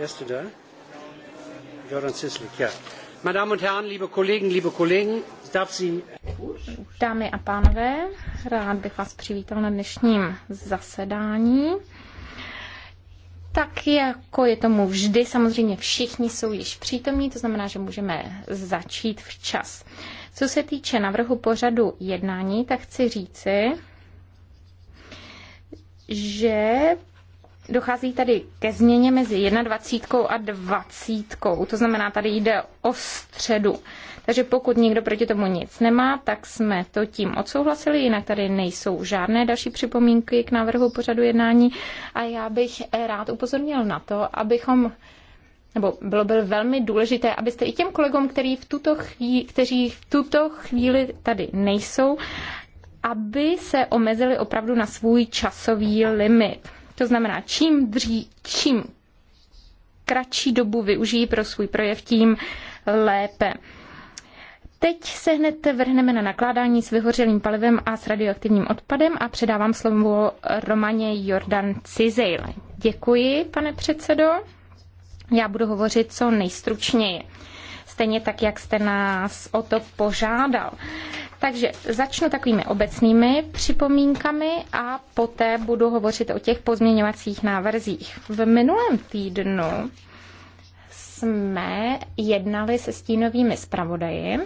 erste da? Jordan ja. Meine Damen und Herren, liebe Kollegen, liebe Kollegen, darf Sie... Dámy a pánové, rád bych vás přivítal na dnešním zasedání. Tak jako je tomu vždy, samozřejmě všichni jsou již přítomní, to znamená, že můžeme začít včas. Co se týče navrhu pořadu jednání, tak chci říci, že Dochází tady ke změně mezi 21 a 20. To znamená, tady jde o středu. Takže pokud nikdo proti tomu nic nemá, tak jsme to tím odsouhlasili, jinak tady nejsou žádné další připomínky k návrhu pořadu jednání. A já bych rád upozornil na to, abychom nebo bylo by velmi důležité, abyste i těm kolegům, který v tuto chvíli, kteří v tuto chvíli tady nejsou, aby se omezili opravdu na svůj časový limit. To znamená, čím, dří, čím kratší dobu využijí pro svůj projev, tím lépe. Teď se hned vrhneme na nakládání s vyhořelým palivem a s radioaktivním odpadem a předávám slovo Romaně Jordan Cizil. Děkuji, pane předsedo. Já budu hovořit co nejstručněji. Stejně tak, jak jste nás o to požádal. Takže začnu takovými obecnými připomínkami a poté budu hovořit o těch pozměňovacích návrzích. V minulém týdnu jsme jednali se stínovými zpravodaji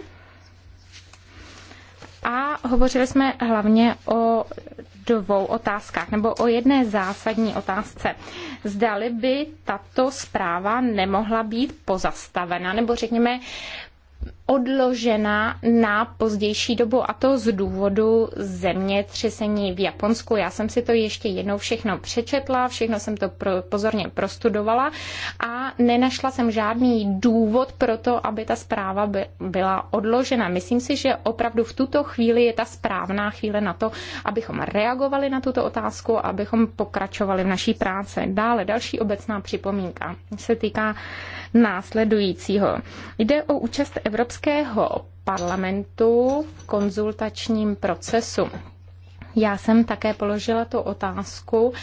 a hovořili jsme hlavně o dvou otázkách, nebo o jedné zásadní otázce. Zdali by tato zpráva nemohla být pozastavena, nebo řekněme odložena na pozdější dobu a to z důvodu zemětřesení v Japonsku. Já jsem si to ještě jednou všechno přečetla, všechno jsem to pro, pozorně prostudovala a nenašla jsem žádný důvod pro to, aby ta zpráva by, byla odložena. Myslím si, že opravdu v tuto chvíli je ta správná chvíle na to, abychom reagovali na tuto otázku, abychom pokračovali v naší práci. Dále další obecná připomínka se týká následujícího. Jde o účast Evropské Evropského parlamentu v konzultačním procesu. Já jsem také položila tu otázku,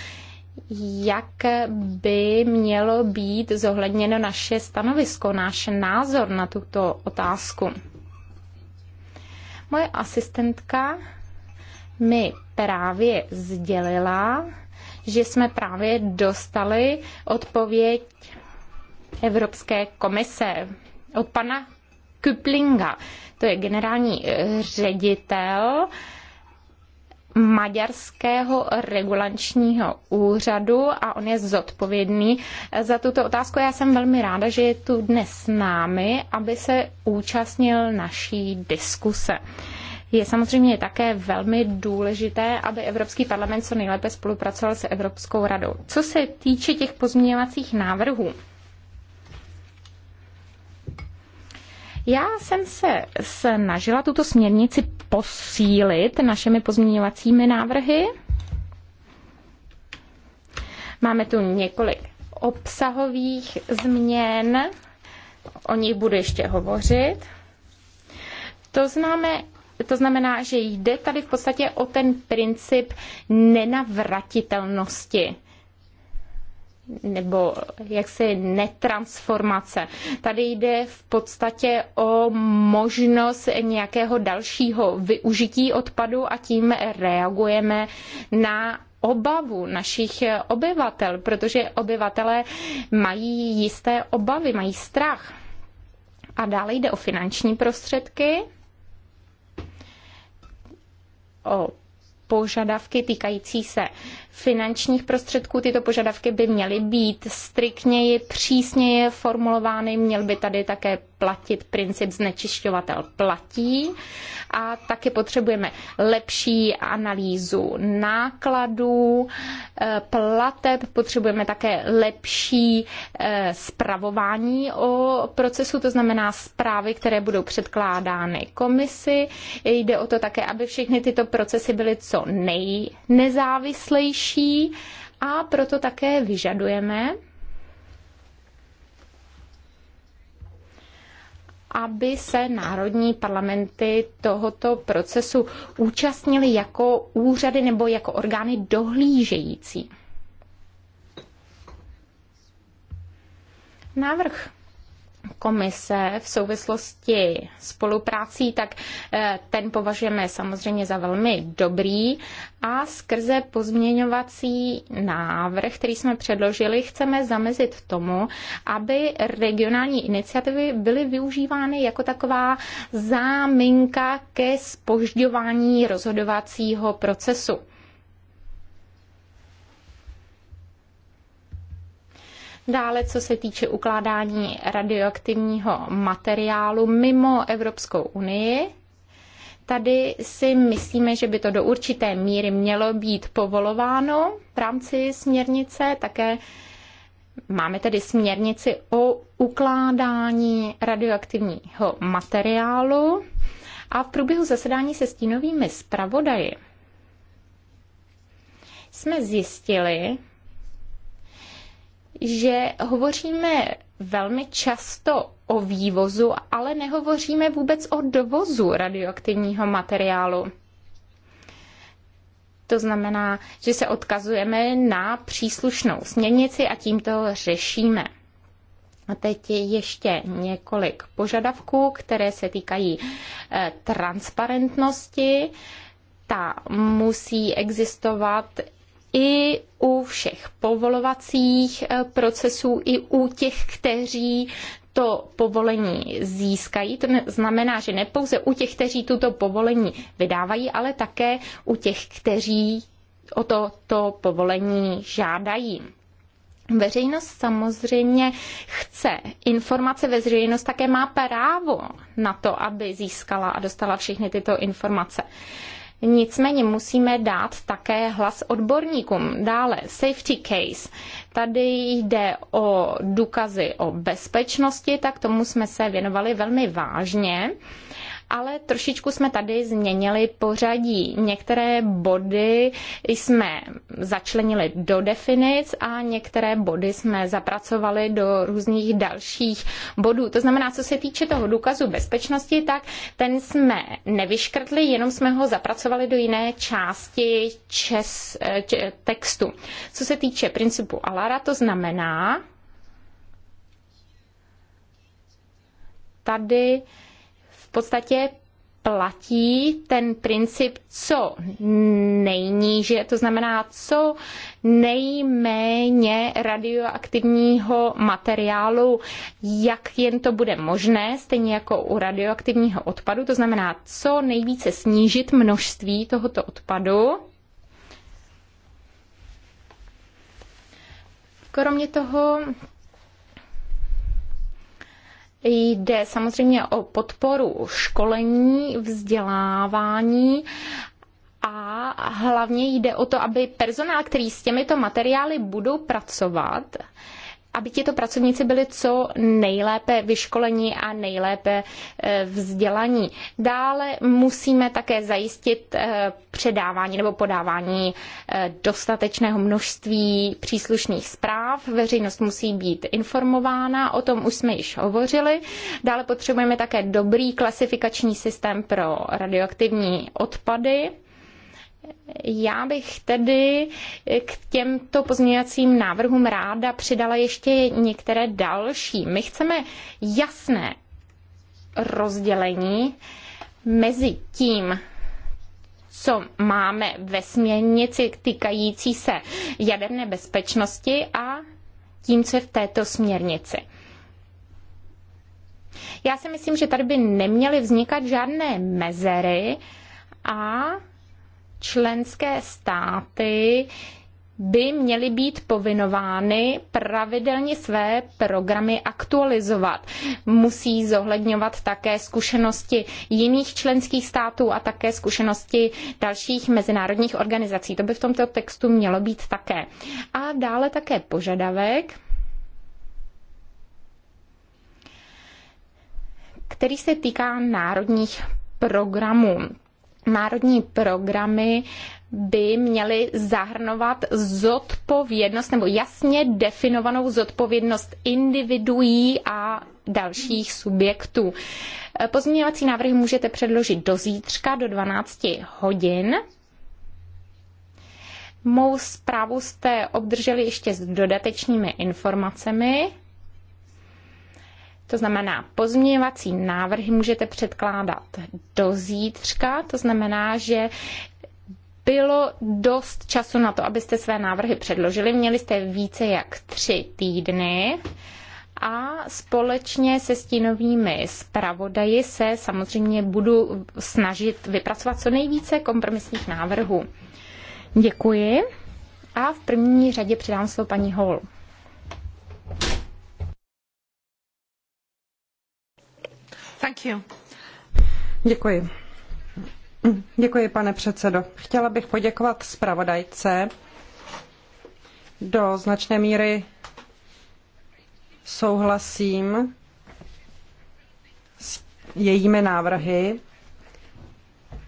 jak by mělo být zohledněno naše stanovisko, náš názor na tuto otázku. Moje asistentka mi právě sdělila, že jsme právě dostali odpověď Evropské komise od pana Küplinga. To je generální eh, ředitel Maďarského regulačního úřadu a on je zodpovědný eh, za tuto otázku. Já jsem velmi ráda, že je tu dnes s námi, aby se účastnil naší diskuse. Je samozřejmě také velmi důležité, aby Evropský parlament co nejlépe spolupracoval s Evropskou radou. Co se týče těch pozměňovacích návrhů, Já jsem se snažila tuto směrnici posílit našimi pozměňovacími návrhy. Máme tu několik obsahových změn, o nich budu ještě hovořit. To znamená, to znamená, že jde tady v podstatě o ten princip nenavratitelnosti nebo jaksi netransformace. Tady jde v podstatě o možnost nějakého dalšího využití odpadu a tím reagujeme na obavu našich obyvatel, protože obyvatelé mají jisté obavy, mají strach. A dále jde o finanční prostředky, o požadavky týkající se finančních prostředků. Tyto požadavky by měly být striktněji, přísněji formulovány, měl by tady také platit princip znečišťovatel platí a také potřebujeme lepší analýzu nákladů, eh, plateb, potřebujeme také lepší zpravování eh, o procesu, to znamená zprávy, které budou předkládány komisi. Jde o to také, aby všechny tyto procesy byly co nejnezávislejší lepší a proto také vyžadujeme, aby se národní parlamenty tohoto procesu účastnily jako úřady nebo jako orgány dohlížející. Návrh komise v souvislosti spoluprácí, tak eh, ten považujeme samozřejmě za velmi dobrý a skrze pozměňovací návrh, který jsme předložili, chceme zamezit tomu, aby regionální iniciativy byly využívány jako taková záminka ke spožďování rozhodovacího procesu. Dále, co se týče ukládání radioaktivního materiálu mimo Evropskou unii, tady si myslíme, že by to do určité míry mělo být povolováno v rámci směrnice. Také máme tedy směrnici o ukládání radioaktivního materiálu. A v průběhu zasedání se stínovými zpravodaji jsme zjistili, že hovoříme velmi často o vývozu, ale nehovoříme vůbec o dovozu radioaktivního materiálu. To znamená, že se odkazujeme na příslušnou směrnici a tím to řešíme. A teď je ještě několik požadavků, které se týkají eh, transparentnosti. Ta musí existovat i u všech povolovacích eh, procesů, i u těch, kteří to povolení získají. To znamená, že nepouze u těch, kteří tuto povolení vydávají, ale také u těch, kteří o to, to povolení žádají. Veřejnost samozřejmě chce informace, veřejnost také má právo na to, aby získala a dostala všechny tyto informace. Uh, Nicméně musíme dát také hlas odborníkům. Dále safety case. Tady jde o důkazy o bezpečnosti, tak tomu jsme se věnovali velmi vážně ale trošičku jsme tady změnili pořadí. Některé body jsme začlenili do definic a některé body jsme zapracovali do různých dalších bodů. To znamená, co se týče toho důkazu bezpečnosti, tak ten jsme nevyškrtli, jenom jsme ho zapracovali do jiné části čes, č, textu. Co se týče principu Alara, to znamená, tady podstatě platí ten princip co nejníže, to znamená co nejméně radioaktivního materiálu, jak jen to bude možné, stejně jako u radioaktivního odpadu, to znamená co nejvíce snížit množství tohoto odpadu. Kromě toho Jde samozřejmě o podporu školení, vzdělávání a hlavně jde o to, aby personál, který s těmito materiály budou pracovat, aby tito pracovníci byli co nejlépe vyškoleni a nejlépe eh, vzdělaní. Dále musíme také zajistit eh, předávání nebo podávání eh, dostatečného množství příslušných zpráv. Veřejnost musí být informována, o tom už jsme již hovořili. Dále potřebujeme také dobrý klasifikační systém pro radioaktivní odpady já bych tedy k těmto pozměňovacím návrhům ráda přidala ještě některé další. My chceme jasné rozdělení mezi tím, co máme ve směrnici týkající se jaderné bezpečnosti a tím, co je v této směrnici. Já si myslím, že tady by neměly vznikat žádné mezery a členské státy by měly být povinovány pravidelně své programy aktualizovat. Musí zohledňovat také zkušenosti jiných členských států a také zkušenosti dalších mezinárodních organizací. To by v tomto textu mělo být také. A dále také požadavek, který se týká národních programů národní programy by měly zahrnovat zodpovědnost nebo jasně definovanou zodpovědnost individuí a dalších subjektů. Pozměňovací návrhy můžete předložit do zítřka do 12 hodin. Mou zprávu jste obdrželi ještě s dodatečnými informacemi. To znamená, pozměňovací návrhy můžete předkládat do zítřka, to znamená, že bylo dost času na to, abyste své návrhy předložili. Měli jste více jak tři týdny a společně se stínovými zpravodaji se samozřejmě budu snažit vypracovat co nejvíce kompromisních návrhů. Děkuji a v první řadě předám slovo paní Hall. Děkuji. Děkuji, pane předsedající Chtěla bych poděkovat zpravodajce. Do značné míry souhlasím s jejími návrhy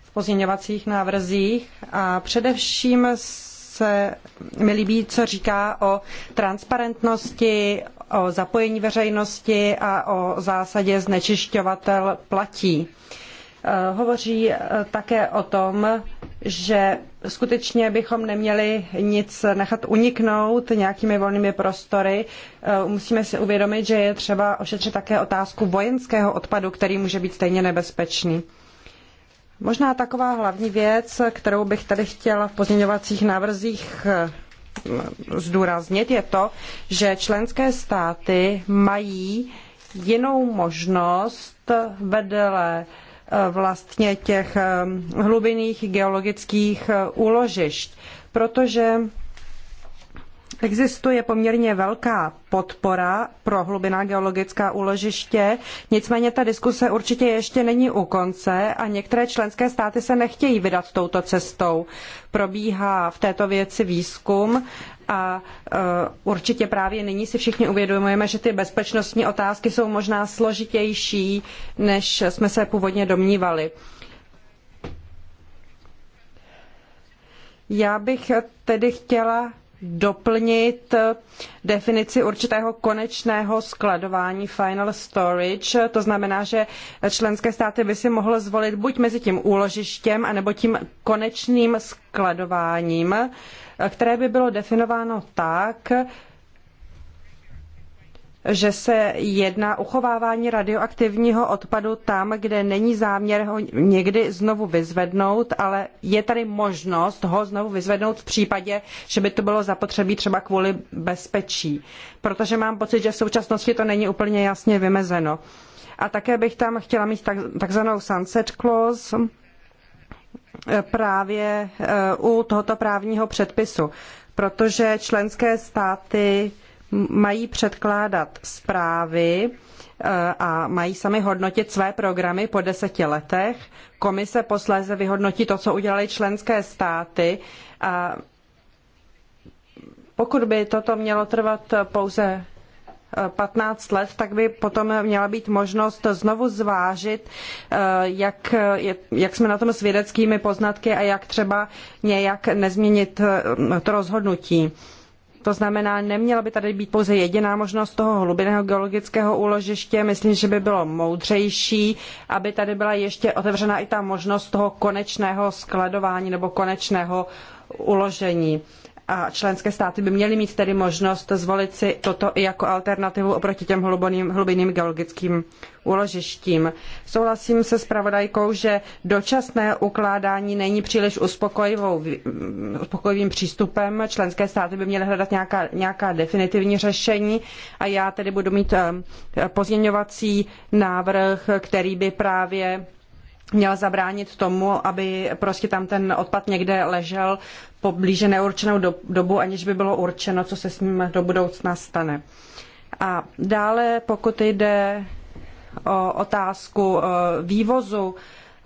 v pozměňovacích návrzích a především se mi líbí, co říká o transparentnosti, o zapojení veřejnosti a o zásadě znečišťovatel platí. Eh, hovoří eh, také o tom, že skutečně bychom neměli nic nechat uniknout nějakými volnými prostory. Eh, musíme si uvědomit, že je třeba ošetřit také otázku vojenského odpadu, který může být stejně nebezpečný. Možná taková hlavní věc, kterou bych tady chtěla v pozměňovacích návrzích zdůraznit, je to, že členské státy mají jinou možnost vedle eh, vlastně těch eh, hlubinných geologických eh, úložišť, protože Existuje poměrně velká podpora pro hlubiná geologická úložiště, nicméně ta diskuse určitě ještě není u konce a některé členské státy se nechtějí vydat touto cestou. Probíhá v této věci výzkum a e, určitě právě nyní si všichni uvědomujeme, že ty bezpečnostní otázky jsou možná složitější, než jsme se původně domnívali. Já bych tedy chtěla doplnit definici určitého konečného skladování final storage. To znamená, že členské státy by si mohly zvolit buď mezi tím úložištěm, anebo tím konečným skladováním, které by bylo definováno tak, že se jedná uchovávání radioaktivního odpadu tam, kde není záměr ho někdy znovu vyzvednout, ale je tady možnost ho znovu vyzvednout v případě, že by to bylo zapotřebí třeba kvůli bezpečí. Protože mám pocit, že v současnosti to není úplně jasně vymezeno. A také bych tam chtěla mít tak, takzvanou sunset clause, eh, právě eh, u tohoto právního předpisu, protože členské státy mají předkládat zprávy eh, a mají sami hodnotit své programy po deseti letech. Komise posléze vyhodnotí to, co udělaly členské státy a pokud by toto mělo trvat pouze 15 eh, let, tak by potom měla být možnost znovu zvážit, eh, jak, jak jsme na tom s vědeckými poznatky a jak třeba nějak nezměnit to rozhodnutí. To znamená, neměla by tady být pouze jediná možnost toho hlubinného geologického úložiště. Myslím, že by bylo moudřejší, aby tady byla ještě otevřena i ta možnost toho konečného skladování nebo konečného uložení a členské státy by měly mít tedy možnost zvolit si toto i jako alternativu oproti těm hlubiným, hlubiným geologickým úložištím. Souhlasím se spravodajkou, že dočasné ukládání není příliš uspokojivou, uspokojivým přístupem. Členské státy by měly hledat nějaká, nějaká definitivní řešení a já tedy budu mít eh, pozměňovací návrh, který by právě měla zabránit tomu, aby prostě tam ten odpad někde ležel po blíže neurčenou dobu, aniž by bylo určeno, co se s ním do budoucna stane. A dále, pokud jde o otázku e, vývozu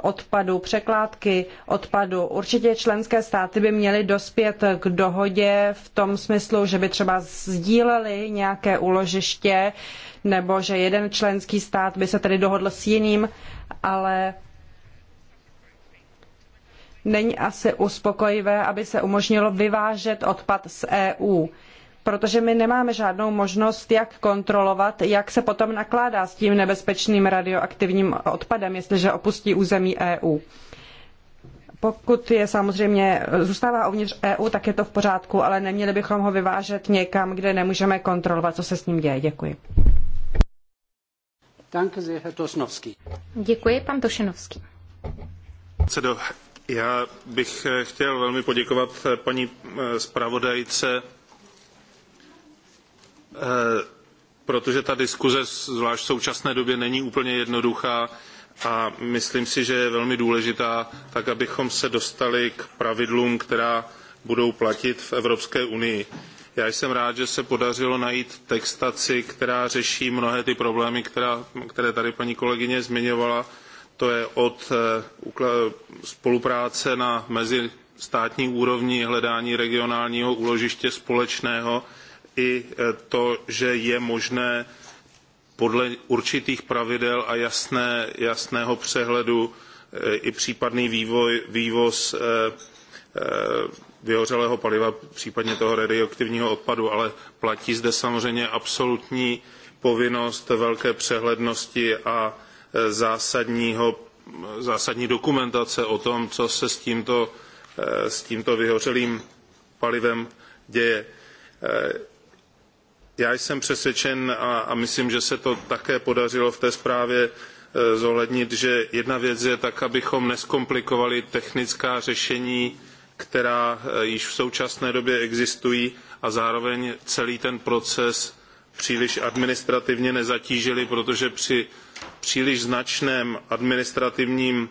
odpadu, překládky odpadu. Určitě členské státy by měly dospět k dohodě v tom smyslu, že by třeba sdíleli nějaké úložiště, nebo že jeden členský stát by se tedy dohodl s jiným, ale není asi uspokojivé, aby se umožnilo vyvážet odpad z EU protože my nemáme žádnou možnost, jak kontrolovat, jak se potom nakládá s tím nebezpečným radioaktivním odpadem, jestliže opustí území EU. Pokud je samozřejmě zůstává uvnitř EU, tak je to v pořádku, ale neměli bychom ho vyvážet někam, kde nemůžeme kontrolovat, co se s ním děje. Děkuji. Děkuji, pan Tošenovský. Já bych eh, chtěl velmi poděkovat eh, paní eh, zpravodajce, protože ta diskuze zvlášť v současné době není úplně jednoduchá a myslím si, že je velmi důležitá, tak abychom se dostali k pravidlům, která budou platit v Evropské unii. Já jsem rád, že se podařilo najít textaci, která řeší mnohé ty problémy, které tady paní kolegyně zmiňovala to je od eh, spolupráce na mezistátní úrovni, hledání regionálního úložiště společného i eh, to, že je možné podle určitých pravidel a jasné, jasného přehledu eh, i případný vývoj, vývoz vyhořelého paliva, případně toho radioaktivního odpadu, ale platí zde samozřejmě absolutní povinnost velké přehlednosti a zásadního, zásadní dokumentace o tom, co se s tímto, eh, s tímto vyhořelým palivem děje. Eh, já jsem přesvědčen a, a myslím, že se to také podařilo v té zprávě eh, zohlednit, že jedna věc je tak, abychom neskomplikovali technická řešení, která již v současné době existují a zároveň celý ten proces příliš administrativně nezatížili, protože při příliš značném administrativním,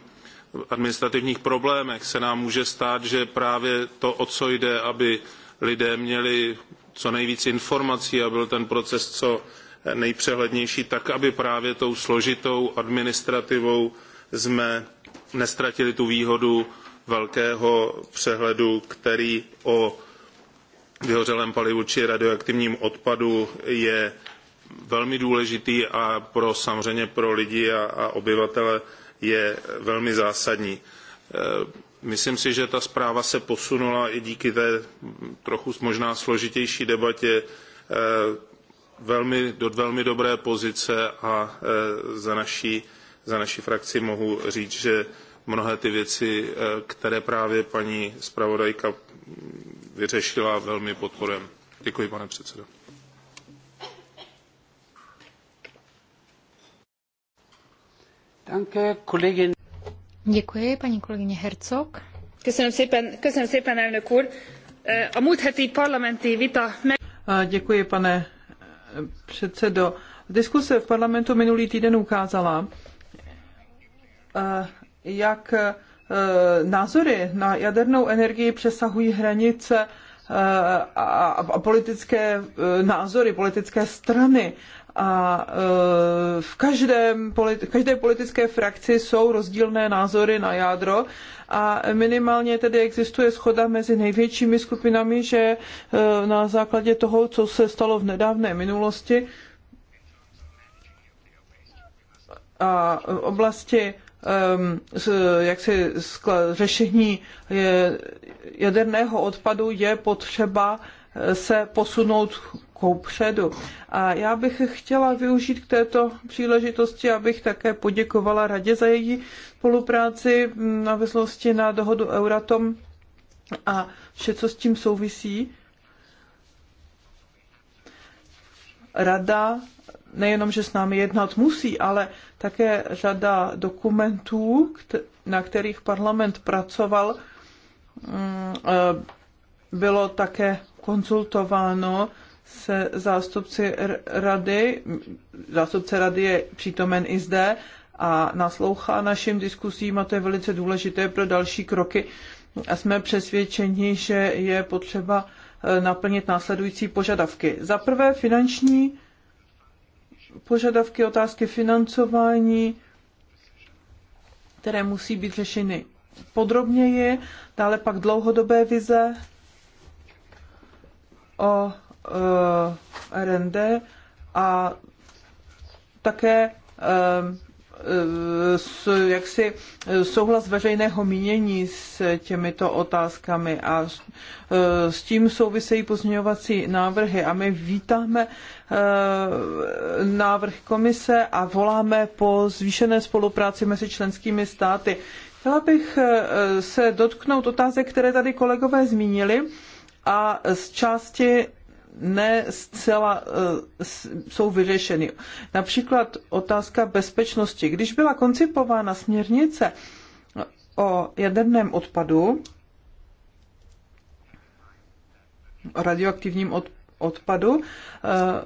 administrativních problémech se nám může stát, že právě to, o co jde, aby lidé měli co nejvíc informací a byl ten proces co nejpřehlednější, tak aby právě tou složitou administrativou jsme nestratili tu výhodu velkého přehledu, který o vyhořelém palivu či radioaktivním odpadu je velmi důležitý a pro, samozřejmě pro lidi a, a obyvatele je velmi zásadní. E, myslím si, že ta zpráva se posunula i díky té trochu možná složitější debatě e, velmi, do velmi dobré pozice a e, za naší, za naší frakci mohu říct, že mnohé ty věci, které právě paní zpravodajka vyřešila, velmi podporujeme. Děkuji, pane předsedo. Danke, kolegin. Děkuji, paní kolegyně Hercog. Köszönöm szépen, köszönöm szépen, elnök úr. E, a múlt heti parlamenti vita... Děkuji, pane e, předsedo. Diskuse v parlamentu minulý týden ukázala, e, jak názory na jadernou energii přesahují hranice a, politické názory, politické strany a e, v, každém, v každé politické frakci jsou rozdílné názory na jádro a minimálně tedy existuje schoda mezi největšími skupinami, že e, na základě toho, co se stalo v nedávné minulosti a v oblasti jak se řešení jaderného odpadu je potřeba se posunout kupředu. A já bych chtěla využít k této příležitosti, abych také poděkovala radě za její spolupráci na vyslosti na dohodu Euratom a vše, co s tím souvisí. Rada nejenom, že s námi jednat musí, ale také řada dokumentů, na kterých parlament pracoval, mm, e, bylo také konzultováno se zástupci rady. Zástupce rady je přítomen i zde a naslouchá našim diskusím a to je velice důležité pro další kroky. A jsme přesvědčeni, že je potřeba eh, naplnit následující požadavky. Za prvé finanční požadavky, otázky financování, které musí být řešeny podrobněji, dále pak dlouhodobé vize, o eh, RND a také eh, jaksi eh, souhlas veřejného mínění s těmito otázkami a s tím souvisejí pozměňovací návrhy a my vítáme návrh komise a voláme po zvýšené spolupráci mezi členskými státy. Chtěla bych se dotknout otázek, které tady kolegové zmínili a z části ne zcela eh, jsou vyřešeny. Například otázka bezpečnosti. Když byla koncipována směrnice o jaderném odpadu, radioaktivním odpadu, eh,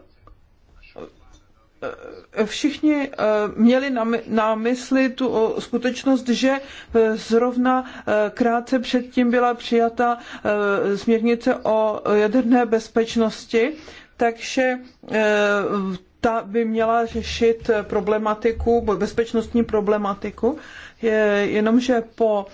Eh, všichni eh, měli na mysli tu skutečnost, že eh, zrovna krátce předtím byla přijata směrnice o jaderné bezpečnosti, takže ta by měla řešit problematiku, bezpečnostní problematiku, jenomže po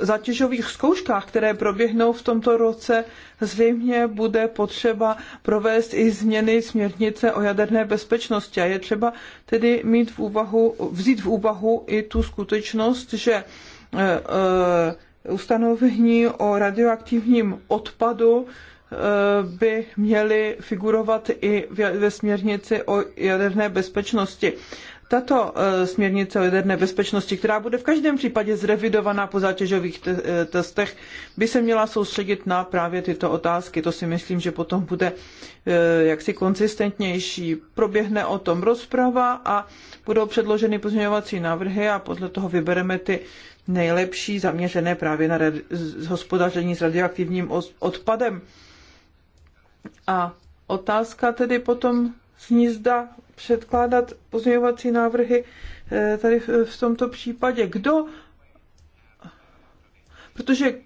zatěžových zkouškách, které proběhnou v tomto roce, zřejmě bude potřeba provést i změny směrnice o jaderné bezpečnosti. A je třeba tedy mít v úvahu, vzít v úvahu i tu skutečnost, že e, e, ustanovení o radioaktivním odpadu e, by měly figurovat i ve směrnici o jaderné bezpečnosti tato eh, směrnice o jaderné bezpečnosti, která bude v každém případě zrevidovaná po zátěžových te eh, testech, by se měla soustředit na právě tyto otázky. To si myslím, že potom bude eh, jaksi konzistentnější. Proběhne o tom rozprava a budou předloženy pozměňovací návrhy a podle toho vybereme ty nejlepší zaměřené právě na hospodaření s radioaktivním odpadem. A otázka tedy potom zní, zda předkládat pozměňovací návrhy eh, tady v tomto případě. Kdo, protože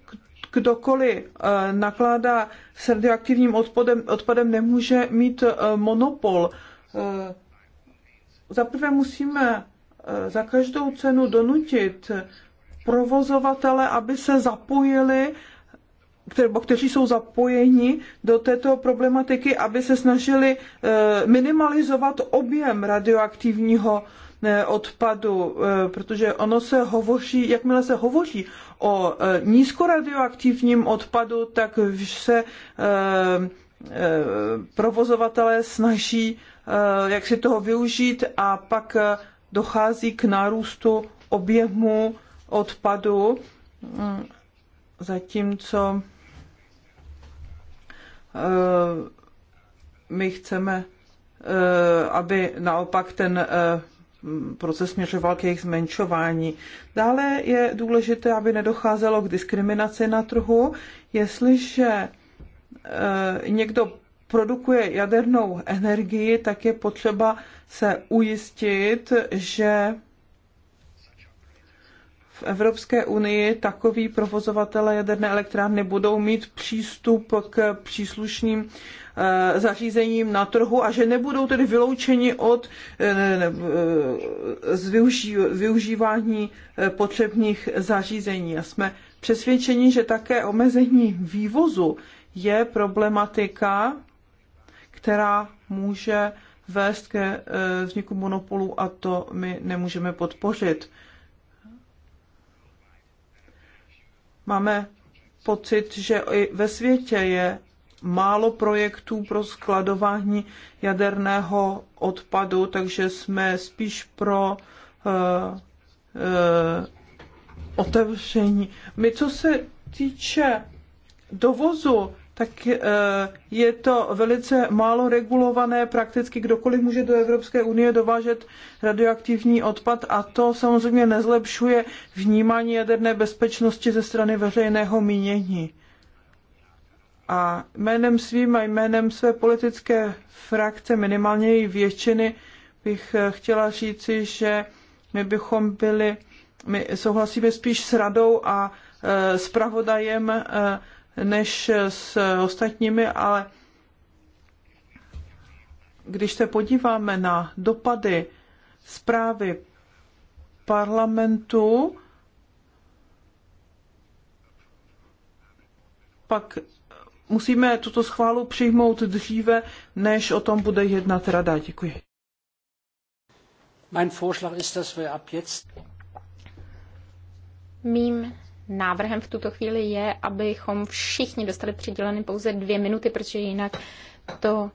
kdokoliv eh, nakládá s radioaktivním odpadem, odpadem nemůže mít eh, monopol. Zaprvé musíme za každou cenu donutit provozovatele, aby se zapojili kteří jsou zapojeni do této problematiky, aby se snažili eh, minimalizovat objem radioaktivního eh, odpadu, eh, protože ono se hovoří, jakmile se hovoří o nízkoradioaktivním odpadu, tak se provozovatelé snaží jak si toho využít a pak dochází k nárůstu objemu odpadu, mm, zatímco Eh, my chceme, eh, aby naopak ten eh, proces směřoval k jejich zmenšování. Dále je důležité, aby nedocházelo k diskriminaci na trhu. Jestliže někdo produkuje jadernou energii, tak je potřeba se ujistit, že v Evropské unii takový provozovatele jaderné elektrárny budou mít přístup k příslušným eh, zařízením na trhu a že nebudou tedy vyloučeni od eh, eh, z využívání potřebných zařízení. A jsme přesvědčeni, že také omezení vývozu je problematika, která může vést ke vzniku monopolu a to my nemůžeme podpořit. Máme pocit, že i ve světě je málo projektů pro skladování jaderného odpadu, takže jsme spíš pro uh, uh, otevření. My, co se týče dovozu tak eh, je to velice málo regulované, prakticky kdokoliv může do Evropské unie dovážet radioaktivní odpad a to samozřejmě nezlepšuje vnímání jaderné bezpečnosti ze strany veřejného mínění. A jménem svým a jménem své politické frakce, minimálně její většiny, bych eh, chtěla říci, že my bychom byli, my souhlasíme spíš s radou a e, s pravodajem než s ostatními, ale když se podíváme na dopady zprávy parlamentu, pak musíme tuto schválu přijmout dříve, než o tom bude jednat rada. Děkuji. Mein Vorschlag ist, dass wir ab jetzt návrhem v tuto chvíli je, abychom všichni dostali přiděleny pouze dvě minuty, protože jinak to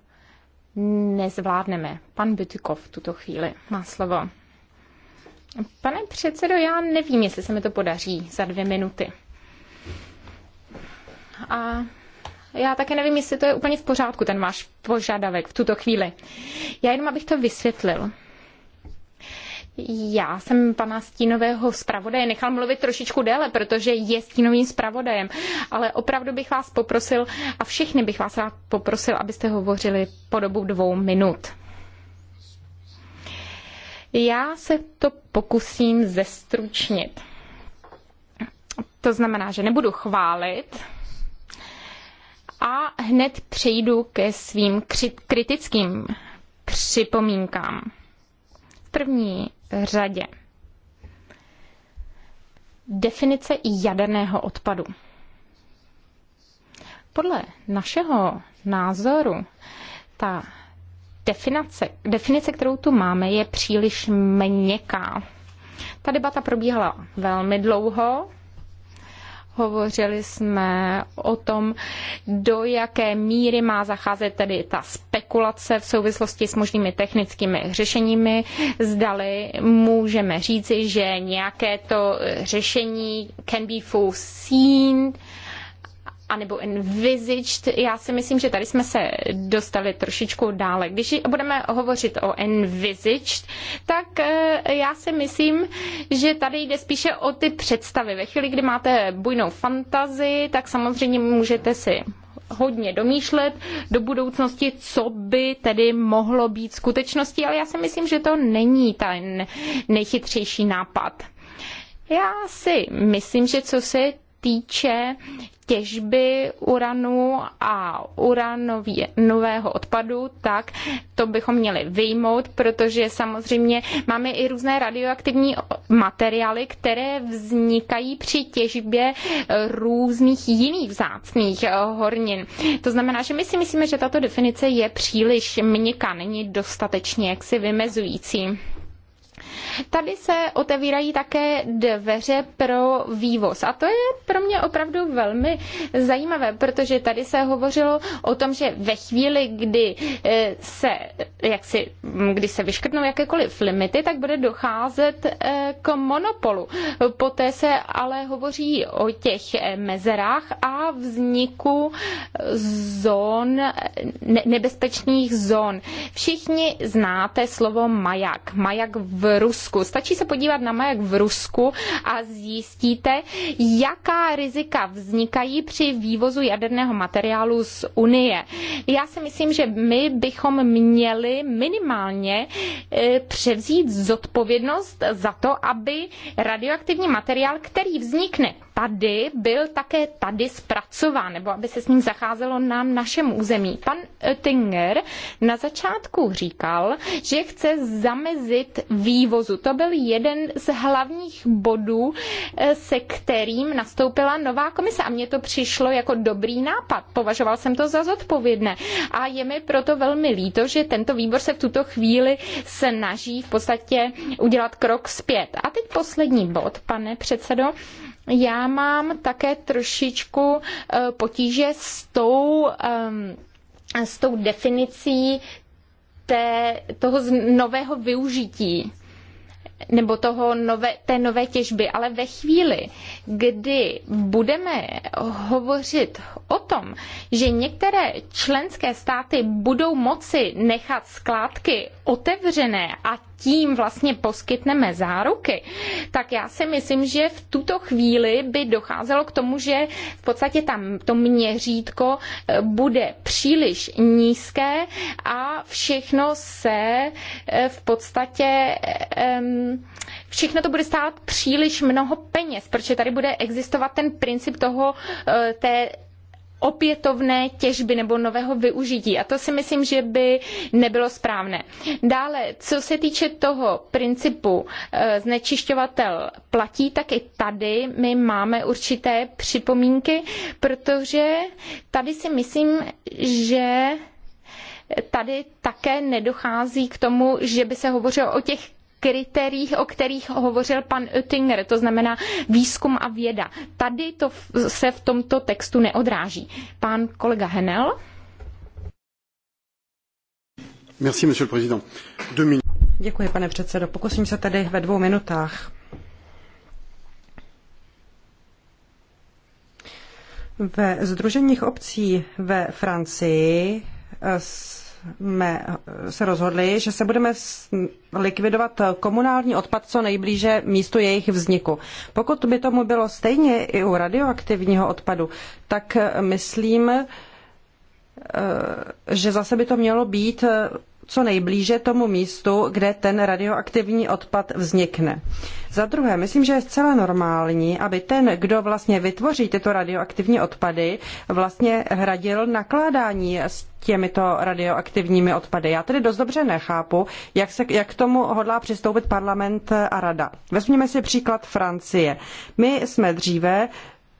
nezvládneme. Pan Bytykov v tuto chvíli má slovo. Pane předsedo, já nevím, jestli se mi to podaří za dvě minuty. A já také nevím, jestli to je úplně v pořádku, ten váš požadavek v tuto chvíli. Já jenom abych to vysvětlil. Já jsem pana stínového zpravodaje nechal mluvit trošičku déle, protože je stínovým zpravodajem, ale opravdu bych vás poprosil a všechny bych vás rád poprosil, abyste hovořili po dobu dvou minut. Já se to pokusím zestručnit. To znamená, že nebudu chválit a hned přejdu ke svým kritickým připomínkám. V první řadě. Definice jaderného odpadu. Podle našeho názoru ta definice, definice, kterou tu máme, je příliš měkká. Ta debata probíhala velmi dlouho, Hovořili jsme o tom, do jaké míry má zacházet tedy ta spekulace v souvislosti s možnými technickými řešeními. Zdali můžeme říci, že nějaké to řešení can be foreseen, anebo envisaged. Já si myslím, že tady jsme se dostali trošičku dále. Když budeme hovořit o envisaged, tak eh, já si myslím, že tady jde spíše o ty představy. Ve chvíli, kdy máte bujnou fantazii, tak samozřejmě můžete si hodně domýšlet do budoucnosti, co by tedy mohlo být skutečností, ale já si myslím, že to není ten nejchytřejší nápad. Já si myslím, že co se týče těžby uranu a uranového odpadu, tak to bychom měli vyjmout, protože samozřejmě máme i různé radioaktivní materiály, které vznikají při těžbě eh, různých jiných vzácných eh, hornin. To znamená, že my si myslíme, že tato definice je příliš měkká, není dostatečně jaksi vymezující. Tady se otevírají také dveře pro vývoz. A to je pro mě opravdu velmi zajímavé, protože tady se hovořilo o tom, že ve chvíli, kdy eh, se, jak si, mm, kdy se vyškrtnou jakékoliv limity, tak bude docházet eh, k monopolu. Poté se ale hovoří o těch eh, mezerách a vzniku zón, nebezpečných zón. Všichni znáte slovo maják. Maják v Rusku. Stačí se podívat na maják v Rusku a zjistíte, jaká rizika vznikají při vývozu jaderného materiálu z Unie. Já si myslím, že my bychom měli minimálně e, převzít zodpovědnost za to, aby radioaktivní materiál, který vznikne tady, byl také tady zpracován, nebo aby se s ním zacházelo na našem území. Pan Oettinger na začátku říkal, že chce zamezit vývoz vývozu. To byl jeden z hlavních bodů, eh, se kterým nastoupila nová komise a mně to přišlo jako dobrý nápad. Považoval jsem to za zodpovědné a je mi proto velmi líto, že tento výbor se v tuto chvíli snaží v podstatě udělat krok zpět. A teď poslední bod, pane předsedo. Já mám také trošičku eh, potíže s tou, ehm, s tou definicí té, toho nového využití nebo toho nové, té nové těžby, ale ve chvíli, kdy budeme hovořit o tom, že některé členské státy budou moci nechat skládky otevřené a tím vlastně poskytneme záruky, tak já si myslím, že v tuto chvíli by docházelo k tomu, že v podstatě tam to měřítko eh, bude příliš nízké a všechno se eh, v podstatě eh, všechno to bude stát příliš mnoho peněz, protože tady bude existovat ten princip toho té opětovné těžby nebo nového využití. A to si myslím, že by nebylo správné. Dále, co se týče toho principu eh, znečišťovatel platí, tak i tady my máme určité připomínky, protože tady si myslím, že tady také nedochází k tomu, že by se hovořilo o těch kritériích, o kterých hovořil pan Oettinger, to znamená výzkum a věda. Tady to se v tomto textu neodráží. Pán kolega Henel. Merci, monsieur le président. Děkuji, pane předsedo. Pokusím se tedy ve dvou minutách. Ve Združeních obcí ve Francii jsme eh, se rozhodli, že se budeme likvidovat komunální odpad co nejblíže místu jejich vzniku. Pokud by tomu bylo stejně i u radioaktivního odpadu, tak eh, myslím, eh, že zase by to mělo být co nejblíže tomu místu, kde ten radioaktivní odpad vznikne. Za druhé, myslím, že je zcela normální, aby ten, kdo vlastně vytvoří tyto radioaktivní odpady, vlastně hradil nakládání s těmito radioaktivními odpady. Já tedy dost dobře nechápu, jak, se, jak k tomu hodlá přistoupit parlament a rada. Vezměme si příklad Francie. My jsme dříve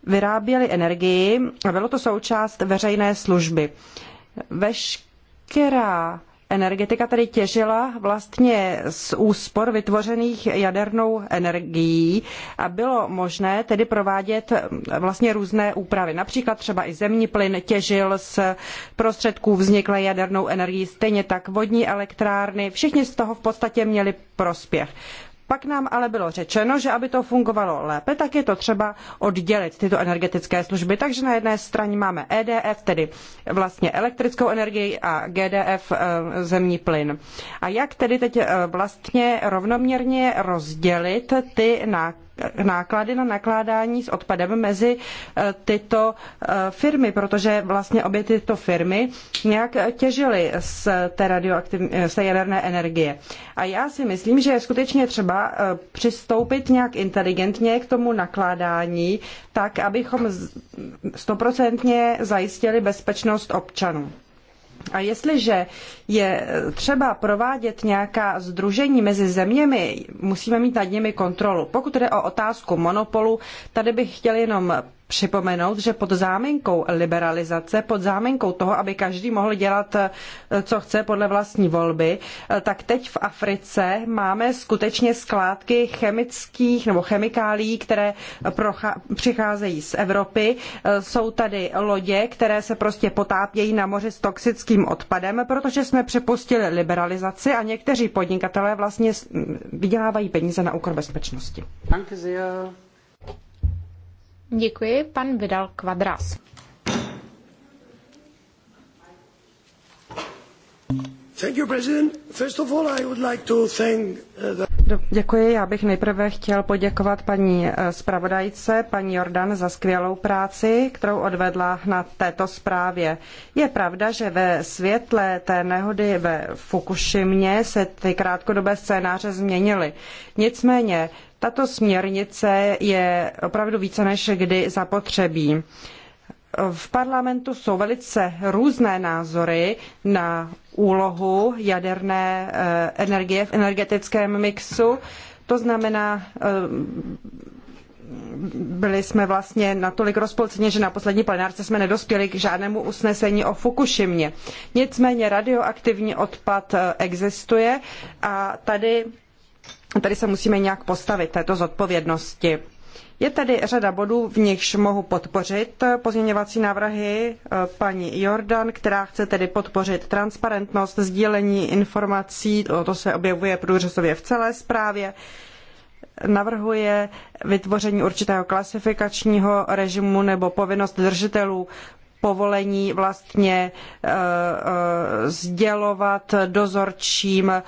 vyráběli energii a bylo to součást veřejné služby. Veškerá energetika tedy těžila vlastně z úspor vytvořených jadernou energií a bylo možné tedy provádět eh, vlastně různé úpravy. Například třeba i zemní plyn těžil z prostředků vzniklé jadernou energií, stejně tak vodní elektrárny, všichni z toho v podstatě měli prospěch. Pak nám ale bylo řečeno, že aby to fungovalo lépe, tak je to třeba oddělit tyto energetické služby. Takže na jedné straně máme EDF, tedy vlastně elektrickou energii a GDF eh, zemní plyn. A jak tedy teď eh, vlastně rovnoměrně rozdělit ty náklady náklady na nakládání s odpadem mezi e, tyto e, firmy, protože vlastně obě tyto firmy nějak e, těžily z té, z té jaderné energie. A já si myslím, že je skutečně třeba přistoupit nějak inteligentně k tomu nakládání, tak abychom stoprocentně zajistili bezpečnost občanů. A jestliže je třeba provádět nějaká združení mezi zeměmi, musíme mít nad nimi kontrolu. Pokud jde o otázku monopolu, tady bych chtěl jenom připomenout, že pod záminkou liberalizace, pod záminkou toho, aby každý mohl dělat, eh, co chce podle vlastní volby, eh, tak teď v Africe máme skutečně skládky chemických nebo chemikálií, které přicházejí z Evropy. Eh, jsou tady lodě, které se prostě potápějí na moři s toxickým odpadem, protože jsme připustili liberalizaci a někteří podnikatelé vlastně vydělávají peníze na úkor bezpečnosti. Děkuji, pan Vidal Kvadras. Uh, děkuji, já bych nejprve chtěl poděkovat paní uh, zpravodajce, paní Jordan, za skvělou práci, kterou odvedla na této zprávě. Je pravda, že ve světle té nehody ve Fukušimě se ty krátkodobé scénáře změnily. Nicméně tato směrnice je opravdu více než kdy zapotřebí. V parlamentu jsou velice různé názory na úlohu jaderné eh, energie v energetickém mixu. To znamená, eh, byli jsme vlastně natolik rozpolceni, že na poslední plenárce jsme nedospěli k žádnému usnesení o Fukušimě. Nicméně radioaktivní odpad eh, existuje a tady tady se musíme nějak postavit této zodpovědnosti. Je tedy řada bodů, v nichž mohu podpořit pozměňovací návrhy eh, paní Jordan, která chce tedy podpořit transparentnost, sdílení informací, to se objevuje průřezově v celé zprávě, navrhuje vytvoření určitého klasifikačního režimu nebo povinnost držitelů povolení vlastně eh, eh, sdělovat dozorčím eh,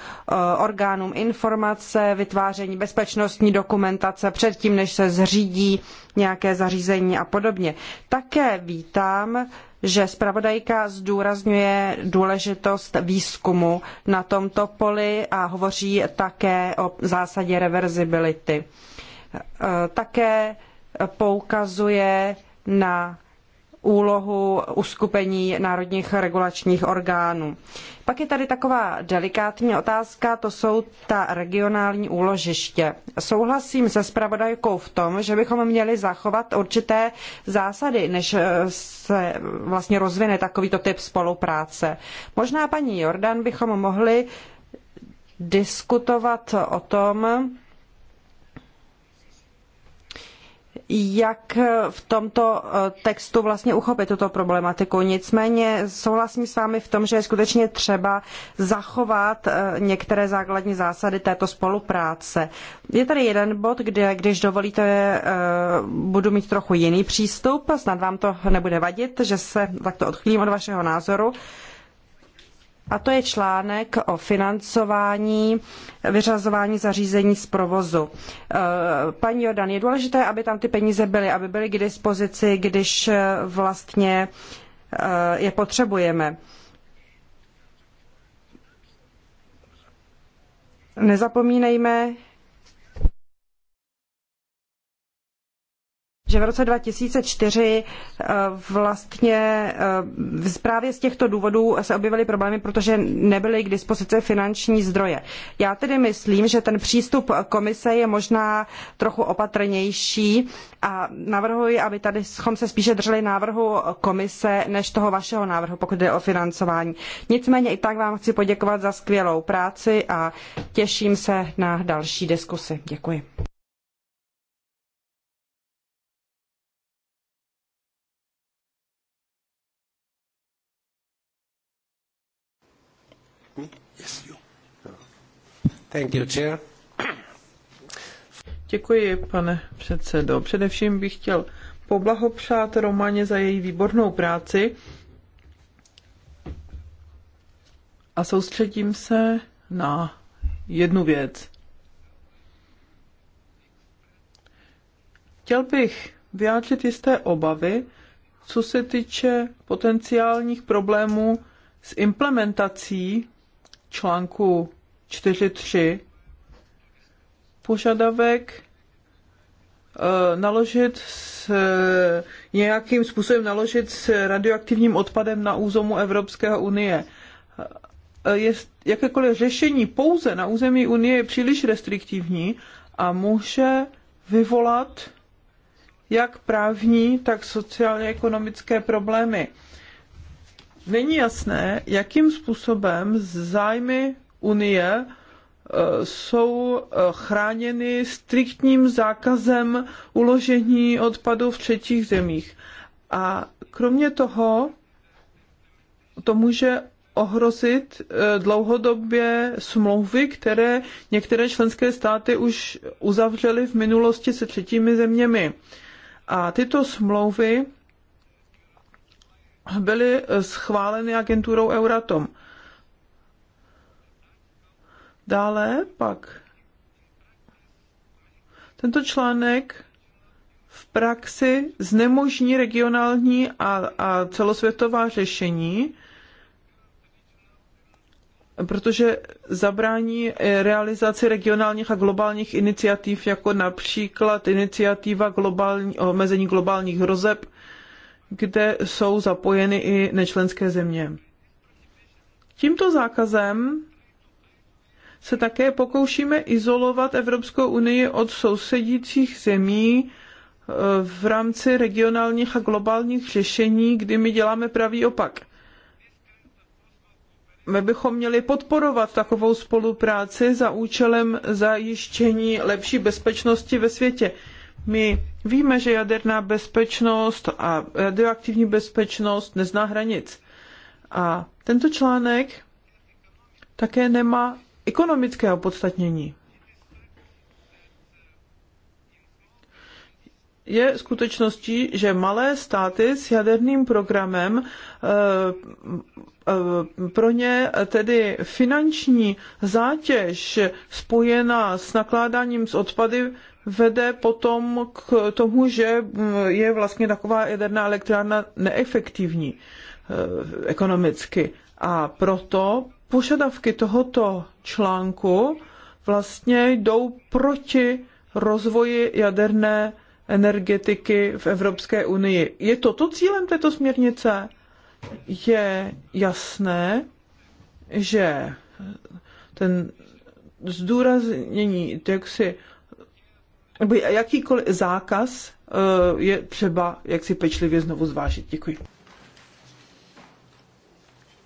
orgánům informace, vytváření bezpečnostní dokumentace předtím, než se zřídí nějaké zařízení a podobně. Také vítám, že zpravodajka zdůrazňuje důležitost výzkumu na tomto poli a hovoří také o zásadě reverzibility. Také poukazuje na úlohu uskupení národních regulačních orgánů. Pak je tady taková delikátní otázka, to jsou ta regionální úložiště. Souhlasím se spravodajkou v tom, že bychom měli zachovat určité zásady, než eh, se vlastně rozvine takovýto typ spolupráce. Možná paní Jordan bychom mohli diskutovat o tom, jak v tomto eh, textu vlastně uchopit tuto problematiku. Nicméně souhlasím s vámi v tom, že je skutečně třeba zachovat eh, některé základní zásady této spolupráce. Je tady jeden bod, kde, když dovolíte, eh, budu mít trochu jiný přístup. Snad vám to nebude vadit, že se takto odchýlím od vašeho názoru a to je článek o financování vyřazování zařízení z provozu. Eh, paní Jordan, je důležité, aby tam ty peníze byly, aby byly k dispozici, když eh, vlastně eh, je potřebujeme. Nezapomínejme, že v roce 2004 eh, vlastně eh, právě z těchto důvodů se objevily problémy, protože nebyly k dispozici finanční zdroje. Já tedy myslím, že ten přístup komise je možná trochu opatrnější a navrhuji, aby tady schom se spíše drželi návrhu komise než toho vašeho návrhu, pokud jde o financování. Nicméně i tak vám chci poděkovat za skvělou práci a těším se na další diskusy. Děkuji. Yes, you. Thank you, chair. Děkuji, pane předsedo. Především bych chtěl poblahopřát Romaně za její výbornou práci a soustředím se na jednu věc. Chtěl bych vyjádřit jisté obavy, co se týče potenciálních problémů s implementací článku 4.3 požadavek eh, naložit s, eh, nějakým způsobem naložit s radioaktivním odpadem na území Evropské unie. Eh, je, jakékoliv řešení pouze na území Unie je příliš restriktivní a může vyvolat jak právní, tak sociálně ekonomické problémy není jasné, jakým způsobem zájmy Unie eh, jsou eh, chráněny striktním zákazem uložení odpadu v třetích zemích. A kromě toho to může ohrozit eh, dlouhodobě smlouvy, které některé členské státy už uzavřely v minulosti se třetími zeměmi. A tyto smlouvy byly eh, schváleny agenturou Euratom. Dále pak tento článek v praxi znemožní regionální a, a celosvětová řešení, protože zabrání eh, realizaci regionálních a globálních iniciativ, jako například iniciativa globální, omezení globálních hrozeb kde jsou zapojeny i nečlenské země. Tímto zákazem se také pokoušíme izolovat Evropskou unii od sousedících zemí e, v rámci regionálních a globálních řešení, kdy my děláme pravý opak. My bychom měli podporovat takovou spolupráci za účelem zajištění lepší bezpečnosti ve světě. My Víme, že jaderná bezpečnost a radioaktivní bezpečnost nezná hranic. A tento článek také nemá ekonomické opodstatnění. je skutečností, že malé státy s jaderným programem eh, eh, pro ně tedy finanční zátěž spojená s nakládáním s odpady vede potom k tomu, že mm, je vlastně taková jaderná elektrárna neefektivní eh, ekonomicky. A proto požadavky tohoto článku vlastně jdou proti rozvoji jaderné energetiky v Evropské unii. Je toto cílem této směrnice? Je jasné, že ten zdůraznění si nebo jakýkoliv zákaz eh, je třeba jak si pečlivě znovu zvážit. Děkuji.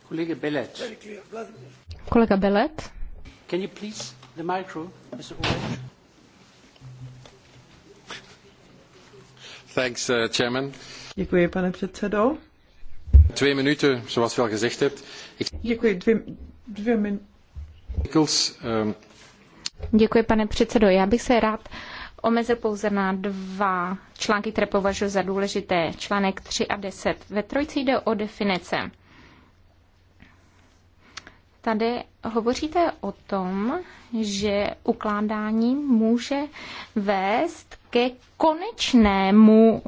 Kolega Belet. Kolega Belet. Can you please the micro, Mr. Ulrich? Thanks, uh, chairman. Děkuji, pane předsedo. Dvě minuty, zoals u al gezegd hebt. Ik... Děkuji, dvě, dvě minuty. Ehm, Děkuji, pane předsedo. Já bych se rád omezil pouze na dva články, které považuji za důležité, článek 3 a 10. Ve trojci jde o definice. Tady hovoříte o tom, že ukládání může vést ke konečnému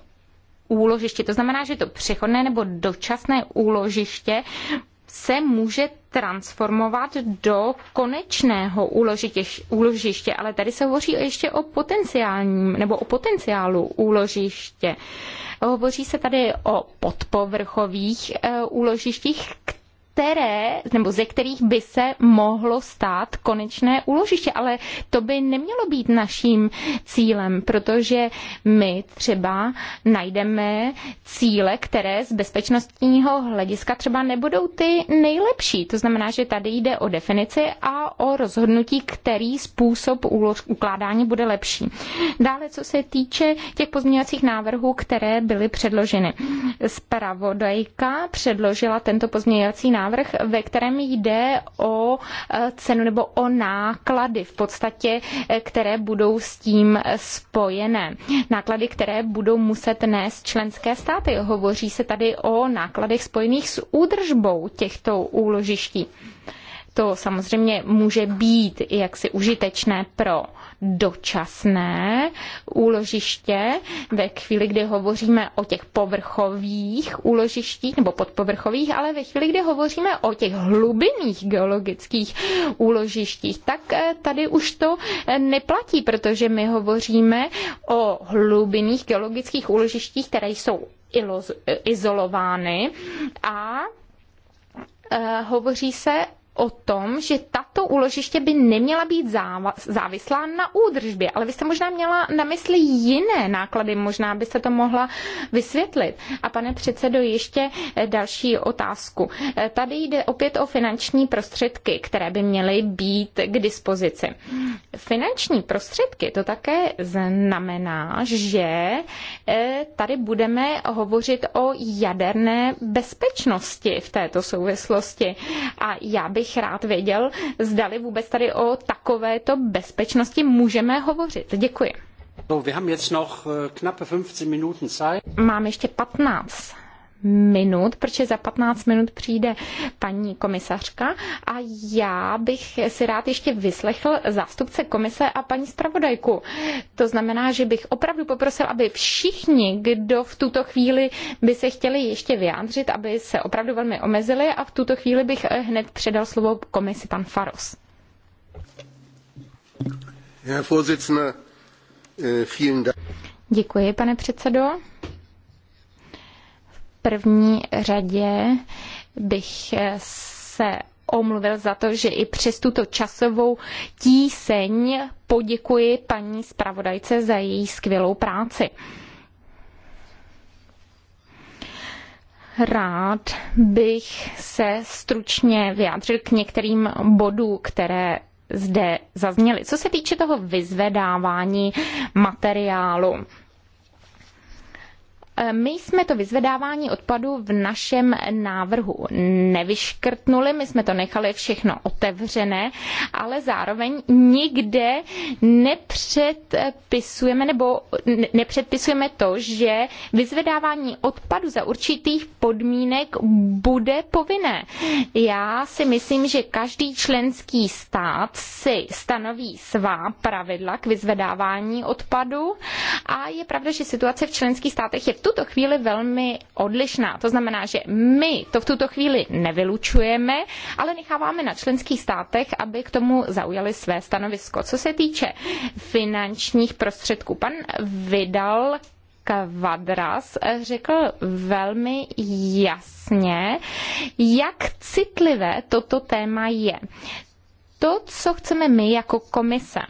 úložišti. To znamená, že to přechodné nebo dočasné úložiště se může transformovat do konečného úložiště, ale tady se hovoří ještě o potenciálním nebo o potenciálu úložiště. Hovoří se tady o podpovrchových eh, úložištích, které, nebo ze kterých by se mohlo stát konečné úložiště. Ale to by nemělo být naším cílem, protože my třeba najdeme cíle, které z bezpečnostního hlediska třeba nebudou ty nejlepší. To znamená, že tady jde o definici a o rozhodnutí, který způsob ukládání bude lepší. Dále, co se týče těch pozměňovacích návrhů, které byly předloženy. Zpravodajka předložila tento pozměňovací návrh návrh, ve kterém jde o eh, cenu nebo o náklady v podstatě, eh, které budou s tím eh, spojené. Náklady, které budou muset nést členské státy. Hovoří se tady o nákladech spojených s údržbou těchto úložiští to samozřejmě může být jaksi užitečné pro dočasné úložiště. Ve chvíli, kdy hovoříme o těch povrchových úložištích nebo podpovrchových, ale ve chvíli, kdy hovoříme o těch hlubinných geologických úložištích, tak eh, tady už to eh, neplatí, protože my hovoříme o hlubinných geologických úložištích, které jsou izolovány a eh, hovoří se o tom, že tato úložiště by neměla být závislá na údržbě, ale vy jste možná měla na mysli jiné náklady, možná byste to mohla vysvětlit. A pane předsedo, ještě eh, další otázku. Eh, tady jde opět o finanční prostředky, které by měly být k dispozici. Finanční prostředky to také znamená, že eh, tady budeme hovořit o jaderné bezpečnosti v této souvislosti. A já bych bych rád věděl, zdali vůbec tady o takovéto bezpečnosti můžeme hovořit. Děkuji. Äh, Máme ještě 15 minut, protože za 15 minut přijde paní komisařka a já bych si rád ještě vyslechl zástupce komise a paní zpravodajku. To znamená, že bych opravdu poprosil, aby všichni, kdo v tuto chvíli by se chtěli ještě vyjádřit, aby se opravdu velmi omezili a v tuto chvíli bych hned předal slovo komisi pan Faros. Äh, Děkuji, pane předsedo první řadě bych se omluvil za to, že i přes tuto časovou tíseň poděkuji paní zpravodajce za její skvělou práci. Rád bych se stručně vyjádřil k některým bodům, které zde zazněly. Co se týče toho vyzvedávání materiálu, Eh, my jsme to vyzvedávání odpadu v našem návrhu nevyškrtnuli, my jsme to nechali všechno otevřené, ale zároveň nikde nepředpisujeme nebo nepředpisujeme to, že vyzvedávání odpadu za určitých podmínek bude povinné. Já si myslím, že každý členský stát si stanoví svá pravidla k vyzvedávání odpadu a je pravda, že situace v členských státech je v tu tuto chvíli velmi odlišná. To znamená, že my to v tuto chvíli nevylučujeme, ale necháváme na členských státech, aby k tomu zaujali své stanovisko. Co se týče finančních prostředků, pan vydal Kvadras řekl velmi jasně, jak citlivé toto téma je. To, co chceme my jako komise,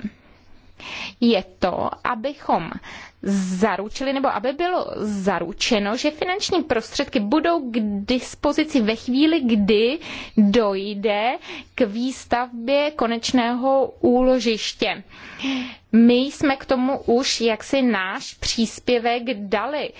je to, abychom zaručili, nebo aby bylo zaručeno, že finanční prostředky budou k dispozici ve chvíli, kdy dojde k výstavbě konečného úložiště. My jsme k tomu už jaksi náš příspěvek dali.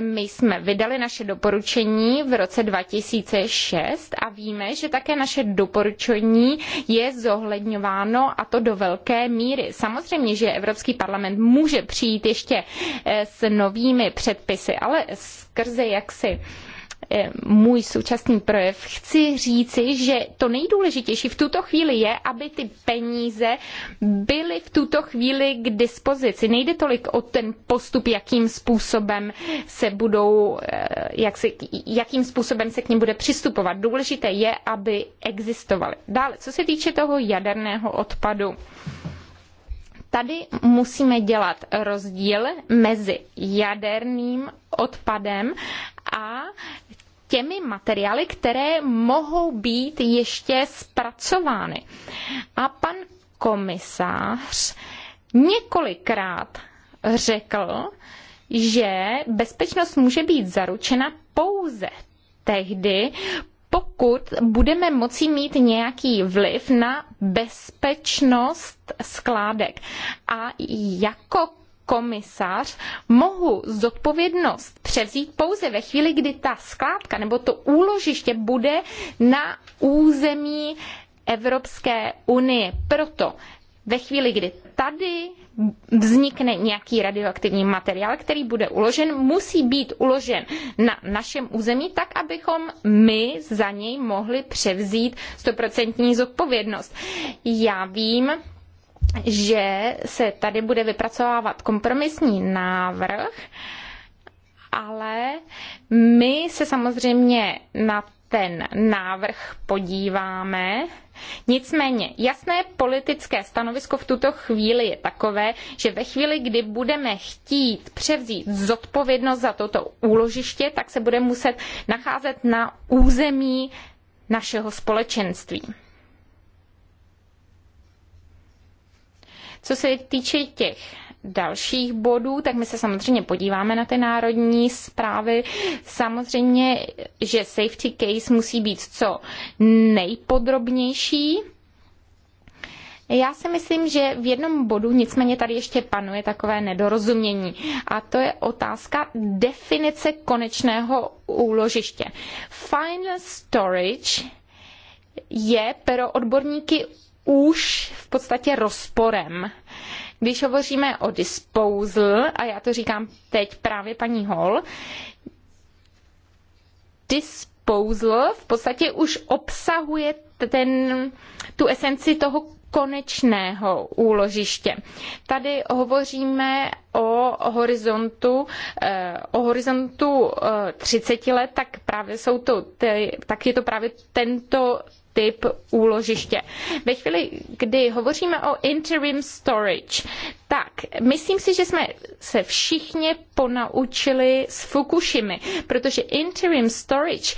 My jsme vydali naše doporučení v roce 2006 a víme, že také naše doporučení je zohledňováno a to do velké míry. Samozřejmě, že Evropský parlament může přijít ještě Eh, s novými předpisy, ale skrze jaksi eh, můj současný projev, chci říci, že to nejdůležitější v tuto chvíli je, aby ty peníze byly v tuto chvíli k dispozici. Nejde tolik o ten postup, jakým způsobem se budou, eh, jak se, jakým způsobem se k ním bude přistupovat. Důležité je, aby existovaly. Dále, co se týče toho jaderného odpadu. Tady musíme dělat rozdíl mezi jaderným odpadem a těmi materiály, které mohou být ještě zpracovány. A pan komisář několikrát řekl, že bezpečnost může být zaručena pouze tehdy, pokud budeme moci mít nějaký vliv na bezpečnost skládek. A jako komisař mohu zodpovědnost převzít pouze ve chvíli, kdy ta skládka nebo to úložiště bude na území Evropské unie. Proto ve chvíli, kdy tady vznikne nějaký radioaktivní materiál, který bude uložen, musí být uložen na našem území tak, abychom my za něj mohli převzít stoprocentní zodpovědnost. Já vím, že se tady bude vypracovávat kompromisní návrh, ale my se samozřejmě na ten návrh podíváme. Nicméně jasné politické stanovisko v tuto chvíli je takové, že ve chvíli, kdy budeme chtít převzít zodpovědnost za toto úložiště, tak se bude muset nacházet na území našeho společenství. Co se týče těch dalších bodů, tak my se samozřejmě podíváme na ty národní zprávy. Samozřejmě, že safety case musí být co nejpodrobnější. Já si myslím, že v jednom bodu nicméně tady ještě panuje takové nedorozumění a to je otázka definice konečného úložiště. Final storage je pro odborníky už v podstatě rozporem. Když hovoříme o disposal, a já to říkám teď právě paní Hall, disposal v podstatě už obsahuje ten, tu esenci toho konečného úložiště. Tady hovoříme o horizontu, eh, o horizontu 30 eh, let, tak právě jsou to, tak je to právě tento typ úložiště. Ve chvíli, kdy hovoříme o interim storage, tak myslím si, že jsme se všichni ponaučili s Fukushimy, protože interim storage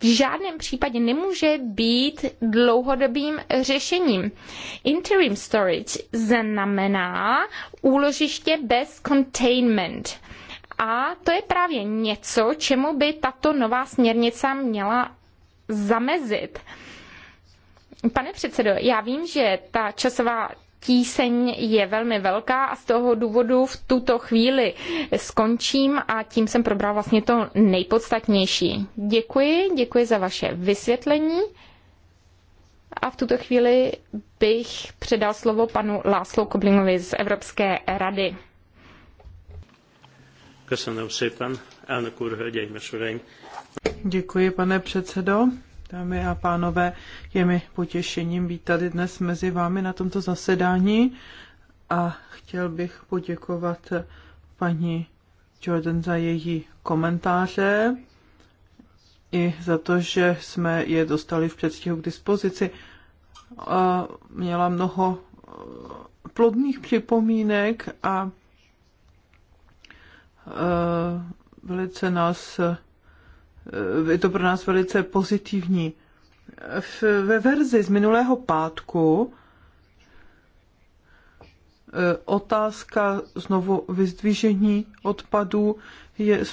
v žádném případě nemůže být dlouhodobým řešením. Interim storage znamená úložiště bez containment. A to je právě něco, čemu by tato nová směrnice měla zamezit. Pane předsedo, já vím, že ta časová tíseň je velmi velká a z toho důvodu v tuto chvíli skončím a tím jsem probral vlastně to nejpodstatnější. Děkuji, děkuji za vaše vysvětlení. A v tuto chvíli bych předal slovo panu Láslo Koblingovi z Evropské rady. Děkuji, pane předsedo. Dámy a pánové, je mi potěšením být tady dnes mezi vámi na tomto zasedání a chtěl bych poděkovat paní Jordan za její komentáře i za to, že jsme je dostali v předstihu k dispozici. A měla mnoho eh, plodných připomínek a eh, velice nás Eh, je to pro nás velice pozitivní. V, ve verzi z minulého pátku eh, otázka znovu vyzdvížení odpadů je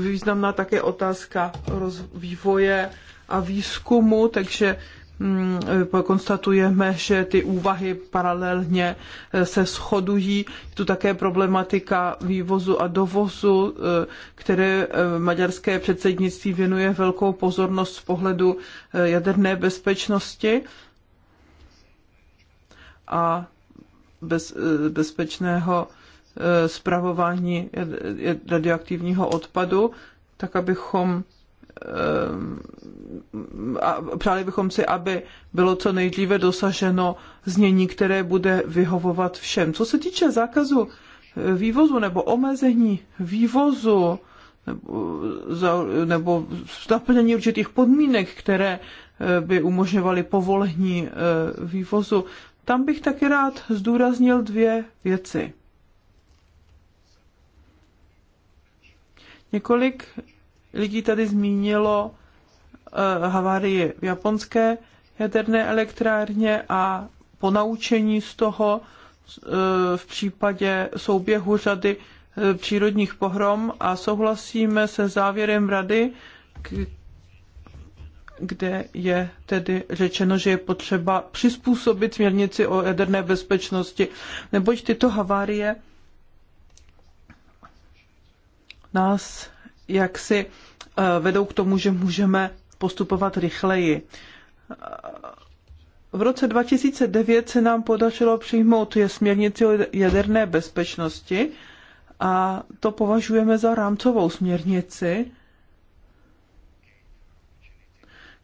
významná také otázka rozvoje a výzkumu, takže Mm, eh, konstatujeme, že ty úvahy paralelně eh, se shodují. Je tu také problematika vývozu a dovozu, eh, které maďarské předsednictví věnuje velkou pozornost z pohledu jaderné bezpečnosti a bez, bezpečného zpravování radioaktivního odpadu, tak abychom Ehm, a přáli bychom si, aby bylo co nejdříve dosaženo znění, které bude vyhovovat všem. Co se týče zákazu eh, vývozu nebo omezení vývozu nebo eh, naplnění určitých podmínek, které eh, by umožňovaly povolení vývozu, tam bych taky rád zdůraznil dvě věci. Několik lidí tady zmínilo uh, eh, havárii v japonské jaderné elektrárně a ponaučení z toho uh, v případě souběhu řady uh, přírodních pohrom a souhlasíme se závěrem rady, kde je tedy řečeno, že je potřeba přizpůsobit směrnici o jaderné bezpečnosti, neboť tyto havárie nás jak si eh, vedou k tomu, že můžeme postupovat rychleji. V roce 2009 se nám podařilo přijmout je směrnici o jaderné bezpečnosti a to považujeme za rámcovou směrnici,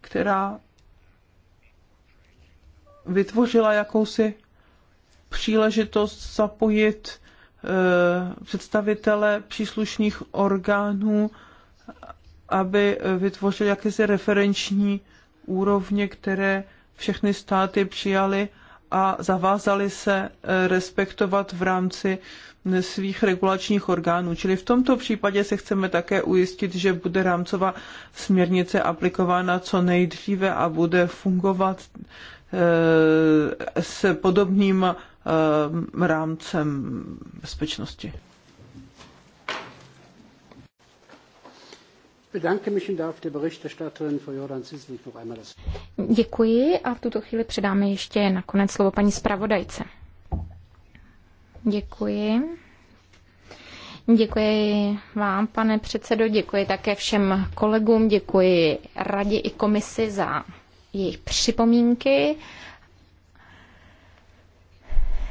která vytvořila jakousi příležitost zapojit Eh, představitele příslušných orgánů, aby vytvořili jakési referenční úrovně, které všechny státy přijaly a zavázali se eh, respektovat v rámci eh, svých regulačních orgánů. Čili v tomto případě se chceme také ujistit, že bude rámcová směrnice aplikována co nejdříve a bude fungovat s podobným Eh, rámcem bezpečnosti. Děkuji a v tuto chvíli předáme ještě nakonec slovo paní zpravodajce. Děkuji. Děkuji vám, pane předsedo, děkuji také všem kolegům, děkuji radě i komisi za jejich připomínky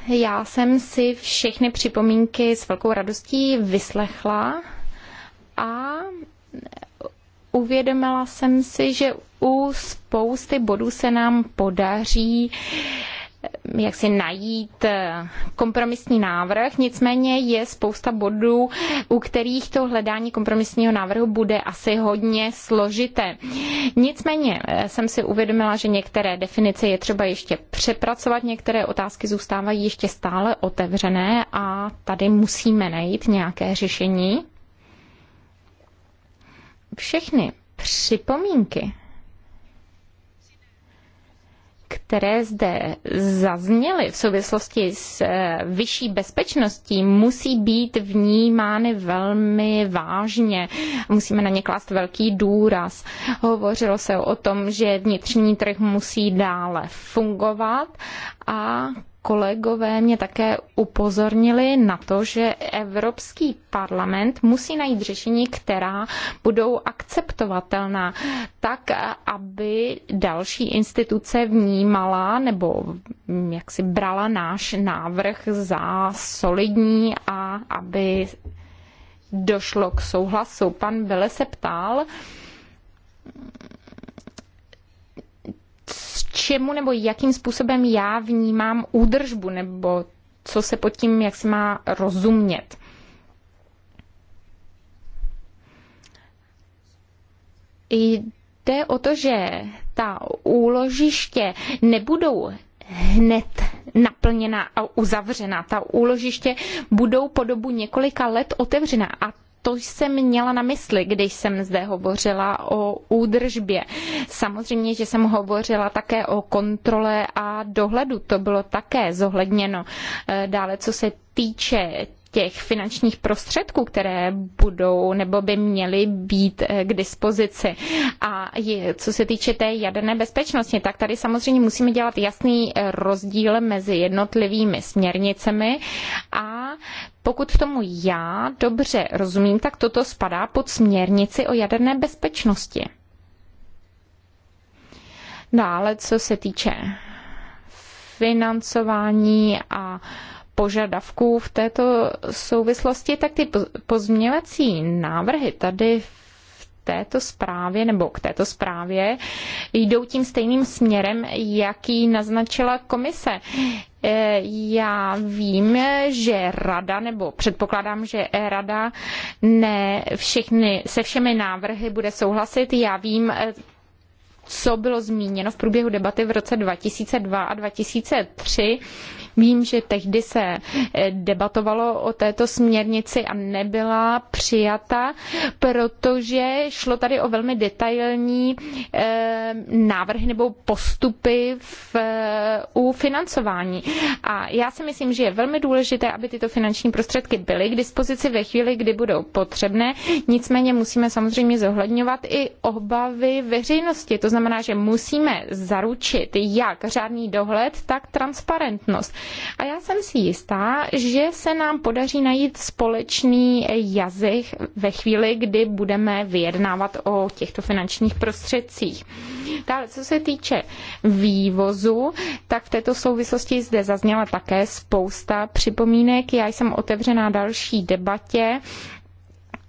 já jsem si všechny připomínky s velkou radostí vyslechla a uvědomila jsem si, že u spousty bodů se nám podaří uh, jak si najít eh, kompromisní návrh, nicméně je spousta bodů, u kterých to hledání kompromisního návrhu bude asi hodně složité. Nicméně eh, jsem si uvědomila, že některé definice je třeba ještě přepracovat, některé otázky zůstávají ještě stále otevřené a tady musíme najít nějaké řešení. Všechny připomínky které zde zazněly v souvislosti s eh, vyšší bezpečností, musí být vnímány velmi vážně. Musíme na ně klást velký důraz. Hovořilo se o tom, že vnitřní trh musí dále fungovat a kolegové mě také upozornili na to, že Evropský parlament musí najít řešení, která budou akceptovatelná, tak aby další instituce vnímala nebo jak si brala náš návrh za solidní a aby došlo k souhlasu. Pan Bele se ptal, čemu nebo jakým způsobem já vnímám údržbu nebo co se pod tím, jak se má rozumět. Jde o to, že ta úložiště nebudou hned naplněna a uzavřena. Ta úložiště budou po dobu několika let otevřena a to jsem měla na mysli, když jsem zde hovořila o údržbě. Samozřejmě, že jsem hovořila také o kontrole a dohledu, to bylo také zohledněno. E, dále, co se týče těch finančních prostředků, které budou nebo by měly být eh, k dispozici. A co se týče té jaderné bezpečnosti, tak tady samozřejmě musíme dělat jasný eh, rozdíl mezi jednotlivými směrnicemi a pokud tomu já dobře rozumím, tak toto spadá pod směrnici o jaderné bezpečnosti. Dále, co se týče financování a uh, požadavků v této souvislosti, tak ty pozměvací návrhy tady v této zprávě nebo k této zprávě jdou tím stejným směrem, jaký naznačila komise. E, já vím, že rada, nebo předpokládám, že rada ne všechny, se všemi návrhy bude souhlasit. Já vím, e, co bylo zmíněno v průběhu debaty v roce 2002 a 2003, Vím, že tehdy se eh, debatovalo o této směrnici a nebyla přijata, protože šlo tady o velmi detailní eh, návrhy nebo postupy v, eh, u financování. A já si myslím, že je velmi důležité, aby tyto finanční prostředky byly k dispozici ve chvíli, kdy budou potřebné. Nicméně musíme samozřejmě zohledňovat i obavy veřejnosti. To znamená, že musíme zaručit jak řádný dohled, tak transparentnost. A já jsem si jistá, že se nám podaří najít společný jazyk ve chvíli, kdy budeme vyjednávat o těchto finančních prostředcích. Dále, co se týče vývozu, tak v této souvislosti zde zazněla také spousta připomínek. Já jsem otevřená další debatě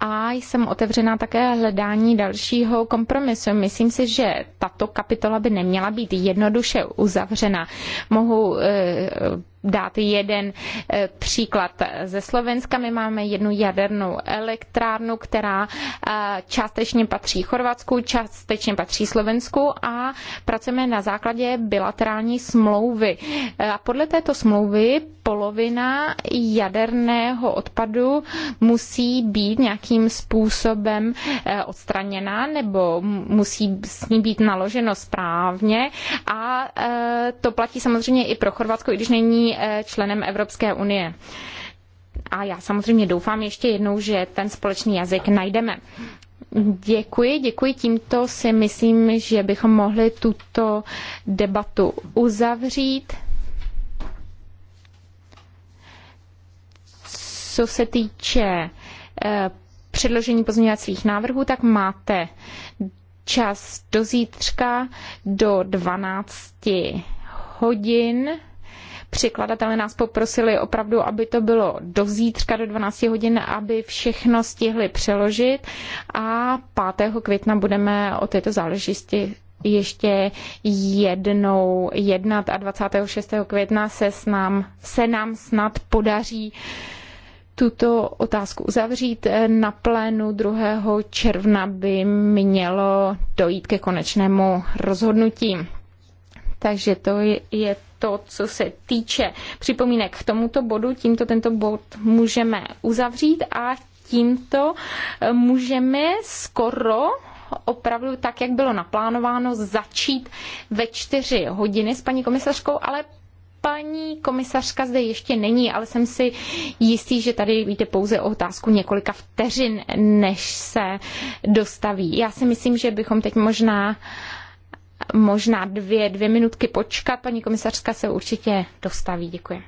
a jsem otevřená také hledání dalšího kompromisu. Myslím si, že tato kapitola by neměla být jednoduše uzavřena. Mohu eh, dát jeden eh, příklad ze Slovenska. My máme jednu jadernou elektrárnu, která eh, částečně patří Chorvatsku, částečně patří Slovensku a pracujeme na základě bilaterální smlouvy. Eh, a podle této smlouvy polovina jaderného odpadu musí být nějakým způsobem odstraněna nebo musí s ní být naloženo správně a to platí samozřejmě i pro Chorvatsko, i když není Eh, členem Evropské unie. A já samozřejmě doufám ještě jednou, že ten společný jazyk najdeme. Děkuji, děkuji. Tímto si myslím, že bychom mohli tuto debatu uzavřít. Co se týče eh, předložení pozměňovacích návrhů, tak máte čas do zítřka do 12 hodin Překladatele nás poprosili opravdu, aby to bylo do zítřka do 12 hodin, aby všechno stihli přeložit a 5. května budeme o této záležitosti ještě jednou jednat a 26. května se, s nám, se nám snad podaří tuto otázku uzavřít. Na plénu 2. června by mělo dojít ke konečnému rozhodnutí. Takže to je to, co se týče připomínek k tomuto bodu. Tímto tento bod můžeme uzavřít a tímto eh, můžeme skoro opravdu tak, jak bylo naplánováno, začít ve čtyři hodiny s paní komisařkou, ale paní komisařka zde ještě není, ale jsem si jistý, že tady víte pouze o otázku několika vteřin, než se dostaví. Já si myslím, že bychom teď možná možná dvě, dvě minutky počkat. Paní komisařka se určitě dostaví. Děkuji.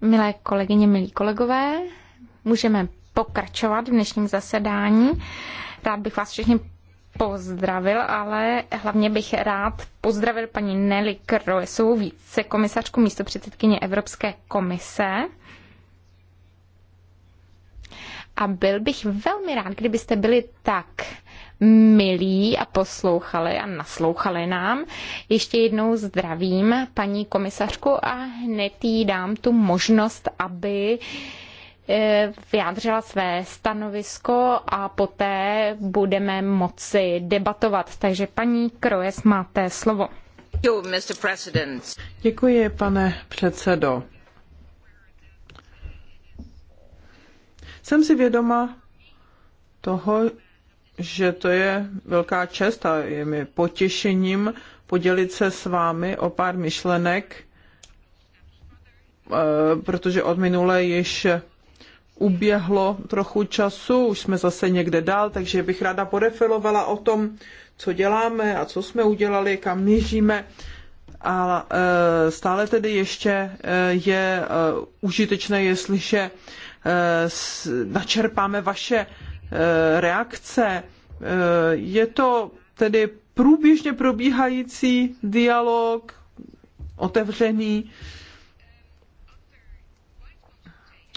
Milé kolegyně, milí kolegové, můžeme pokračovat v dnešním zasedání. Rád bych vás všechny pozdravil, ale hlavně bych rád pozdravil paní Nelly Kroesovou, vicekomisařku místo předsedkyně Evropské komise. A byl bych velmi rád, kdybyste byli tak milí a poslouchali a naslouchali nám. Ještě jednou zdravím paní komisařku a hned jí dám tu možnost, aby eh, vyjádřila své stanovisko a poté budeme moci debatovat. Takže paní Kroes, máte slovo. Děkuji, pane předsedo. Jsem si vědoma toho, že to je velká čest a je mi potěšením podělit se s vámi o pár myšlenek, eh, protože od minule již uběhlo trochu času, už jsme zase někde dál, takže bych ráda porefilovala o tom, co děláme a co jsme udělali, kam míříme. A eh, stále tedy ještě eh, je užitečné, jestliže načerpáme vaše Eh, reakce. Eh, je to tedy průběžně probíhající dialog, otevřený.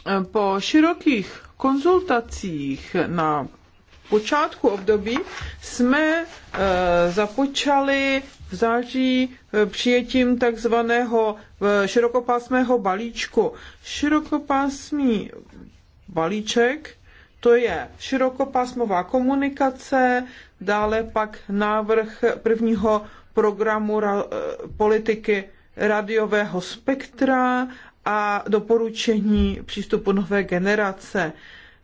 Eh, po širokých konzultacích na počátku období jsme započali v září přijetím takzvaného širokopásmého balíčku. Širokopásmý balíček to je širokopásmová komunikace, dále pak návrh prvního programu ra, politiky radiového spektra a doporučení přístupu nové generace.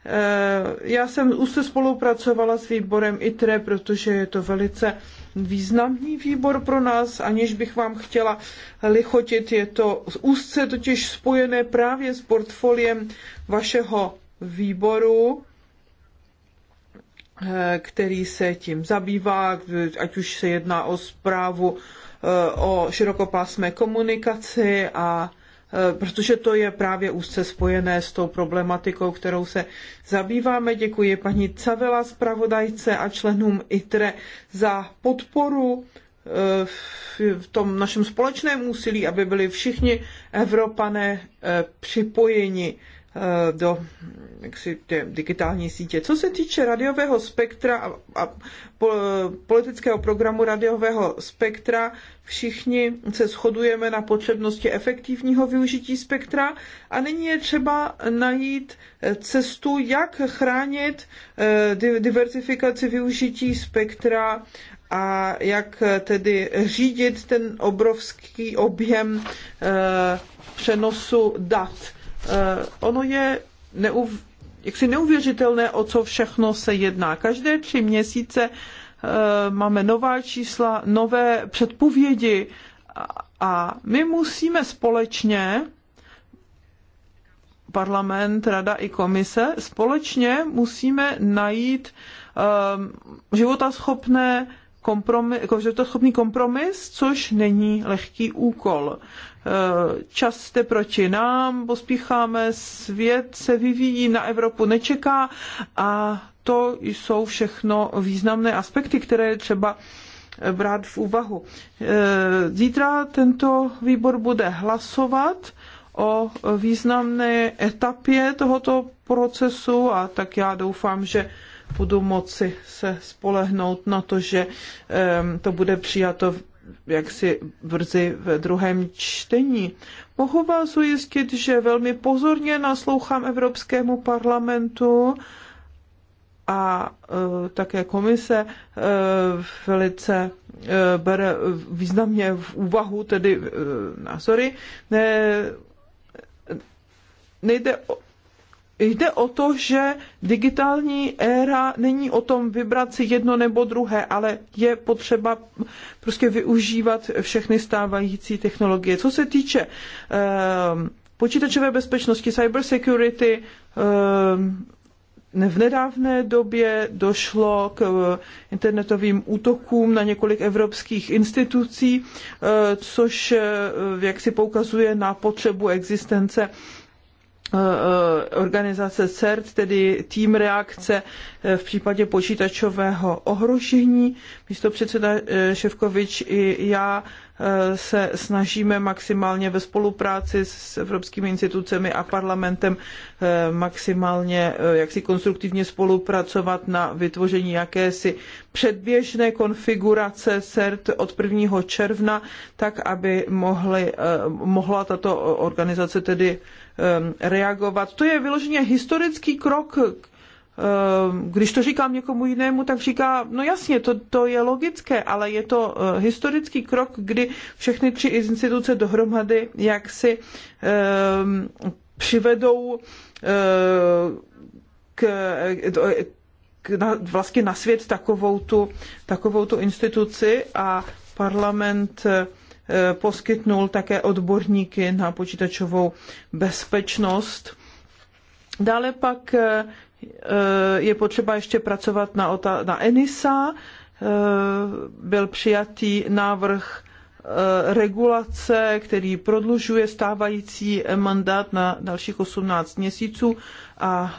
E, já jsem úzce spolupracovala s výborem ITRE, protože je to velice významný výbor pro nás, aniž bych vám chtěla lichotit. Je to úzce totiž spojené právě s portfoliem vašeho výboru Eh, který se tím zabývá, ať už se jedná o zprávu eh, o širokopásmé komunikaci a eh, protože to je právě úzce spojené s tou problematikou, kterou se zabýváme. Děkuji paní Cavela, zpravodajce a členům ITRE za podporu v tom našem společném úsilí, aby byli všichni Evropané připojeni Eh, do jaksi, tě, digitální sítě. Co se týče radiového spektra a, a politického programu radiového spektra, všichni se shodujeme na potřebnosti efektivního využití spektra a nyní je třeba najít eh, cestu, jak chránit eh, diversifikaci využití spektra a jak tedy řídit ten obrovský objem přenosu dat Eh, ono je neuv, jaksi neuvěřitelné, o co všechno se jedná. Každé tři měsíce eh, máme nová čísla, nové předpovědi a my musíme společně parlament, rada i komise, společně musíme najít um, životaschopné kompromis, jako, schopný kompromis, což není lehký úkol. E, čas jste proti nám, pospícháme, svět se vyvíjí, na Evropu nečeká a to jsou všechno významné aspekty, které je třeba brát v úvahu. E, zítra tento výbor bude hlasovat o významné etapě tohoto procesu a tak já doufám, že budu moci se spolehnout na to, že to bude přijato jaksi brzy ve druhém čtení. Mohu vás ujistit, že velmi pozorně naslouchám Evropskému parlamentu a e, také komise e, velice e, bere významně v úvahu tedy názory. Ne, nejde o jde o to, že digitální éra není o tom vybrat si jedno nebo druhé, ale je potřeba prostě využívat všechny stávající technologie. Co se týče ehm, počítačové bezpečnosti, cyber security, ehm, v nedávné době došlo k eh, internetovým útokům na několik evropských institucí, eh, což eh, jak si poukazuje na potřebu existence Eh, eh, organizace CERT, tedy tým reakce eh, v případě počítačového ohrožení. Místo předseda Ševkovič i já Eh, se snažíme maximálně ve spolupráci s evropskými institucemi a parlamentem eh, maximálně eh, jaksi konstruktivně spolupracovat na vytvoření jakési předběžné konfigurace CERT od 1. června, tak aby mohly, mohla tato organizace tedy reagovat. To je vyloženě historický krok Eh, když to říkám někomu jinému, tak říká, no jasně, to, to je logické, ale je to eh, historický krok, kdy všechny tři instituce dohromady jak si eh, přivedou k, k na, vlastně na svět takovou tu, takovou tu instituci a parlament poskytnul také odborníky na počítačovou bezpečnost. Dále pak Eh, je potřeba ještě pracovat na, na ENISA. Eh, byl přijatý návrh eh, regulace, který prodlužuje stávající mandát na dalších 18 měsíců a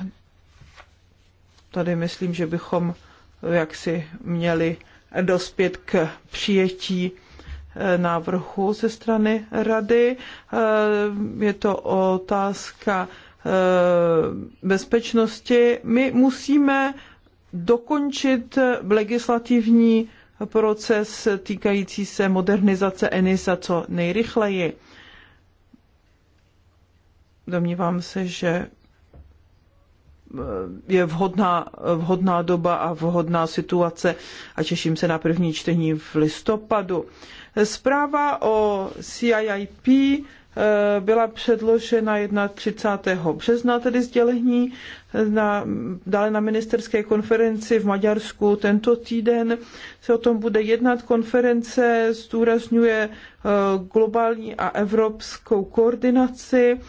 tady myslím, že bychom jaksi měli dospět k přijetí návrhu ze strany rady. Je to otázka Eh, bezpečnosti, my musíme dokončit legislativní proces týkající se modernizace ENISA co nejrychleji. Domnívám se, že eh, je vhodná, vhodná doba a vhodná situace a těším se na první čtení v listopadu. Zpráva o CIIP Eh, byla předložena 31. března, tedy sdělení, eh, na, dále na ministerské konferenci v Maďarsku tento týden. Se o tom bude jednat. Konference zdůrazňuje eh, globální a evropskou koordinaci.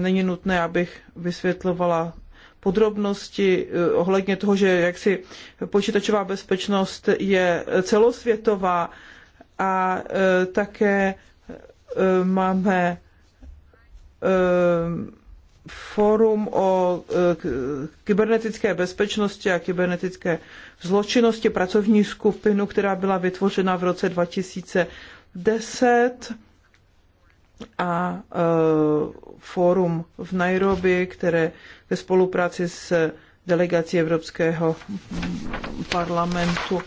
Není nutné, abych vysvětlovala podrobnosti ohledně toho, že jaksi počítačová bezpečnost je celosvětová a e, také e, máme e, forum o kybernetické bezpečnosti a kybernetické zločinnosti, pracovní skupinu, která byla vytvořena v roce 2010 a fórum v Nairobi, které ve spolupráci s delegací Evropského parlamentu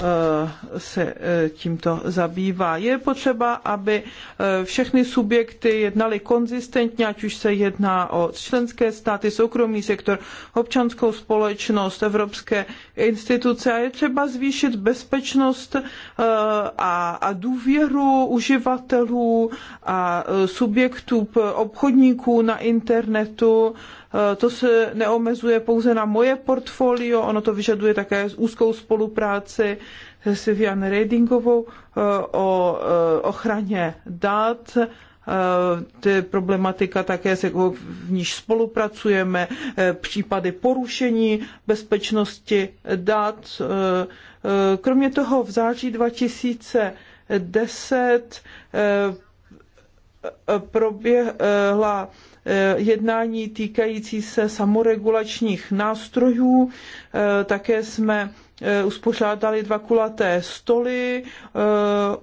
Eh, se eh, tímto zabývá. Je potřeba, aby eh, všechny subjekty jednaly konzistentně, ať už se jedná o členské státy, soukromý sektor, občanskou společnost, evropské instituce a je třeba zvýšit bezpečnost a, důvěru uživatelů a subjektů obchodníků na internetu. To se neomezuje pouze na moje portfolio, ono to vyžaduje také úzkou spolupráci Vivian Redingovou eh, o eh, ochraně dat eh, to je problematika také, se, v níž spolupracujeme, případy porušení bezpečnosti dat. Kromě toho v září 2010 proběhla jednání týkající se samoregulačních nástrojů. Také jsme Eh, uspořádali dva kulaté stoly eh,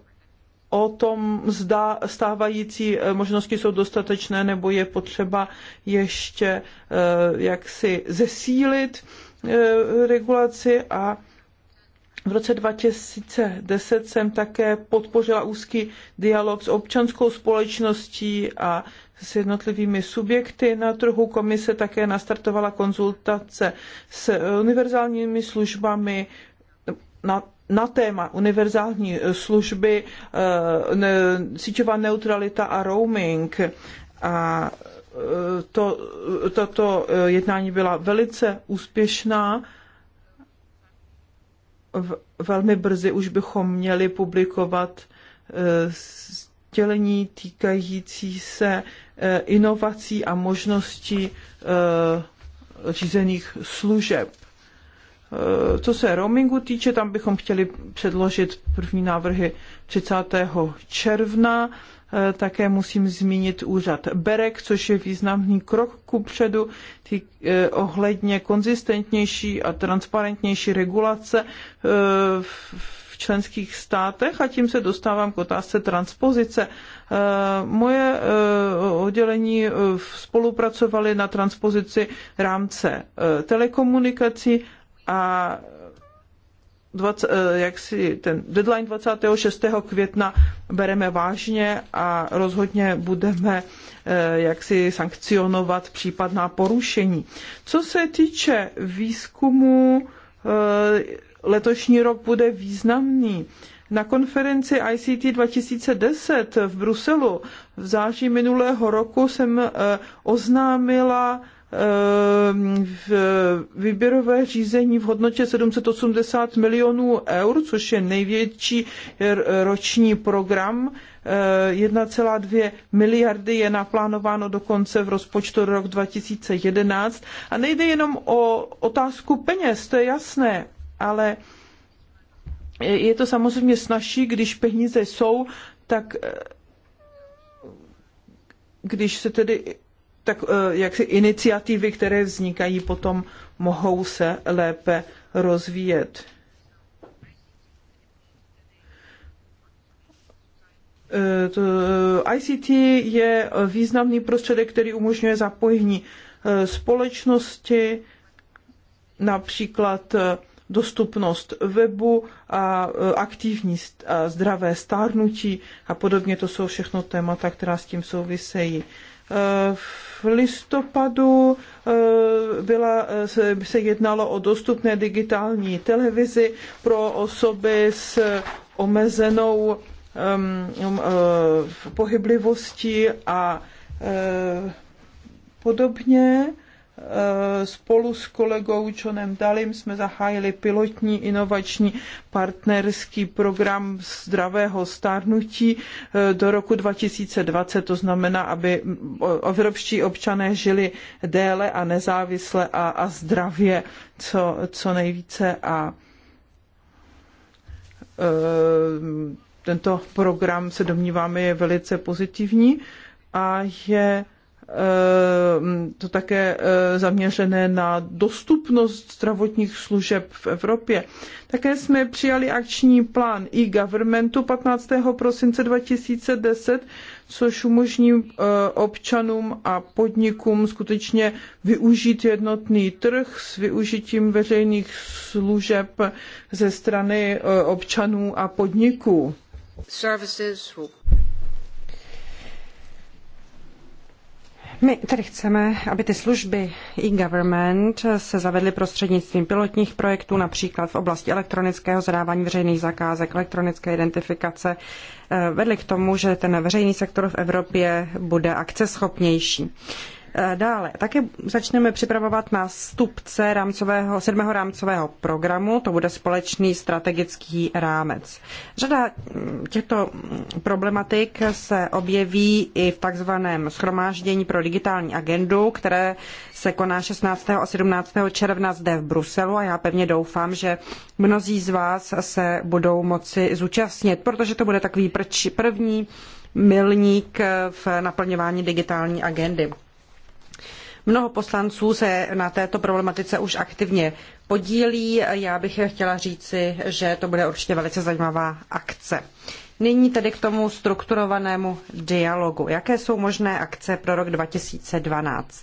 o tom, zda stávající eh, možnosti jsou dostatečné nebo je potřeba ještě jaksi zesílit regulaci a v roce 2010 jsem také podpořila úzký dialog s občanskou společností a s jednotlivými subjekty na trhu. Komise také nastartovala konzultace s univerzálními službami na na téma univerzální služby, eh, síťová neutralita a roaming. A eh, to, toto eh, jednání byla velice úspěšná. Velmi brzy už bychom měli publikovat sdělení týkající se Eh, inovací a možností eh, řízených služeb. Eh, co se roamingu týče, tam bychom chtěli předložit první návrhy 30. června. Také musím zmínit úřad BEREK, což je významný krok ku předu ohledně konzistentnější a transparentnější regulace v členských státech a tím se dostávám k otázce transpozice. Eh, moje eh, oddělení eh, spolupracovali na transpozici rámce telekomunikací a 20, jak si ten deadline 26. května bereme vážně a rozhodně budeme jak si sankcionovat případná porušení. Co se týče výzkumu letošní rok bude významný. Na konferenci ICT 2010 v Bruselu v září minulého roku jsem eh, oznámila eh, v výběrové řízení v hodnotě 780 milionů eur, což je největší eh, roční program. 1,2 miliardy je naplánováno dokonce v rozpočtu rok 2011. A nejde jenom o otázku peněz, to je jasné ale je to samozřejmě snažší, když peníze jsou, tak eh, když se tedy tak eh, jak si iniciativy, které vznikají, potom mohou se lépe rozvíjet. Eh, ICT je významný prostředek, který umožňuje zapojení společnosti, například dostupnost webu a e, aktivní a zdravé stárnutí a podobně. To jsou všechno témata, která s tím souvisejí. E, v listopadu e, byla, se jednalo o dostupné digitální televizi pro osoby s omezenou pohyblivostí a podobně. Eh, spolu s kolegou Johnem Dalim jsme zahájili pilotní inovační partnerský program zdravého stárnutí eh, do roku 2020. To znamená, aby mm, evropští občané žili déle a nezávisle a, a zdravě co, co nejvíce a eh, tento program se domníváme je velice pozitivní a je Ehm, to také eh, zaměřené na dostupnost zdravotních služeb v Evropě. Také jsme přijali akční plán e-governmentu 15. prosince 2010, což umožní eh, občanům a podnikům skutečně využít jednotný trh s využitím veřejných služeb ze strany eh, občanů a podniků. Services will My tedy chceme, aby ty služby e-government se zavedly prostřednictvím pilotních projektů, například v oblasti elektronického zadávání veřejných zakázek, elektronické identifikace, eh, vedly k tomu, že ten veřejný sektor v Evropě bude akceschopnější. Eh, dále také začneme připravovat nástupce rámcového, sedmého rámcového programu, to bude společný strategický rámec. Řada mm, těchto mm, problematik se objeví i v takzvaném schromáždění pro digitální agendu, které se koná 16. a 17. června zde v Bruselu a já pevně doufám, že mnozí z vás se budou moci zúčastnit, protože to bude takový první milník v naplňování digitální agendy. Mnoho poslanců se na této problematice už aktivně podílí. Já bych chtěla říci, že to bude určitě velice zajímavá akce. Nyní tedy k tomu strukturovanému dialogu. Jaké jsou možné akce pro rok 2012?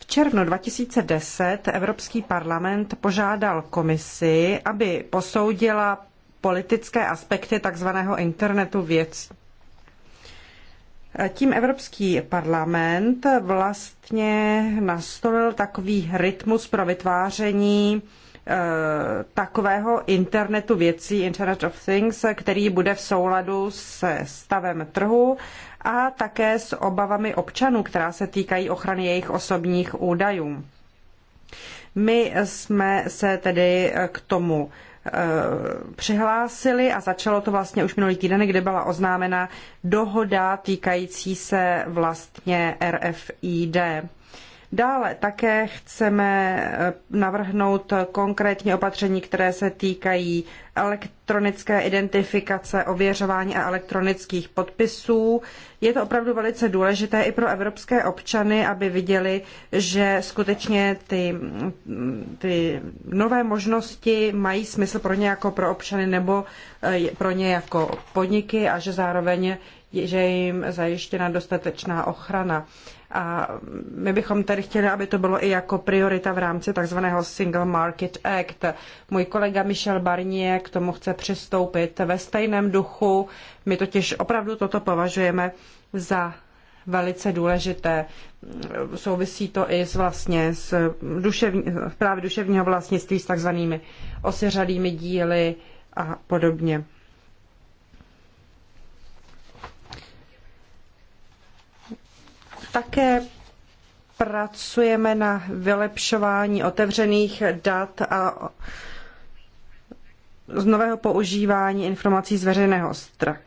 V červnu 2010 Evropský parlament požádal komisi, aby posoudila politické aspekty tzv. internetu věcí. Tím Evropský parlament vlastně nastolil takový rytmus pro vytváření eh, takového internetu věcí, Internet of Things, který bude v souladu se stavem trhu a také s obavami občanů, která se týkají ochrany jejich osobních údajů. My jsme se tedy k tomu Eh, přihlásili a začalo to vlastně už minulý týden, kdy byla oznámena dohoda týkající se vlastně RFID. Dále také chceme eh, navrhnout konkrétní opatření, které se týkají elektronické identifikace, ověřování a elektronických podpisů. Je to opravdu velice důležité i pro evropské občany, aby viděli, že skutečně ty, mm, ty nové možnosti mají smysl pro ně jako pro občany nebo eh, pro ně jako podniky a že zároveň že je jim zajištěna dostatečná ochrana. A my bychom tedy chtěli, aby to bylo i jako priorita v rámci takzvaného Single Market Act. Můj kolega Michel Barnier k tomu chce přistoupit ve stejném duchu. My totiž opravdu toto považujeme za velice důležité. Souvisí to i s vlastně s duševní, právě duševního vlastnictví s takzvanými osiřadými díly a podobně. Také pracujeme na vylepšování otevřených dat a z nového používání informací z veřejného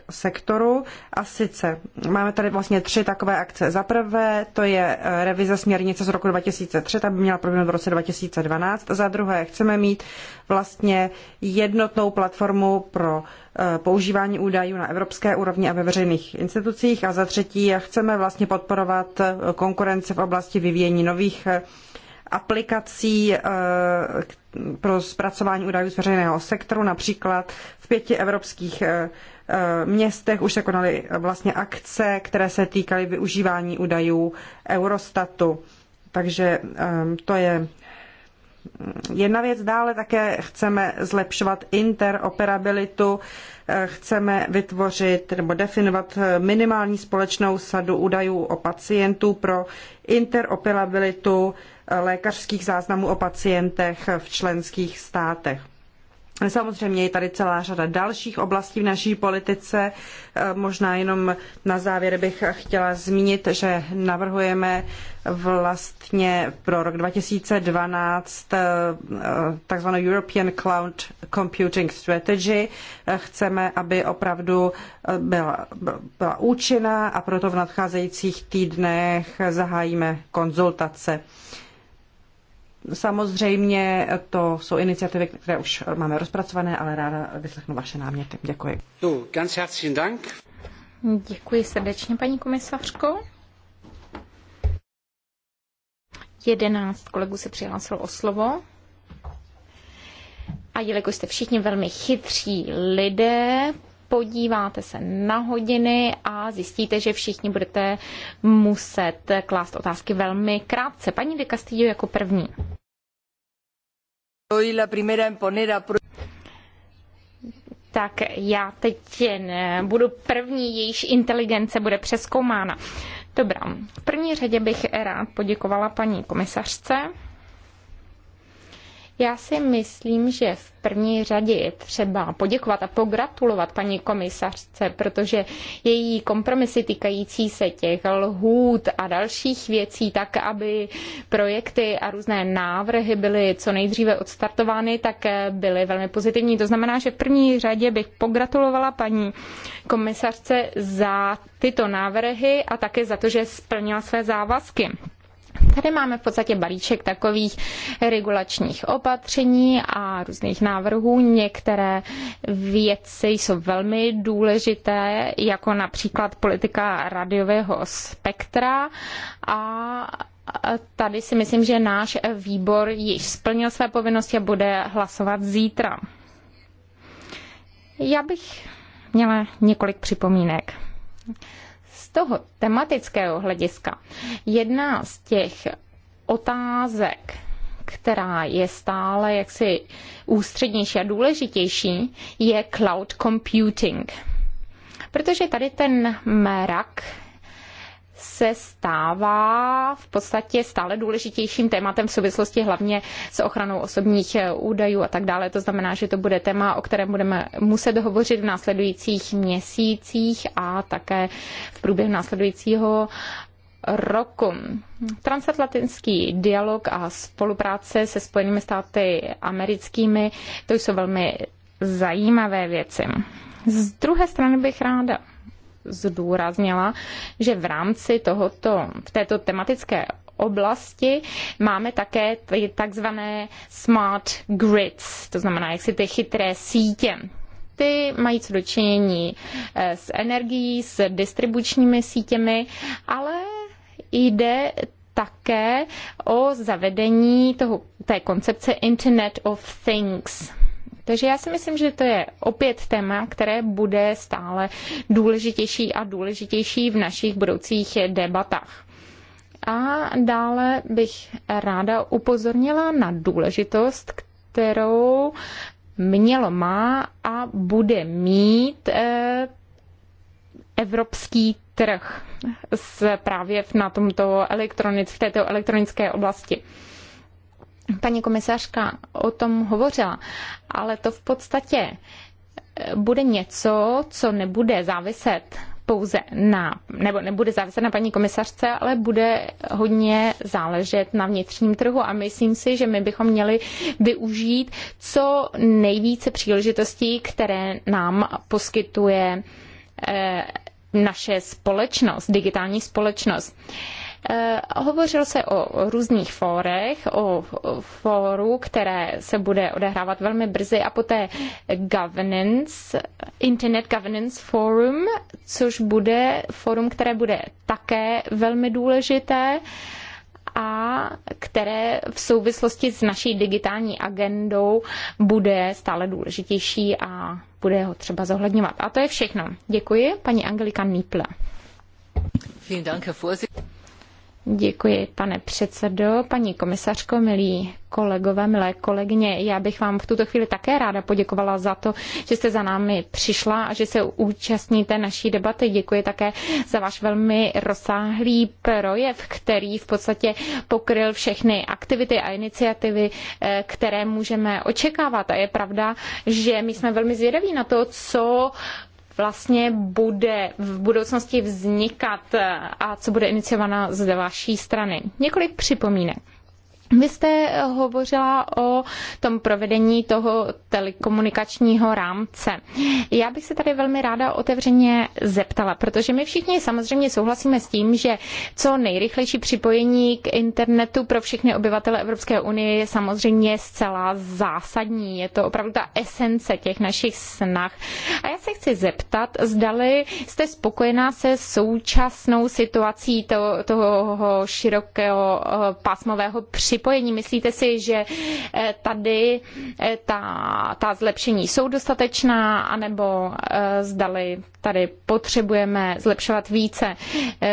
sektoru. A sice máme tady vlastně tři takové akce. Za prvé, to je eh, revize směrnice z roku 2003, ta by měla proběhnout v roce 2012. Za druhé, chceme mít vlastně jednotnou platformu pro eh, používání údajů na evropské úrovni a ve veřejných institucích. A za třetí, chceme vlastně podporovat eh, konkurenci v oblasti vyvíjení nových aplikací, pro zpracování údajů z veřejného sektoru. Například v pěti evropských eh, eh, městech už se konaly vlastně akce, které se týkaly využívání údajů Eurostatu. Takže ehm, to je mm, Jedna věc dále také chceme zlepšovat interoperabilitu, eh, chceme vytvořit nebo definovat minimální společnou sadu údajů o pacientů pro interoperabilitu lékařských záznamů o pacientech v členských státech. Samozřejmě je tady celá řada dalších oblastí v naší politice. Možná jenom na závěr bych chtěla zmínit, že navrhujeme vlastně pro rok 2012 eh, takzvanou European Cloud Computing Strategy. Chceme, aby opravdu byla, byla účinná a proto v nadcházejících týdnech zahájíme konzultace. Samozřejmě to jsou iniciativy, které už máme rozpracované, ale ráda vyslechnu vaše náměty. Děkuji. Du, ganz herzlichen Dank. Děkuji srdečně, paní komisařko. Jedenáct kolegů se přihlásilo o slovo. A jelikož jste všichni velmi chytří lidé, podíváte se na hodiny a zjistíte, že všichni budete muset klást otázky velmi krátce. Paní de Castillo jako první. Tak já teď jen budu první, jejíž inteligence bude přeskoumána. Dobrá, v první řadě bych rád poděkovala paní komisařce já si myslím, že v první řadě je třeba poděkovat a pogratulovat paní komisařce, protože její kompromisy týkající se těch lhůt a dalších věcí, tak aby projekty a různé návrhy byly co nejdříve odstartovány, tak byly velmi pozitivní. To znamená, že v první řadě bych pogratulovala paní komisařce za tyto návrhy a také za to, že splnila své závazky. Tady máme v podstatě balíček takových regulačních opatření a různých návrhů. Některé věci jsou velmi důležité, jako například politika radiového spektra a tady si myslím, že náš výbor již splnil své povinnosti a bude hlasovat zítra. Já bych měla několik připomínek toho tematického hlediska, jedna z těch otázek, která je stále jaksi ústřednější a důležitější, je cloud computing. Protože tady ten mrak se stává v podstatě stále důležitějším tématem v souvislosti hlavně s ochranou osobních eh, údajů a tak dále. To znamená, že to bude téma, o kterém budeme muset hovořit v následujících měsících a také v průběhu následujícího roku. Transatlantický dialog a spolupráce se Spojenými státy americkými, to jsou velmi zajímavé věci. Z druhé strany bych ráda zdůraznila, že v rámci tohoto, v této tematické oblasti máme také ty takzvané smart grids, to znamená jak si ty chytré sítě. Ty mají co dočinění eh, s energií, s distribučními sítěmi, ale jde také o zavedení toho, té koncepce Internet of Things. Takže já si myslím, že to je opět téma, které bude stále důležitější a důležitější v našich budoucích debatách. A dále bych ráda upozornila na důležitost, kterou mělo má a bude mít eh, evropský trh s právě na tomto elektronic, v této elektronické oblasti paní komisařka o tom hovořila, ale to v podstatě eh, bude něco, co nebude záviset pouze na, nebo nebude záviset na paní komisařce, ale bude hodně záležet na vnitřním trhu a myslím si, že my bychom měli využít co nejvíce příležitostí, které nám poskytuje eh, naše společnost, digitální společnost. Eh, Eh, hovořil se o různých fórech, o fóru, které se bude odehrávat velmi brzy a poté governance, Internet Governance Forum, což bude fórum, které bude také velmi důležité a které v souvislosti s naší digitální agendou bude stále důležitější a bude ho třeba zohledňovat. A to je všechno. Děkuji, paní Angelika Nýpla. Děkuji, pane předsedo, paní komisařko, milí kolegové, milé kolegyně. Já bych vám v tuto chvíli také ráda poděkovala za to, že jste za námi přišla a že se účastníte naší debaty. Děkuji také za váš velmi rozsáhlý projev, který v podstatě pokryl všechny aktivity a iniciativy, eh, které můžeme očekávat. A je pravda, že my jsme velmi zvědaví na to, co vlastně bude v budoucnosti vznikat a co bude iniciováno z vaší strany. Několik připomínek. Vy jste eh, hovořila o tom provedení toho telekomunikačního rámce. Já bych se tady velmi ráda otevřeně zeptala, protože my všichni samozřejmě souhlasíme s tím, že co nejrychlejší připojení k internetu pro všechny obyvatele Evropské unie je samozřejmě zcela zásadní. Je to opravdu ta esence těch našich snah. A já se chci zeptat, zdali jste spokojená se současnou situací toho, toho širokého eh, pásmového připojení připojení. Myslíte si, že eh, tady eh, ta, ta zlepšení jsou dostatečná, anebo eh, zdali tady potřebujeme zlepšovat více?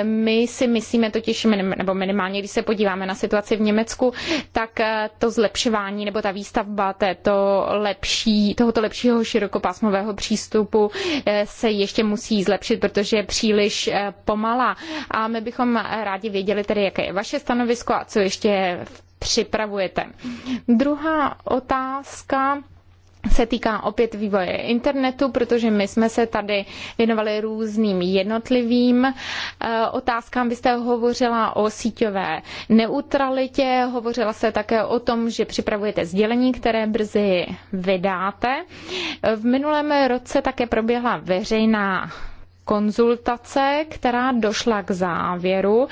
My si myslíme totiž, nebo minimálně, když se podíváme na situaci v Německu, tak to zlepšování nebo ta výstavba této lepší, tohoto lepšího širokopásmového přístupu se ještě musí zlepšit, protože je příliš pomalá. A my bychom rádi věděli tedy, jaké je vaše stanovisko a co ještě je v připravujete. Druhá otázka se týká opět vývoje internetu, protože my jsme se tady věnovali různým jednotlivým eh, otázkám. Vy jste hovořila o síťové neutralitě, hovořila se také o tom, že připravujete sdělení, které brzy vydáte. V minulém roce také proběhla veřejná konzultace, která došla k závěru,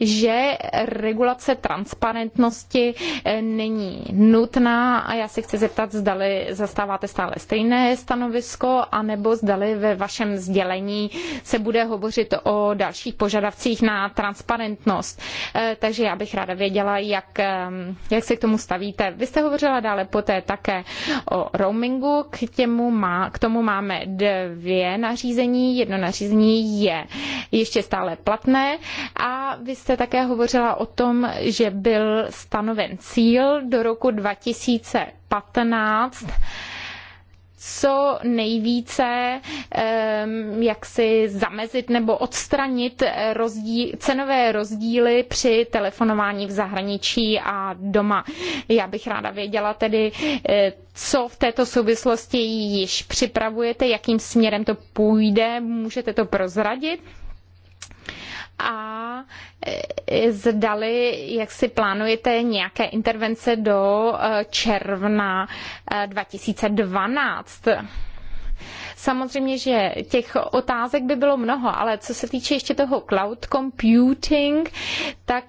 že regulace transparentnosti eh, není nutná a já se chci zeptat, zdali zastáváte stále stejné stanovisko, anebo zdali ve vašem sdělení se bude hovořit o dalších požadavcích na transparentnost. Eh, takže já bych ráda věděla, jak, ehm, jak se k tomu stavíte. Vy jste hovořila dále poté také o roamingu, k, těmu má, k tomu máme dvě nařízení, jedno nařízení nařízení je ještě stále platné a vy jste také hovořila o tom, že byl stanoven cíl do roku 2015 co nejvíce ehm, jak si zamezit nebo odstranit rozdíl, cenové rozdíly při telefonování v zahraničí a doma. Já bych ráda věděla tedy, eh, co v této souvislosti již připravujete, jakým směrem to půjde, můžete to prozradit? a e, zdali, jak si plánujete nějaké intervence do e, června 2012. E, Samozřejmě, že těch otázek by bylo mnoho, ale co se týče ještě toho cloud computing, tak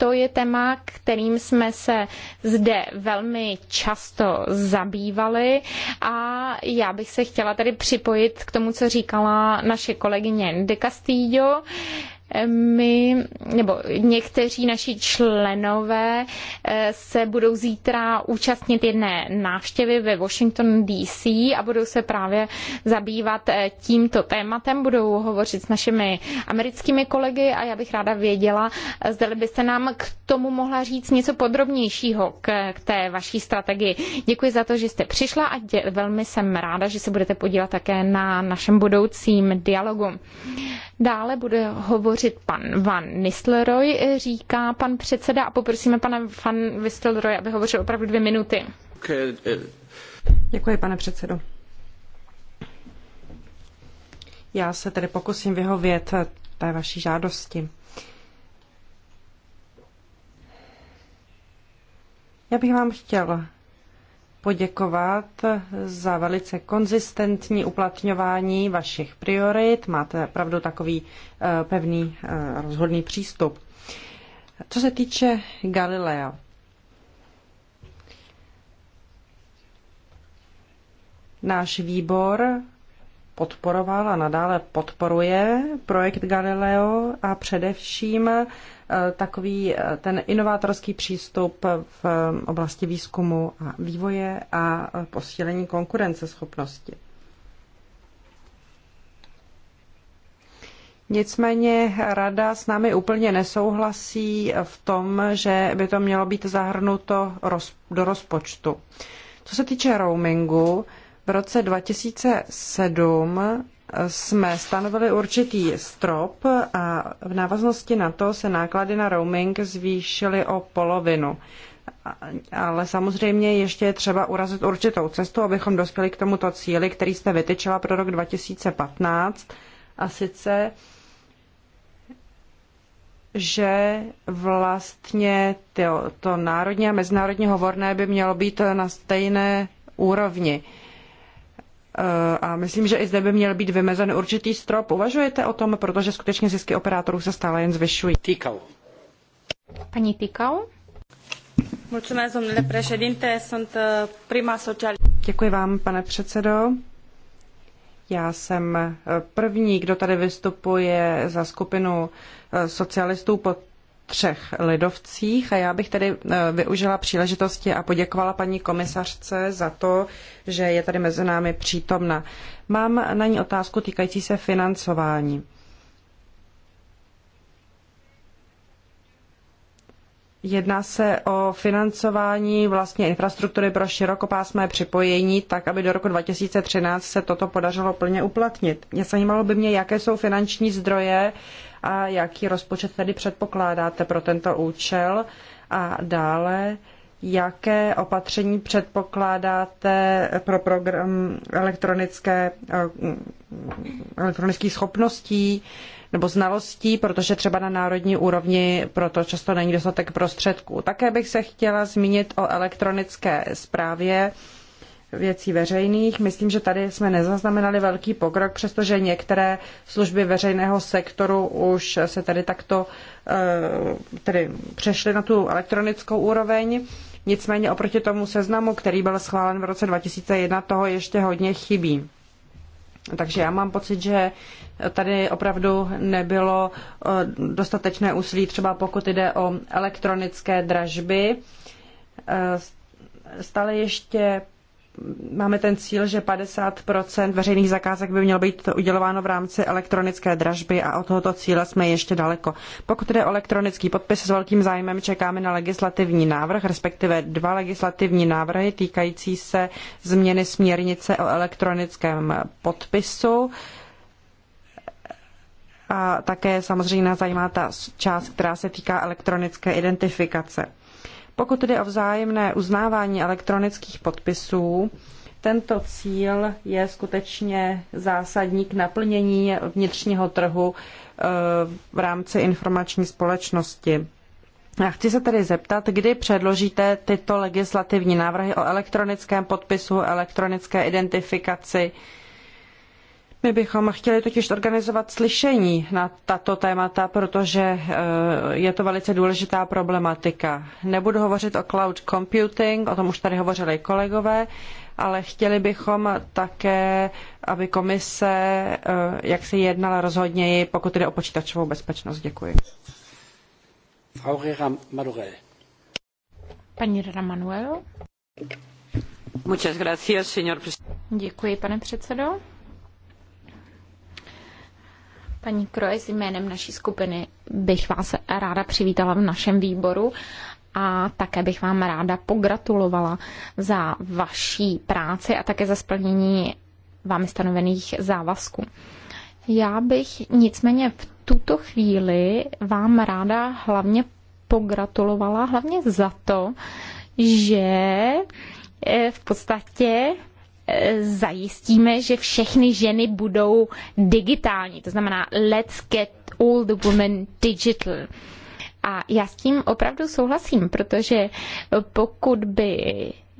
to je téma, kterým jsme se zde velmi často zabývali a já bych se chtěla tady připojit k tomu, co říkala naše kolegyně De Castillo my, nebo někteří naši členové eh, se budou zítra účastnit jedné návštěvy ve Washington DC a budou se právě zabývat eh, tímto tématem, budou hovořit s našimi americkými kolegy a já bych ráda věděla, eh, zda byste nám k tomu mohla říct něco podrobnějšího k, k té vaší strategii. Děkuji za to, že jste přišla a dě, velmi jsem ráda, že se budete podívat také na našem budoucím dialogu. Dále bude hovořit hovořit pan Van Nistelrooy, eh, říká pan předseda a poprosíme pana Van Nistelrooy, aby hovořil opravdu dvě minuty. Eh. Děkuji, pane předsedo. Já se tedy pokusím vyhovět eh, té vaší žádosti. Já bych vám chtěl poděkovat za velice konzistentní uplatňování vašich priorit. Máte opravdu takový eh, pevný eh, rozhodný přístup. Co se týče Galilea, náš výbor podporoval a nadále podporuje projekt Galileo a především Eh, takový eh, ten inovátorský přístup v eh, oblasti výzkumu a vývoje a posílení konkurenceschopnosti. Nicméně rada s námi úplně nesouhlasí v tom, že by to mělo být zahrnuto do rozpočtu. Co se týče roamingu, v roce 2007 jsme stanovili určitý strop a v návaznosti na to se náklady na roaming zvýšily o polovinu. Ale samozřejmě ještě je třeba urazit určitou cestu, abychom dospěli k tomuto cíli, který jste vytyčila pro rok 2015. A sice že vlastně to, to národní a mezinárodní hovorné by mělo být na stejné úrovni. Uh, Eh, a myslím, že i zde by měl být vymezen určitý strop. Uvažujete o tom, protože skutečně zisky operátorů se stále jen zvyšují. Týkal. Paní Týkal? Eh, Děkuji vám, pane předsedo. Já jsem eh, první, kdo tady vystupuje za skupinu socialistů pod třech lidovcích a já bych tedy e, využila příležitosti a poděkovala paní komisařce za to, že je tady mezi námi přítomna. Mám na ní otázku týkající se financování. Jedná se o financování vlastně infrastruktury pro širokopásmé připojení, tak aby do roku 2013 se toto podařilo plně uplatnit. Mě zajímalo by mě, jaké jsou finanční zdroje a jaký rozpočet tedy předpokládáte pro tento účel a dále, jaké opatření předpokládáte pro program elektronické, eh, elektronických schopností, nebo znalostí, protože třeba na národní úrovni proto často není dostatek prostředků. Také bych se chtěla zmínit o elektronické zprávě věcí veřejných. Myslím, že tady jsme nezaznamenali velký pokrok, přestože některé služby veřejného sektoru už se tady takto eh, tedy přešly na tu elektronickou úroveň. Nicméně oproti tomu seznamu, který byl schválen v roce 2001, toho ještě hodně chybí. Takže já mám pocit, že tady opravdu nebylo eh, dostatečné úsilí, třeba pokud jde o elektronické dražby. Eh, stále ještě máme ten cíl, že 50 veřejných zakázek by mělo být udělováno v rámci elektronické dražby a od tohoto cíle jsme ještě daleko. Pokud jde o elektronický podpis, s velkým zájmem čekáme na legislativní návrh, respektive dva legislativní návrhy týkající se změny směrnice o elektronickém podpisu. Uh, a také samozřejmě nás zajímá ta část, která se týká elektronické identifikace. Pokud jde o vzájemné uznávání elektronických podpisů, tento cíl je skutečně zásadní k naplnění vnitřního trhu eh, v rámci informační společnosti. A chci se tedy zeptat, kdy předložíte tyto legislativní návrhy o elektronickém podpisu, elektronické identifikaci, my bychom chtěli totiž organizovat slyšení na tato témata, protože eh, je to velice důležitá problematika. Nebudu hovořit o cloud computing, o tom už tady hovořili kolegové, ale chtěli bychom také, aby komise, eh, jak se jednala rozhodněji, pokud jde o počítačovou bezpečnost. Děkuji. Paní Rera Manuel. Děkuji, pane předsedo. Paní Kroje, s jménem naší skupiny bych vás ráda přivítala v našem výboru a také bych vám ráda pogratulovala za vaší práci a také za splnění vámi stanovených závazků. Já bych nicméně v tuto chvíli vám ráda hlavně pogratulovala, hlavně za to, že eh, v podstatě zajistíme, že všechny ženy budou digitální. To znamená, let's get all the women digital. A já s tím opravdu souhlasím, protože pokud by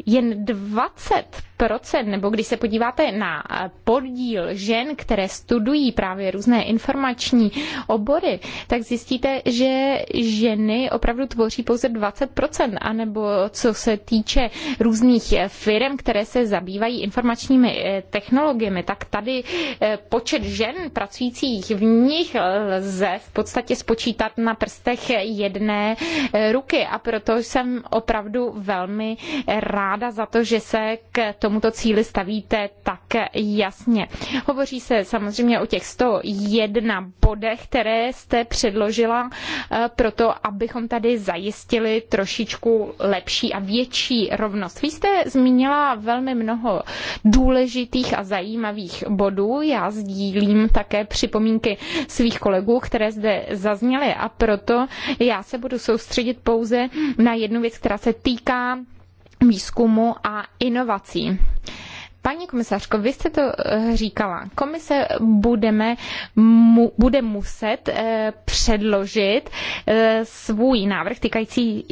jen 20%, nebo když se podíváte na eh, podíl žen, které studují právě různé informační obory, tak zjistíte, že ženy opravdu tvoří pouze 20%, anebo co se týče různých eh, firm, které se zabývají informačními eh, technologiemi, tak tady počet žen pracujících v nich lze v podstatě spočítat na prstech jedné ruky a proto jsem opravdu velmi ráda, ráda za to, že se k tomuto cíli stavíte tak jasně. Hovoří se samozřejmě o těch 101 bodech, které jste předložila eh, proto, abychom tady zajistili trošičku lepší a větší rovnost. Vy jste zmínila velmi mnoho důležitých a zajímavých bodů. Já sdílím také připomínky svých kolegů, které zde zazněly a proto já se budu soustředit pouze na jednu věc, která se týká výzkumu a inovací. Paní komisařko, vy jste to eh, říkala. Komise budeme, mu, bude muset eh, předložit eh, svůj návrh týkající,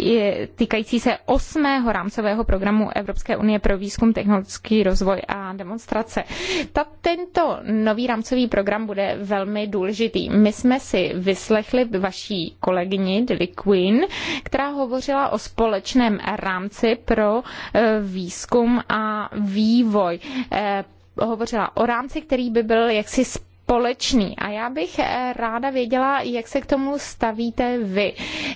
týkající se osmého rámcového programu Evropské unie pro výzkum, technologický rozvoj a demonstrace. Ta, tento nový rámcový program bude velmi důležitý. My jsme si vyslechli vaší kolegyni Dilly Quinn, která hovořila o společném rámci pro výzkum a vývoj rozvoj eh, hovořila o rámci, který by byl jaksi společný. A já bych eh, ráda věděla, jak se k tomu stavíte vy.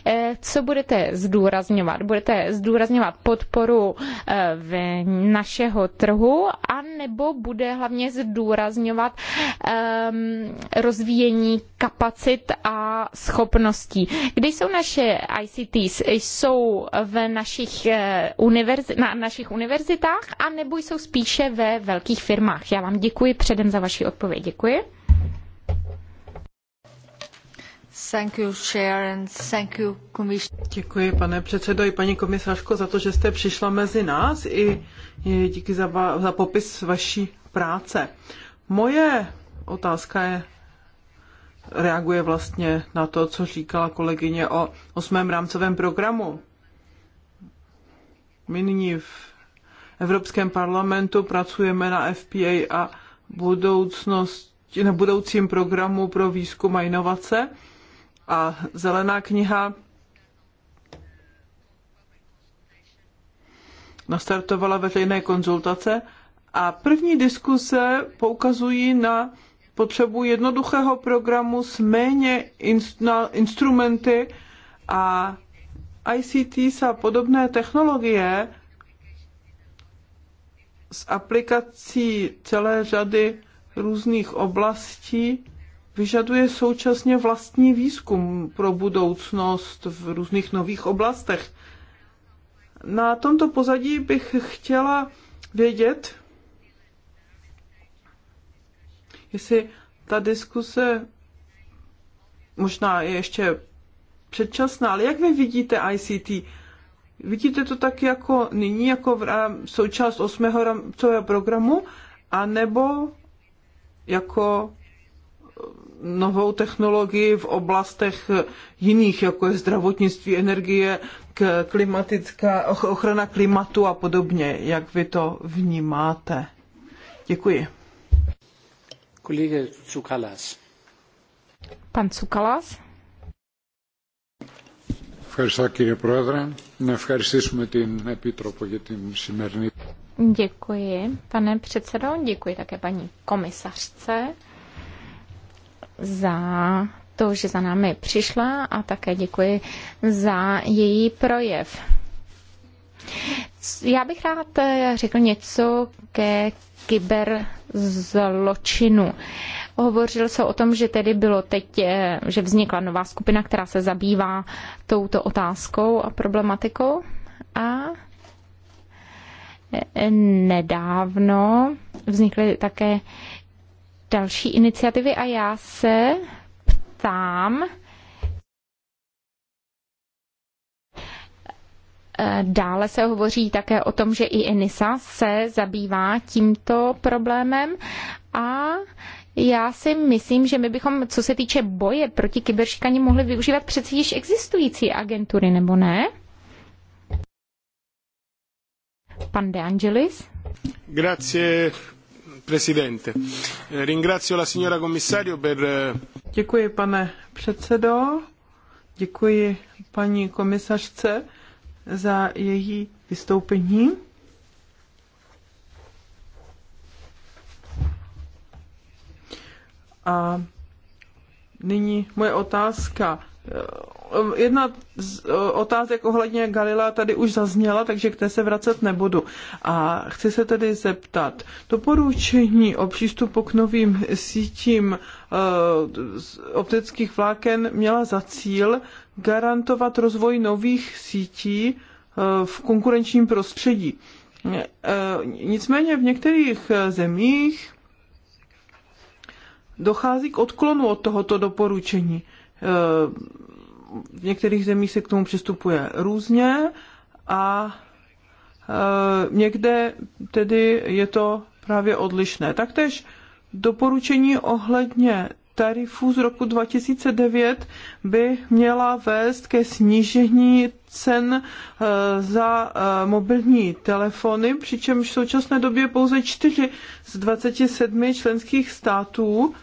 Eh, co budete zdůrazňovat? Budete zdůrazňovat podporu eh, v našeho trhu a nebo bude hlavně zdůrazňovat ehm, rozvíjení kapacit a schopností? Kdy jsou naše ICTs? Jsou v našich univerzi- na našich univerzitách a nebo jsou spíše ve velkých firmách? Já vám děkuji předem za vaši odpověď. Děkuji. Děkuji, pane předsedo, i paní komisařko, za to, že jste přišla mezi nás i díky za, za popis vaší práce. Moje otázka je, reaguje vlastně na to, co říkala kolegyně o osmém rámcovém programu. My nyní v Evropském parlamentu pracujeme na FPA a budoucnost, na budoucím programu pro výzkum a inovace – a zelená kniha nastartovala veřejné konzultace a první diskuse poukazují na potřebu jednoduchého programu s méně inst- instrumenty a ICT a podobné technologie s aplikací celé řady různých oblastí vyžaduje současně vlastní výzkum pro budoucnost v různých nových oblastech. Na tomto pozadí bych chtěla vědět, jestli ta diskuse možná je ještě předčasná, ale jak vy vidíte ICT? Vidíte to tak jako nyní, jako v součást osmého rámcového programu, anebo jako novou technologii v oblastech jiných, jako je zdravotnictví, energie, klimatická, ochrana klimatu a podobně. Jak vy to vnímáte? Děkuji. Kolega Cukalas. Pan Cukalas. Ευχαριστώ κύριε Πρόεδρε. Να ευχαριστήσουμε την Επίτροπο για την σημερινή Děkuji, pane předsedo, děkuji také paní komisařce za to, že za námi přišla a také děkuji za její projev. Já bych rád eh, řekl něco ke kyberzločinu. Hovořil se o tom, že tedy bylo teď, eh, že vznikla nová skupina, která se zabývá touto otázkou a problematikou. A eh, nedávno vznikly také další iniciativy a já se ptám, eh, Dále se hovoří také o tom, že i Enisa se zabývá tímto problémem a já si myslím, že my bychom, co se týče boje proti kyberšikaně, mohli využívat přeci již existující agentury, nebo ne? Pan De Angelis? Grazie, Eh, eh, Děkuji, pane předsedo. Děkuji paní komisařce za její vystoupení. A nyní moje otázka jedna z e, otázek ohledně Galila tady už zazněla, takže k té se vracet nebudu. A chci se tedy zeptat, doporučení o přístupu k novým sítím e, optických vláken měla za cíl garantovat rozvoj nových sítí e, v konkurenčním prostředí. Nicméně v některých zemích dochází k odklonu od tohoto doporučení v některých zemích se k tomu přistupuje různě a e, někde tedy je to právě odlišné. Taktež doporučení ohledně tarifů z roku 2009 by měla vést ke snížení cen e, za e, mobilní telefony, přičemž v současné době pouze 4 z 27 členských států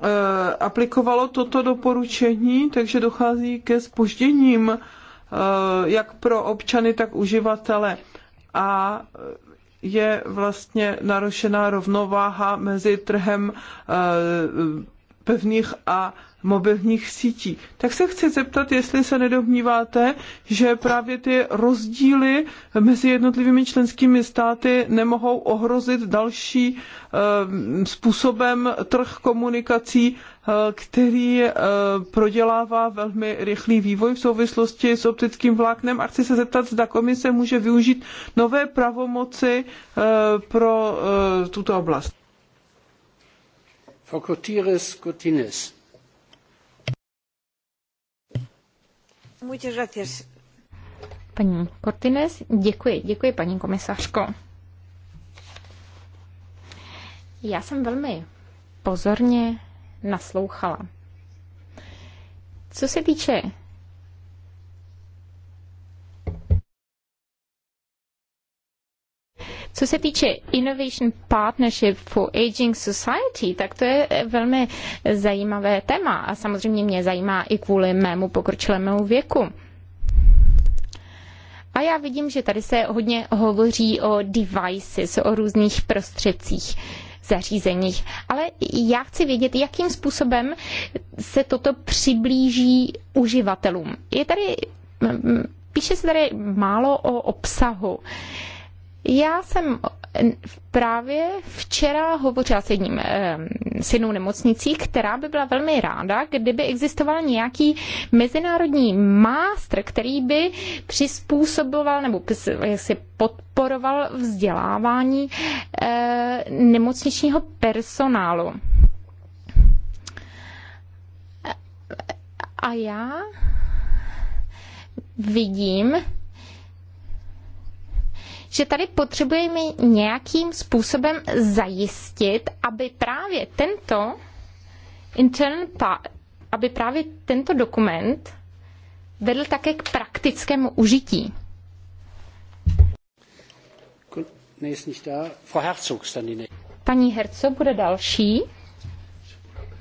Eh, aplikovalo toto doporučení, takže dochází ke spožděním eh, jak pro občany, tak uživatele. A je vlastně narušená rovnováha mezi trhem eh, pevných a mobilních sítí. Tak se chci zeptat, jestli se nedomníváte, že právě ty rozdíly mezi jednotlivými členskými státy nemohou ohrozit další eh, způsobem trh komunikací, eh, který eh, prodělává velmi rychlý vývoj v souvislosti s optickým vláknem. A chci se zeptat, zda komise může využít nové pravomoci pro tuto oblast. Frau Muchas gracias. Paní děkuji, děkuji paní komisařko. Já jsem velmi pozorně naslouchala. Co se týče Co se týče Innovation Partnership for Aging Society, tak to je velmi zajímavé téma a samozřejmě mě zajímá i kvůli mému pokročilému věku. A já vidím, že tady se hodně hovoří o devices, o různých prostředcích zařízeních. Ale já chci vědět, jakým způsobem se toto přiblíží uživatelům. Je tady, píše se tady málo o obsahu. Uh, já jsem eh, právě včera hovořila s jedním eh, s jednou nemocnicí, která by byla velmi ráda, kdyby existoval nějaký mezinárodní mástr, který by přizpůsoboval nebo si podporoval vzdělávání eh, nemocničního personálu. A já vidím, že tady potřebujeme nějakým způsobem zajistit, aby právě tento internal aby právě tento dokument vedl také k praktickému užití. Paní Herco bude další.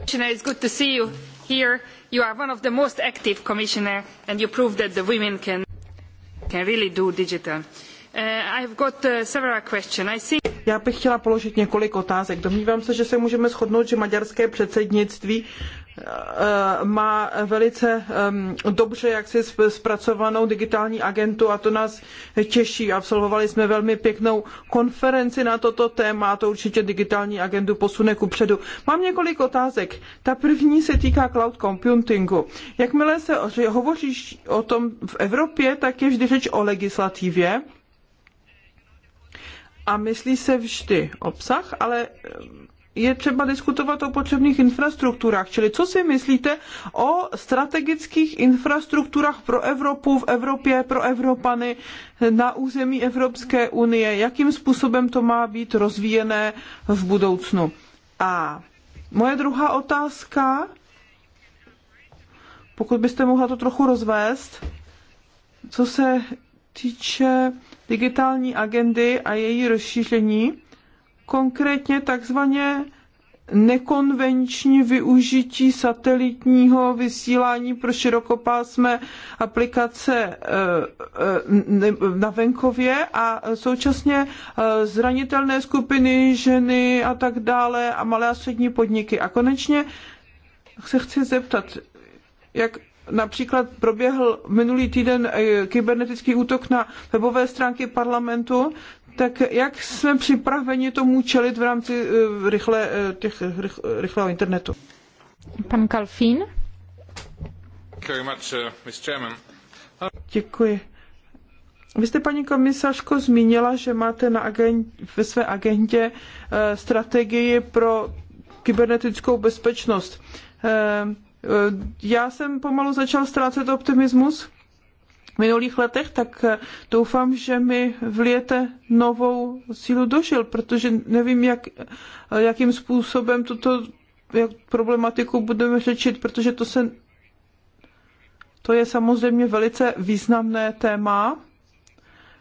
Commissioner, It's good to see you here. You are one of the most active commissioner and you prove that the women can, can really do digital. Uh, uh, Já bych chtěla položit několik otázek. Domnívám se, že se můžeme shodnout, že maďarské předsednictví uh, má velice um, dobře jaksi zpracovanou digitální agentu a to nás těší. Absolvovali jsme velmi pěknou konferenci na toto téma a to určitě digitální agendu posune ku předu. Mám několik otázek. Ta první se týká cloud computingu. Jakmile se hovoří o tom v Evropě, tak je vždy řeč o legislativě a myslí se vždy obsah, ale eh, je třeba diskutovat o potřebných infrastrukturách. Čili co si myslíte o strategických infrastrukturách pro Evropu, v Evropě, pro Evropany, na území Evropské unie? Jakým způsobem to má být rozvíjené v budoucnu? A moje druhá otázka, pokud byste mohla to trochu rozvést, co se týče digitální agendy a její rozšíření, konkrétně takzvaně nekonvenční využití satelitního vysílání pro širokopásmé aplikace eh, eh, na venkově a současně eh, zranitelné skupiny, ženy a tak dále a malé a střední podniky. A konečně se chci zeptat, jak Například proběhl minulý týden eh, kybernetický útok na webové stránky parlamentu, tak jak jsme připraveni tomu čelit v rámci eh, rychle, eh, těch, rychlého internetu? Pan Kalfín. Uh, Děkuji. Vy jste, paní komisařko, zmínila, že máte na agent, ve své agendě strategii pro kybernetickou bezpečnost. Eh, já jsem pomalu začal ztrácet optimismus v minulých letech, tak eh, doufám, že mi vlijete novou sílu dožil, protože nevím, jak, eh, jakým způsobem tuto jak problematiku budeme řečit, protože to se to je samozřejmě velice významné téma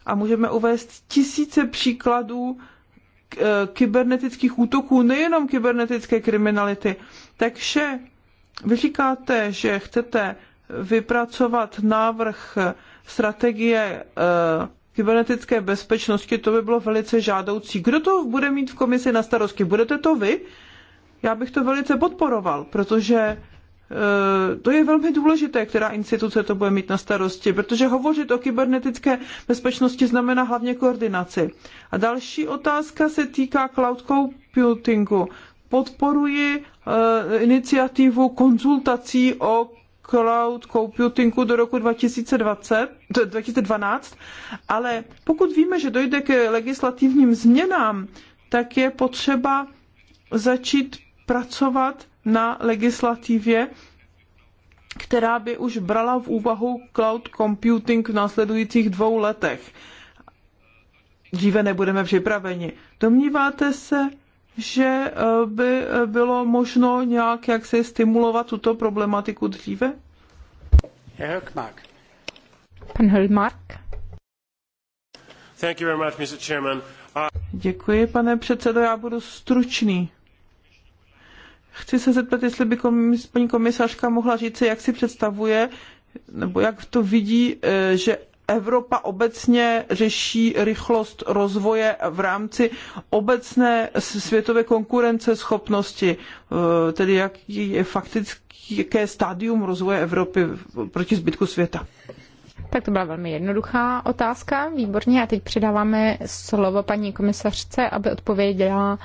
a můžeme uvést tisíce příkladů kybernetických útoků, nejenom kybernetické kriminality. Takže vy říkáte, že chcete vypracovat návrh strategie eh, kybernetické bezpečnosti, to by bylo velice žádoucí. Kdo to bude mít v komisi na starosti? Budete to vy? Já bych to velice podporoval, protože eh, to je velmi důležité, která instituce to bude mít na starosti, protože hovořit o kybernetické bezpečnosti znamená hlavně koordinaci. A další otázka se týká cloud computingu. Podporuji Eh, iniciativu konzultací o cloud computingu do roku 2020, 2012, ale pokud víme, že dojde k legislativním změnám, tak je potřeba začít pracovat na legislativě, která by už brala v úvahu cloud computing v následujících dvou letech. Dříve nebudeme připraveni. Domníváte se, že eh, by eh, bylo možno nějak jak se stimulovat tuto problematiku dříve? Herr Höckmark. Pan Höckmark. Thank you very much, Mr. Chairman. Uh, Děkuji, pane předsedo, já budu stručný. Chci se zeptat, jestli by komis, paní komisařka mohla říci, jak si představuje, nebo jak to vidí, eh, že Evropa obecně řeší rychlost rozvoje v rámci obecné světové konkurenceschopnosti, eh, tedy jaký je jaké stádium rozvoje Evropy proti zbytku světa. Tak to byla velmi jednoduchá otázka, výborně. A teď předáváme slovo paní komisařce, aby odpověděla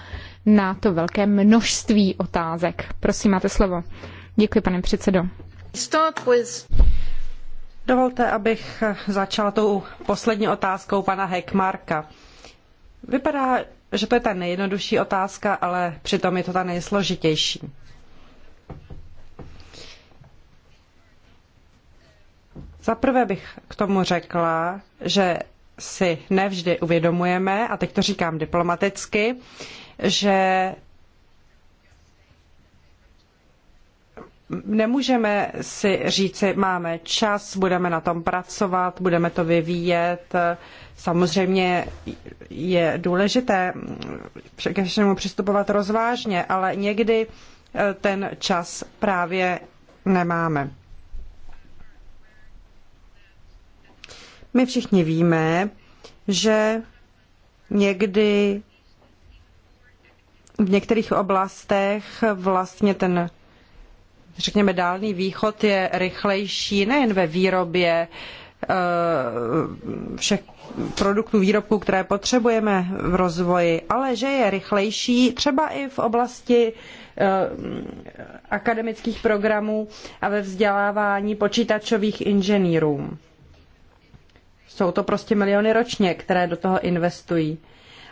na to velké množství otázek. Prosím, máte slovo. Děkuji, pane předsedo. Dovolte, abych začala tou poslední otázkou pana Hekmarka. Vypadá, že to je ta nejjednodušší otázka, ale přitom je to ta nejsložitější. Za prvé bych k tomu řekla, že si nevždy uvědomujeme, a teď to říkám diplomaticky, že nemůžeme si říci, máme čas, budeme na tom pracovat, budeme to vyvíjet. Samozřejmě je důležité ke všemu přistupovat rozvážně, ale někdy eh, ten čas právě nemáme. My všichni víme, že někdy v některých oblastech vlastně ten řekněme, Dálný východ je rychlejší nejen ve výrobě eh, všech produktů, výrobků, které potřebujeme v rozvoji, ale že je rychlejší třeba i v oblasti eh, akademických programů a ve vzdělávání počítačových inženýrů. Jsou to prostě miliony ročně, které do toho investují.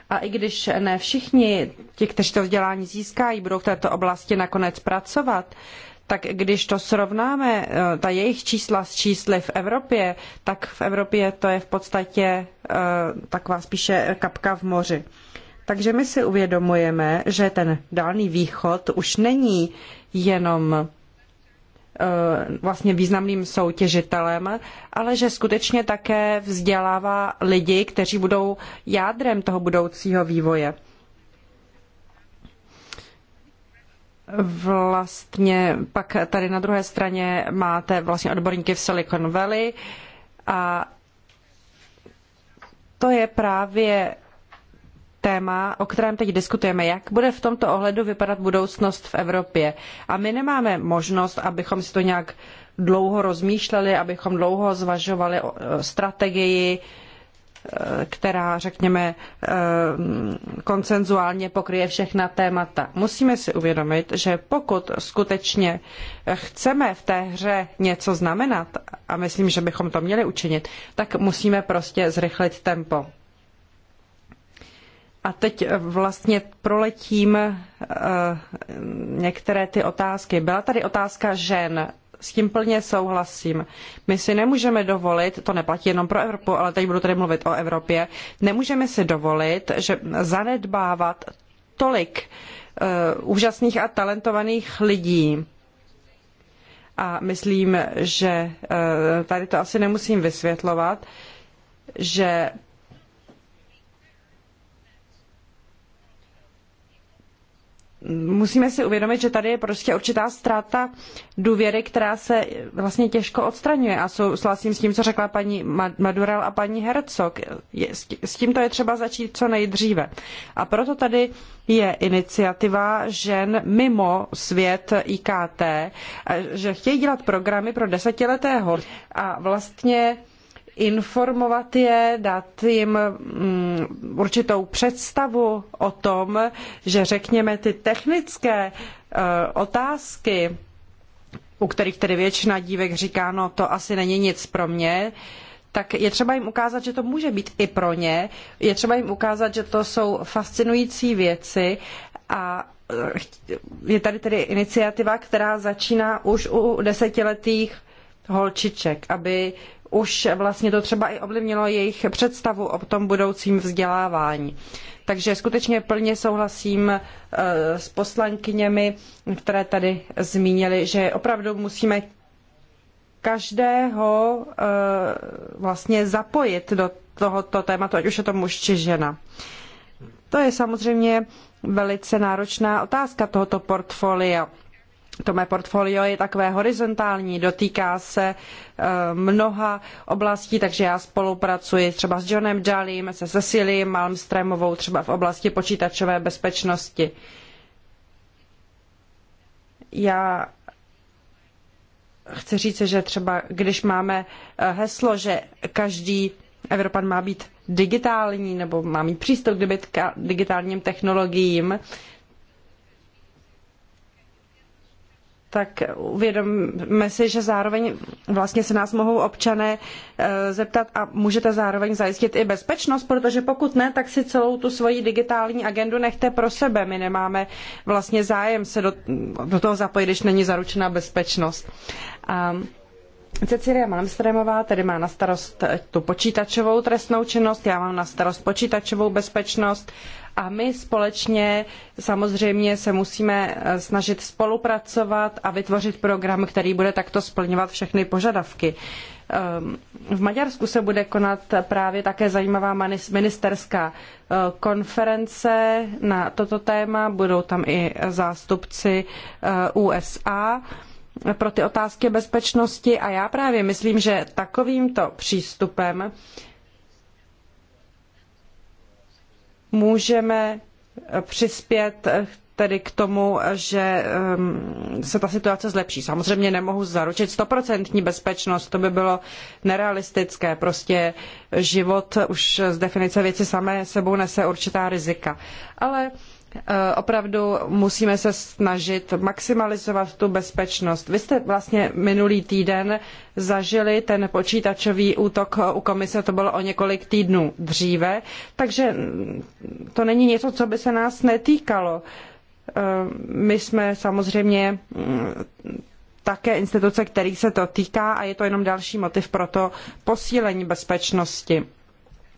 A i když ne všichni ti, kteří to vzdělání získají, budou v této oblasti nakonec pracovat, uh, tak když to srovnáme, eh, ta jejich čísla s čísly v Evropě, tak v Evropě to je v podstatě eh, taková spíše kapka v moři. Takže my si uvědomujeme, že ten dálný východ už není jenom eh, vlastně významným soutěžitelem, ale že skutečně také vzdělává lidi, kteří budou jádrem toho budoucího vývoje. vlastně pak tady na druhé straně máte vlastně odborníky v Silicon Valley a to je právě téma, o kterém teď diskutujeme, jak bude v tomto ohledu vypadat budoucnost v Evropě. A my nemáme možnost, abychom si to nějak dlouho rozmýšleli, abychom dlouho zvažovali e, strategii, která, řekněme, eh, konsenzuálně pokryje všechna témata. Musíme si uvědomit, že pokud skutečně chceme v té hře něco znamenat, a myslím, že bychom to měli učinit, tak musíme prostě zrychlit tempo. A teď vlastně proletím eh, některé ty otázky. Byla tady otázka žen s tím plně souhlasím. My si nemůžeme dovolit, to neplatí jenom pro Evropu, ale teď budu tady mluvit o Evropě, nemůžeme si dovolit, že zanedbávat tolik uh, úžasných a talentovaných lidí. A myslím, že uh, tady to asi nemusím vysvětlovat, že musíme si uvědomit, že tady je prostě určitá ztráta důvěry, která se vlastně těžko odstraňuje. A souhlasím s tím, co řekla paní Madurel a paní Herzog. S tímto je třeba začít co nejdříve. A proto tady je iniciativa žen mimo svět IKT, že chtějí dělat programy pro desetileté desetiletého. A vlastně informovat je, dát jim mm, určitou představu o tom, že řekněme ty technické eh, otázky, u kterých tedy většina dívek říká, no to asi není nic pro mě, tak je třeba jim ukázat, že to může být i pro ně, je třeba jim ukázat, že to jsou fascinující věci a eh, je tady tedy iniciativa, která začíná už u desetiletých holčiček, aby už vlastně to třeba i ovlivnilo jejich představu o tom budoucím vzdělávání. Takže skutečně plně souhlasím eh, s poslankyněmi, které tady zmínili, že opravdu musíme každého eh, vlastně zapojit do tohoto tématu, ať už je to muž či žena. To je samozřejmě velice náročná otázka tohoto portfolia to mé portfolio je takové horizontální, dotýká se eh, mnoha oblastí, takže já spolupracuji třeba s Johnem Dalim, se Cecilí Malmstremovou třeba v oblasti počítačové bezpečnosti. Já chci říct, že třeba když máme eh, heslo, že každý Evropan má být digitální nebo má mít přístup k digitálním technologiím, tak uvědomme si, že zároveň vlastně se nás mohou občané e, zeptat a můžete zároveň zajistit i bezpečnost, protože pokud ne, tak si celou tu svoji digitální agendu nechte pro sebe. My nemáme vlastně zájem se do, do toho zapojit, když není zaručena bezpečnost. A Cecilia Malmstremová tedy má na starost tu počítačovou trestnou činnost, já mám na starost počítačovou bezpečnost a my společně samozřejmě se musíme eh, snažit spolupracovat a vytvořit program, který bude takto splňovat všechny požadavky. Ehm, v Maďarsku se bude konat právě také zajímavá ministerská eh, konference na toto téma. Budou tam i zástupci eh, USA pro ty otázky bezpečnosti a já právě myslím, že takovýmto přístupem můžeme přispět eh, tedy k tomu, že ehm, se ta situace zlepší. Samozřejmě nemohu zaručit stoprocentní bezpečnost, to by bylo nerealistické. Prostě život už z definice věci samé sebou nese určitá rizika. Ale Eh, opravdu musíme se snažit maximalizovat tu bezpečnost. Vy jste vlastně minulý týden zažili ten počítačový útok eh, u komise, to bylo o několik týdnů dříve, takže mm, to není něco, co by se nás netýkalo. Eh, my jsme samozřejmě mm, také instituce, kterých se to týká a je to jenom další motiv pro to posílení bezpečnosti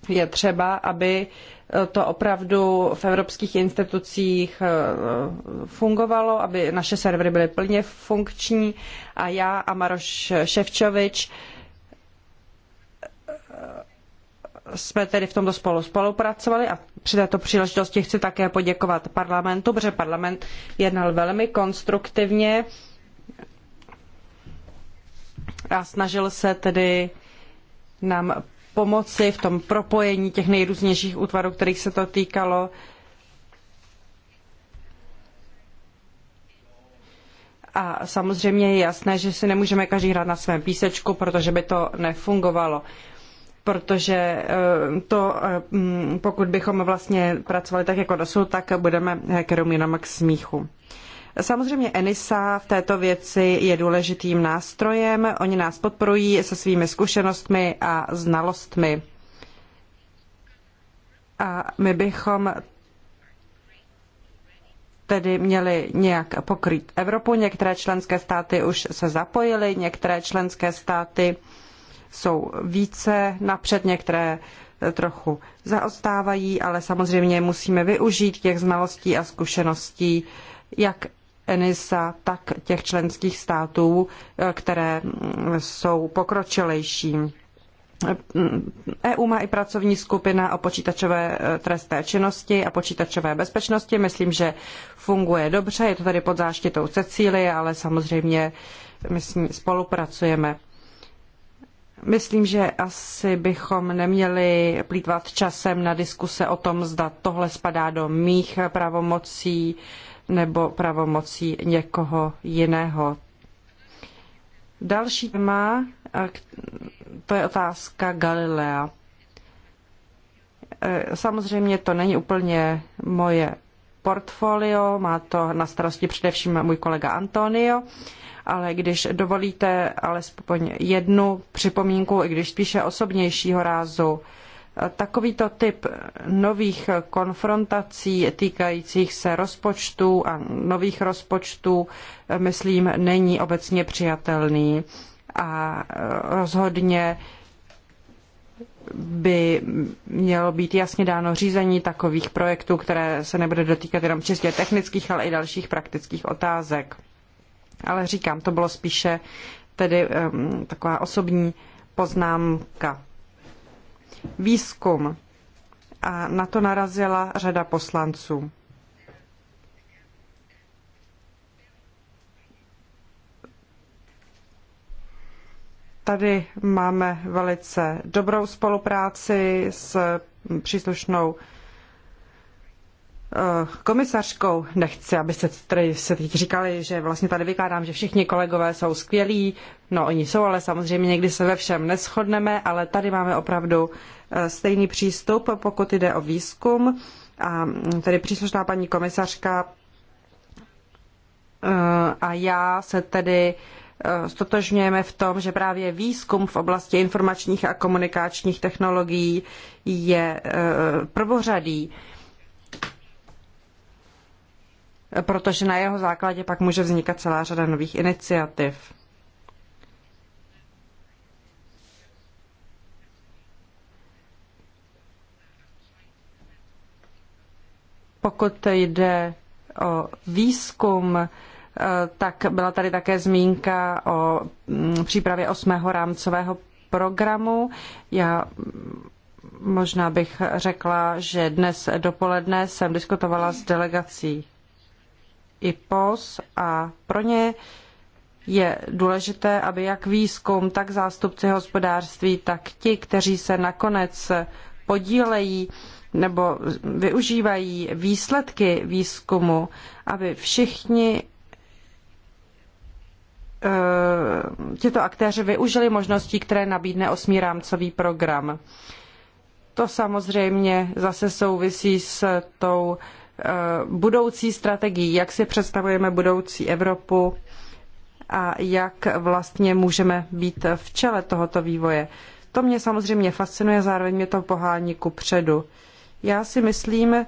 je třeba, aby eh, to opravdu v evropských institucích eh, fungovalo, aby naše servery byly plně funkční a já a Maroš Ševčovič eh, jsme tedy v tomto spolu spolupracovali a při této příležitosti chci také poděkovat parlamentu, protože parlament jednal velmi konstruktivně a snažil se tedy nám pomoci v tom propojení těch nejrůznějších útvarů, kterých se to týkalo. A samozřejmě je jasné, že si nemůžeme každý hrát na svém písečku, protože by to nefungovalo protože eh, to, eh, mm, pokud bychom vlastně pracovali tak jako dosud, tak budeme hackerům jenom k smíchu. Samozřejmě ENISA v této věci je důležitým nástrojem. Oni nás podporují se svými zkušenostmi a znalostmi. A my bychom tedy měli nějak pokrýt Evropu. Některé členské státy už se zapojily, některé členské státy jsou více napřed, některé trochu zaostávají, ale samozřejmě musíme využít těch znalostí a zkušeností, jak ENISA, tak těch členských států, eh, které mm, jsou pokročilejší. EU eh, mm, e má i pracovní skupina o počítačové eh, trestné činnosti a počítačové bezpečnosti. Myslím, že funguje dobře, je to tady pod záštitou Cecílie, ale samozřejmě my s ní spolupracujeme. Myslím, že asi bychom neměli plýtvat časem na diskuse o tom, zda tohle spadá do mých pravomocí, uh, nebo pravomocí někoho jiného. Další téma, to je otázka Galilea. E, samozřejmě to není úplně moje portfolio, má to na starosti především můj kolega Antonio, ale když dovolíte alespoň jednu připomínku, i když spíše osobnějšího rázu, Takovýto typ nových konfrontací týkajících se rozpočtů a nových rozpočtů, myslím, není obecně přijatelný a rozhodně by mělo být jasně dáno řízení takových projektů, které se nebude dotýkat jenom čistě technických, ale i dalších praktických otázek. Ale říkám, to bylo spíše tedy um, taková osobní poznámka výzkum. A na to narazila řada poslanců. Tady máme velice dobrou spolupráci s příslušnou Eh, komisařkou. Nechci, aby se, tady, se teď říkali, že vlastně tady vykládám, že všichni kolegové jsou skvělí. No oni jsou, ale samozřejmě někdy se ve všem neschodneme, ale tady máme opravdu eh, stejný přístup, pokud jde o výzkum. A mm, tedy příslušná paní komisařka eh, a já se tedy stotožňujeme v tom, že právě výzkum v oblasti informačních a komunikačních technologií je prvořadý protože na jeho základě pak může vznikat celá řada nových iniciativ. Pokud jde o výzkum, eh, tak byla tady také zmínka o mm, přípravě osmého rámcového programu. Já mm, možná bych řekla, že dnes dopoledne jsem diskutovala s delegací i pos a pro ně je důležité, aby jak výzkum, tak zástupci hospodářství, tak ti, kteří se nakonec podílejí nebo využívají výsledky výzkumu, aby všichni eh, tito aktéři využili možností, které nabídne rámcový program. To samozřejmě zase souvisí s tou Eh, budoucí strategií, jak si představujeme budoucí Evropu a jak vlastně můžeme být v čele tohoto vývoje. To mě samozřejmě fascinuje, zároveň mě to pohání ku předu. Já si myslím,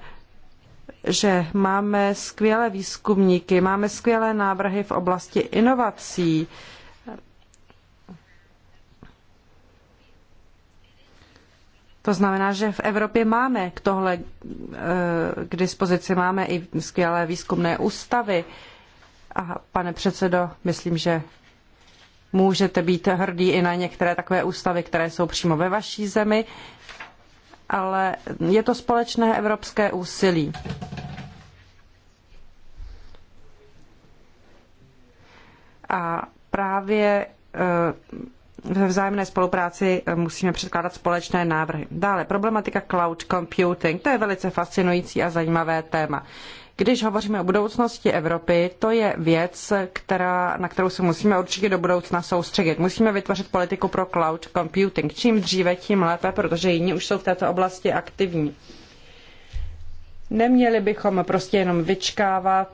že máme skvělé výzkumníky, máme skvělé návrhy v oblasti inovací, To znamená, že v Evropě máme k tohle eh, k dispozici, máme i skvělé výzkumné ústavy. A pane předsedo, myslím, že můžete být hrdý i na některé takové ústavy, které jsou přímo ve vaší zemi, ale je to společné evropské úsilí. A právě eh, ve vzájemné spolupráci eh, musíme předkládat společné návrhy. Dále problematika cloud computing, to je velice fascinující a zajímavé téma. Když hovoříme o budoucnosti Evropy, to je věc, která, na kterou se musíme určitě do budoucna soustředit. Musíme vytvořit politiku pro cloud computing. Čím dříve, tím lépe, protože jiní už jsou v této oblasti aktivní. Neměli bychom prostě jenom vyčkávat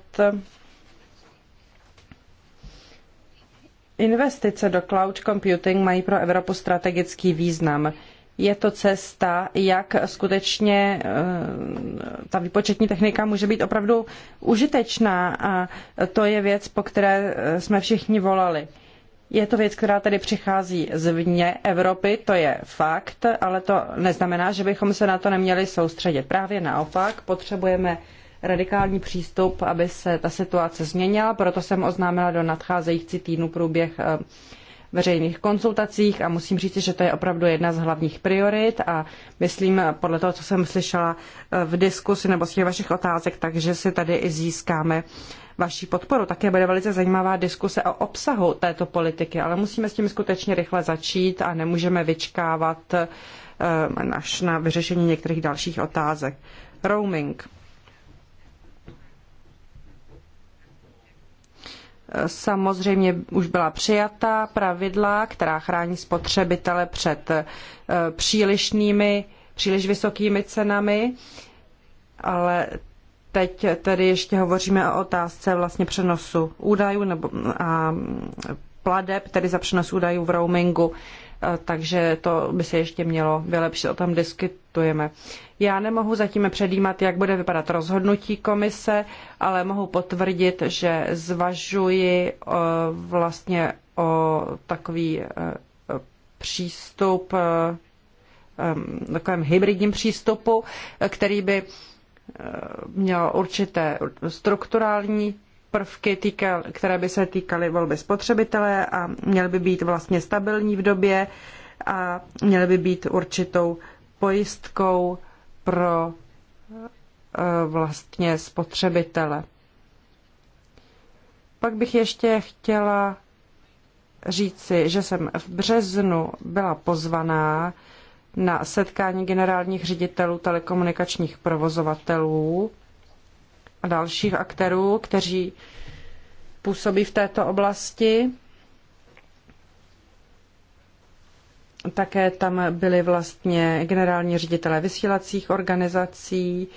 Investice do cloud computing mají pro Evropu strategický význam. Je to cesta, jak skutečně eh, ta výpočetní technika může být opravdu užitečná a to je věc, po které eh, jsme všichni volali. Je to věc, která tedy přichází zvně Evropy, to je fakt, ale to neznamená, že bychom se na to neměli soustředit. Právě naopak, potřebujeme radikální přístup, aby se ta situace změnila. Proto jsem oznámila do nadcházející týdnu průběh eh, veřejných konzultacích a musím říct, že to je opravdu jedna z hlavních priorit a myslím podle toho, co jsem slyšela eh, v diskusi nebo z těch vašich otázek, takže si tady i získáme vaší podporu. Také bude velice zajímavá diskuse o obsahu této politiky, ale musíme s tím skutečně rychle začít a nemůžeme vyčkávat eh, až na vyřešení některých dalších otázek. Roaming. samozřejmě už byla přijata pravidla, která chrání spotřebitele před eh, přílišnými, příliš vysokými cenami, ale teď tedy ještě hovoříme o otázce vlastně přenosu údajů nebo a mm, plateb, tedy za přenos údajů v roamingu takže to by se ještě mělo vylepšit, o tom diskutujeme. Já nemohu zatím předjímat, jak bude vypadat rozhodnutí komise, ale mohu potvrdit, že zvažuji e, vlastně o takový e, přístup, e, takovém hybridním přístupu, který by měl určité strukturální prvky, týkal, které by se týkaly volby spotřebitele a měly by být vlastně stabilní v době a měly by být určitou pojistkou pro eh, vlastně spotřebitele. Pak bych ještě chtěla říci, že jsem v březnu byla pozvaná na setkání generálních ředitelů telekomunikačních provozovatelů a dalších aktérů, kteří působí v této oblasti. Také tam byli vlastně generální ředitelé vysílacích organizací,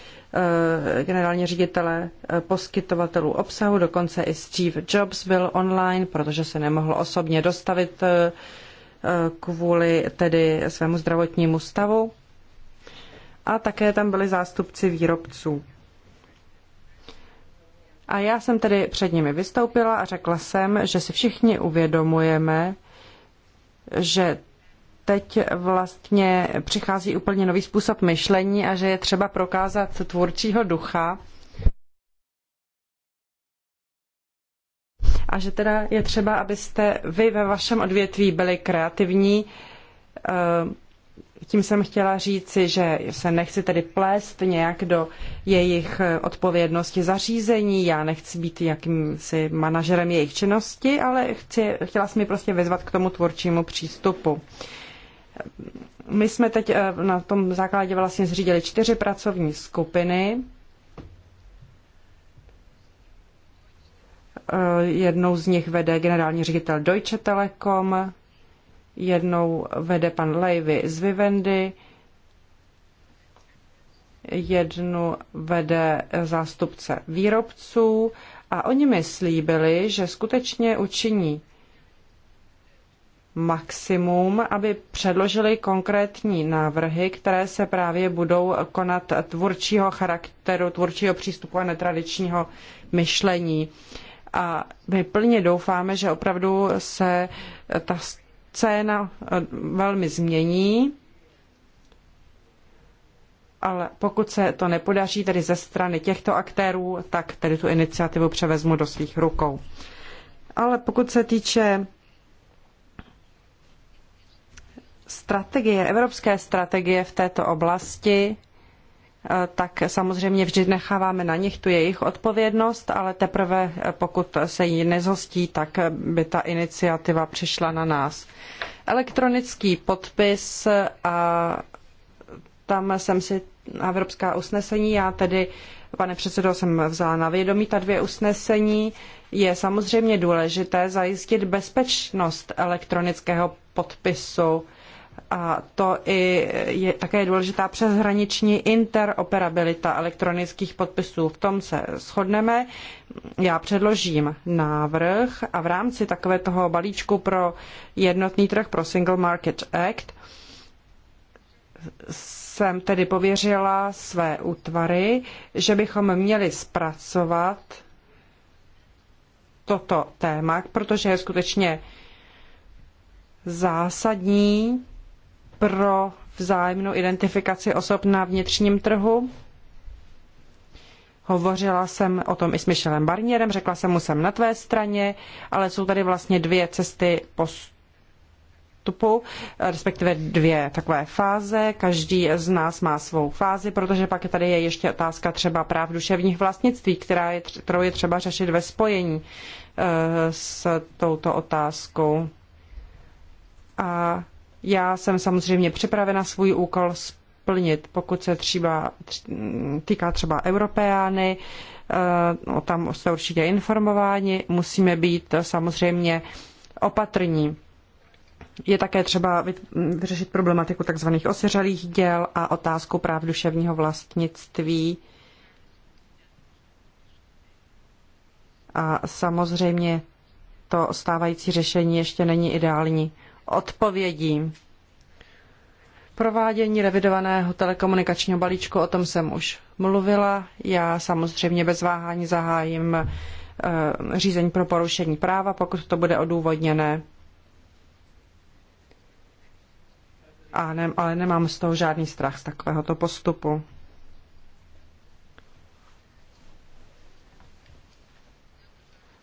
eh, generální ředitelé eh, poskytovatelů obsahu, dokonce i Steve Jobs byl online, protože se nemohl osobně dostavit eh, kvůli tedy svému zdravotnímu stavu. A také tam byli zástupci výrobců. A já jsem tedy před nimi vystoupila a řekla jsem, že si všichni uvědomujeme, že teď vlastně přichází úplně nový způsob myšlení a že je třeba prokázat tvůrčího ducha. A že teda je třeba, abyste vy ve vašem odvětví byli kreativní, tím jsem chtěla říci, že se nechci tedy plést nějak do jejich eh, odpovědnosti zařízení, já nechci být jakýmsi manažerem jejich činnosti, ale chci, chtěla jsem mi prostě vyzvat k tomu tvůrčímu přístupu. My jsme teď eh, na tom základě vlastně zřídili čtyři pracovní skupiny. Eh, jednou z nich vede generální ředitel Deutsche Telekom, Jednou vede pan Levy z Vivendy, jednu vede zástupce výrobců a oni mi slíbili, že skutečně učiní maximum, aby předložili konkrétní návrhy, které se právě budou konat tvůrčího charakteru, tvůrčího přístupu a netradičního myšlení. A my plně doufáme, že opravdu se ta cena eh, velmi změní, ale pokud se to nepodaří tedy ze strany těchto aktérů, tak tedy tu iniciativu převezmu do svých rukou. Ale pokud se týče strategie, evropské strategie v této oblasti, Eh, tak samozřejmě vždy necháváme na nich tu jejich odpovědnost, ale teprve eh, pokud se jí nezhostí, tak eh, by ta iniciativa přišla na nás. Elektronický podpis a tam jsem si evropská usnesení, já tedy, pane předsedo, jsem vzala na vědomí ta dvě usnesení. Je samozřejmě důležité zajistit bezpečnost elektronického podpisu a to i je také důležitá přeshraniční interoperabilita elektronických podpisů. V tom se shodneme. Já předložím návrh a v rámci takové toho balíčku pro jednotný trh pro Single Market Act jsem tedy pověřila své útvary, že bychom měli zpracovat toto téma, protože je skutečně zásadní pro vzájemnou identifikaci osob na vnitřním trhu. Hovořila jsem o tom i s Michelem Barnierem, řekla jsem mu, jsem na tvé straně, ale jsou tady vlastně dvě cesty postupu, respektive dvě takové fáze. Každý z nás má svou fázi, protože pak tady je ještě otázka třeba práv duševních vlastnictví, která je, kterou je třeba řešit ve spojení eh, s touto otázkou. A já jsem samozřejmě připravena svůj úkol splnit, pokud se třeba týká třeba Europeány, no, tam jste určitě informováni, musíme být samozřejmě opatrní. Je také třeba vyřešit problematiku tzv. osiřelých děl a otázku práv duševního vlastnictví. A samozřejmě to stávající řešení ještě není ideální odpovědí. Provádění revidovaného telekomunikačního balíčku, o tom jsem už mluvila. Já samozřejmě bez váhání zahájím eh, řízení pro porušení práva, pokud to bude odůvodněné. A ne, ale nemám z toho žádný strach z takovéhoto postupu.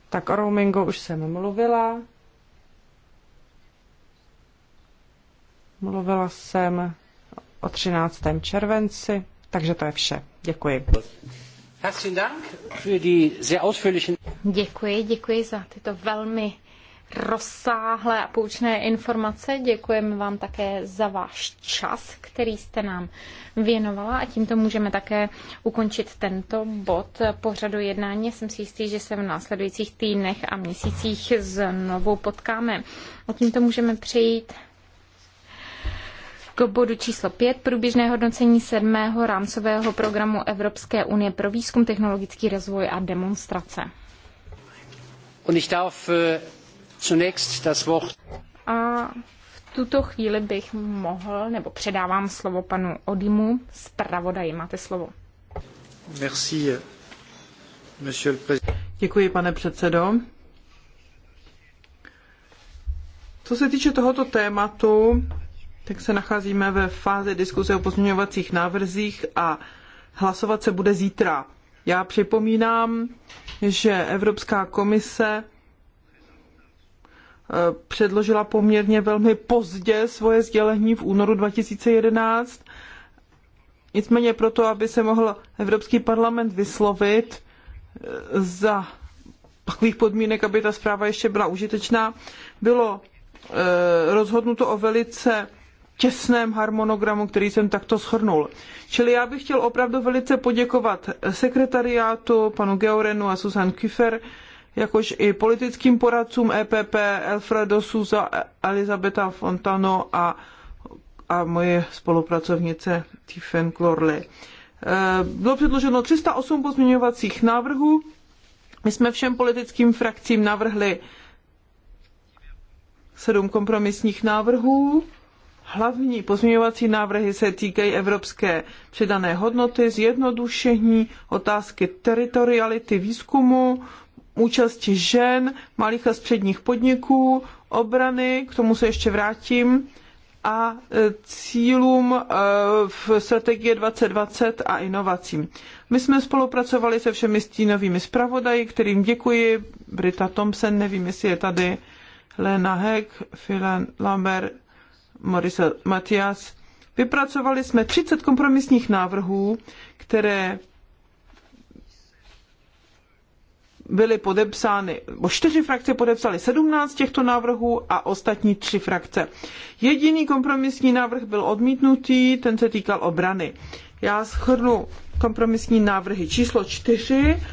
Tak o roamingu už jsem mluvila. Mluvila jsem o 13. červenci, takže to je vše. Děkuji. Děkuji, děkuji za tyto velmi rozsáhlé a poučné informace. Děkujeme vám také za váš čas, který jste nám věnovala a tímto můžeme také ukončit tento bod pořadu jednání. Jsem si jistý, že se v následujících týdnech a měsících znovu potkáme. A tímto můžeme přejít k bodu číslo 5, průběžné hodnocení sedmého rámcového programu Evropské unie pro výzkum, technologický rozvoj a demonstrace. Und ich darf uh, das Wort... A v tuto chvíli bych mohl, nebo předávám slovo panu Odimu, zpravodaji. Máte slovo. Merci, monsieur le Děkuji, pane předsedo. Co se týče tohoto tématu, tak se nacházíme ve fázi diskuze o pozměňovacích návrzích a hlasovat se bude zítra. Já připomínám, že Evropská komise eh, předložila poměrně velmi pozdě svoje sdělení v únoru 2011. Nicméně proto, aby se mohl Evropský parlament vyslovit eh, za takových podmínek, aby ta zpráva ještě byla užitečná, bylo eh, rozhodnuto o velice těsném harmonogramu, který jsem takto shrnul. Čili já bych chtěl opravdu velice poděkovat sekretariátu, panu Georenu a Susan Kiefer, jakož i politickým poradcům EPP Alfredo Souza, Elizabeta Fontano a, a moje spolupracovnice Tiffen Klorley. E, bylo předloženo 308 pozměňovacích návrhů. My jsme všem politickým frakcím navrhli sedm kompromisních návrhů Hlavní pozměňovací návrhy se týkají evropské přidané hodnoty, zjednodušení, otázky teritoriality výzkumu, účasti žen, malých a středních podniků, obrany, k tomu se ještě vrátím, a e, cílům e, v strategie 2020 a inovacím. My jsme spolupracovali se všemi stínovými zpravodaji, kterým děkuji. Brita Thompson, nevím, jestli je tady, Lena Heck, Filan Lambert, Marisa Matias. Vypracovali jsme 30 kompromisních návrhů, které byly podepsány, bo čtyři frakce podepsaly 17 těchto návrhů a ostatní tři frakce. Jediný kompromisní návrh byl odmítnutý, ten se týkal obrany. Já shrnu kompromisní návrhy číslo 4.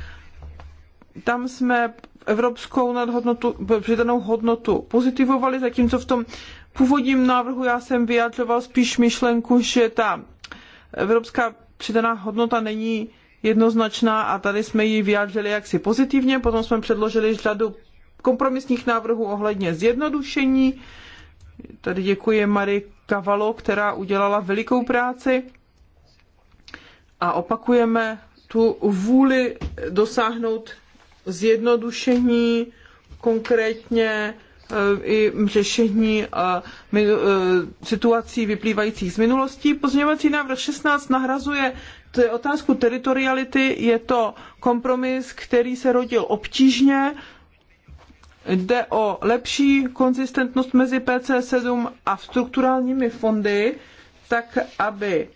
Tam jsme evropskou nadhodnotu, přidanou hodnotu pozitivovali, zatímco v tom původním návrhu já jsem vyjadřoval spíš myšlenku, že ta evropská přidaná hodnota není jednoznačná a tady jsme ji vyjádřili jaksi pozitivně. Potom jsme předložili řadu kompromisních návrhů ohledně zjednodušení. Tady děkuji Marie Kavalo, která udělala velikou práci. A opakujeme tu vůli dosáhnout zjednodušení konkrétně Eh, i řešení eh, eh, situací vyplývajících z minulosti. Pozměňovací návrh 16 nahrazuje otázku teritoriality. Je to kompromis, který se rodil obtížně. Jde o lepší konzistentnost mezi PC7 a strukturálními fondy, tak aby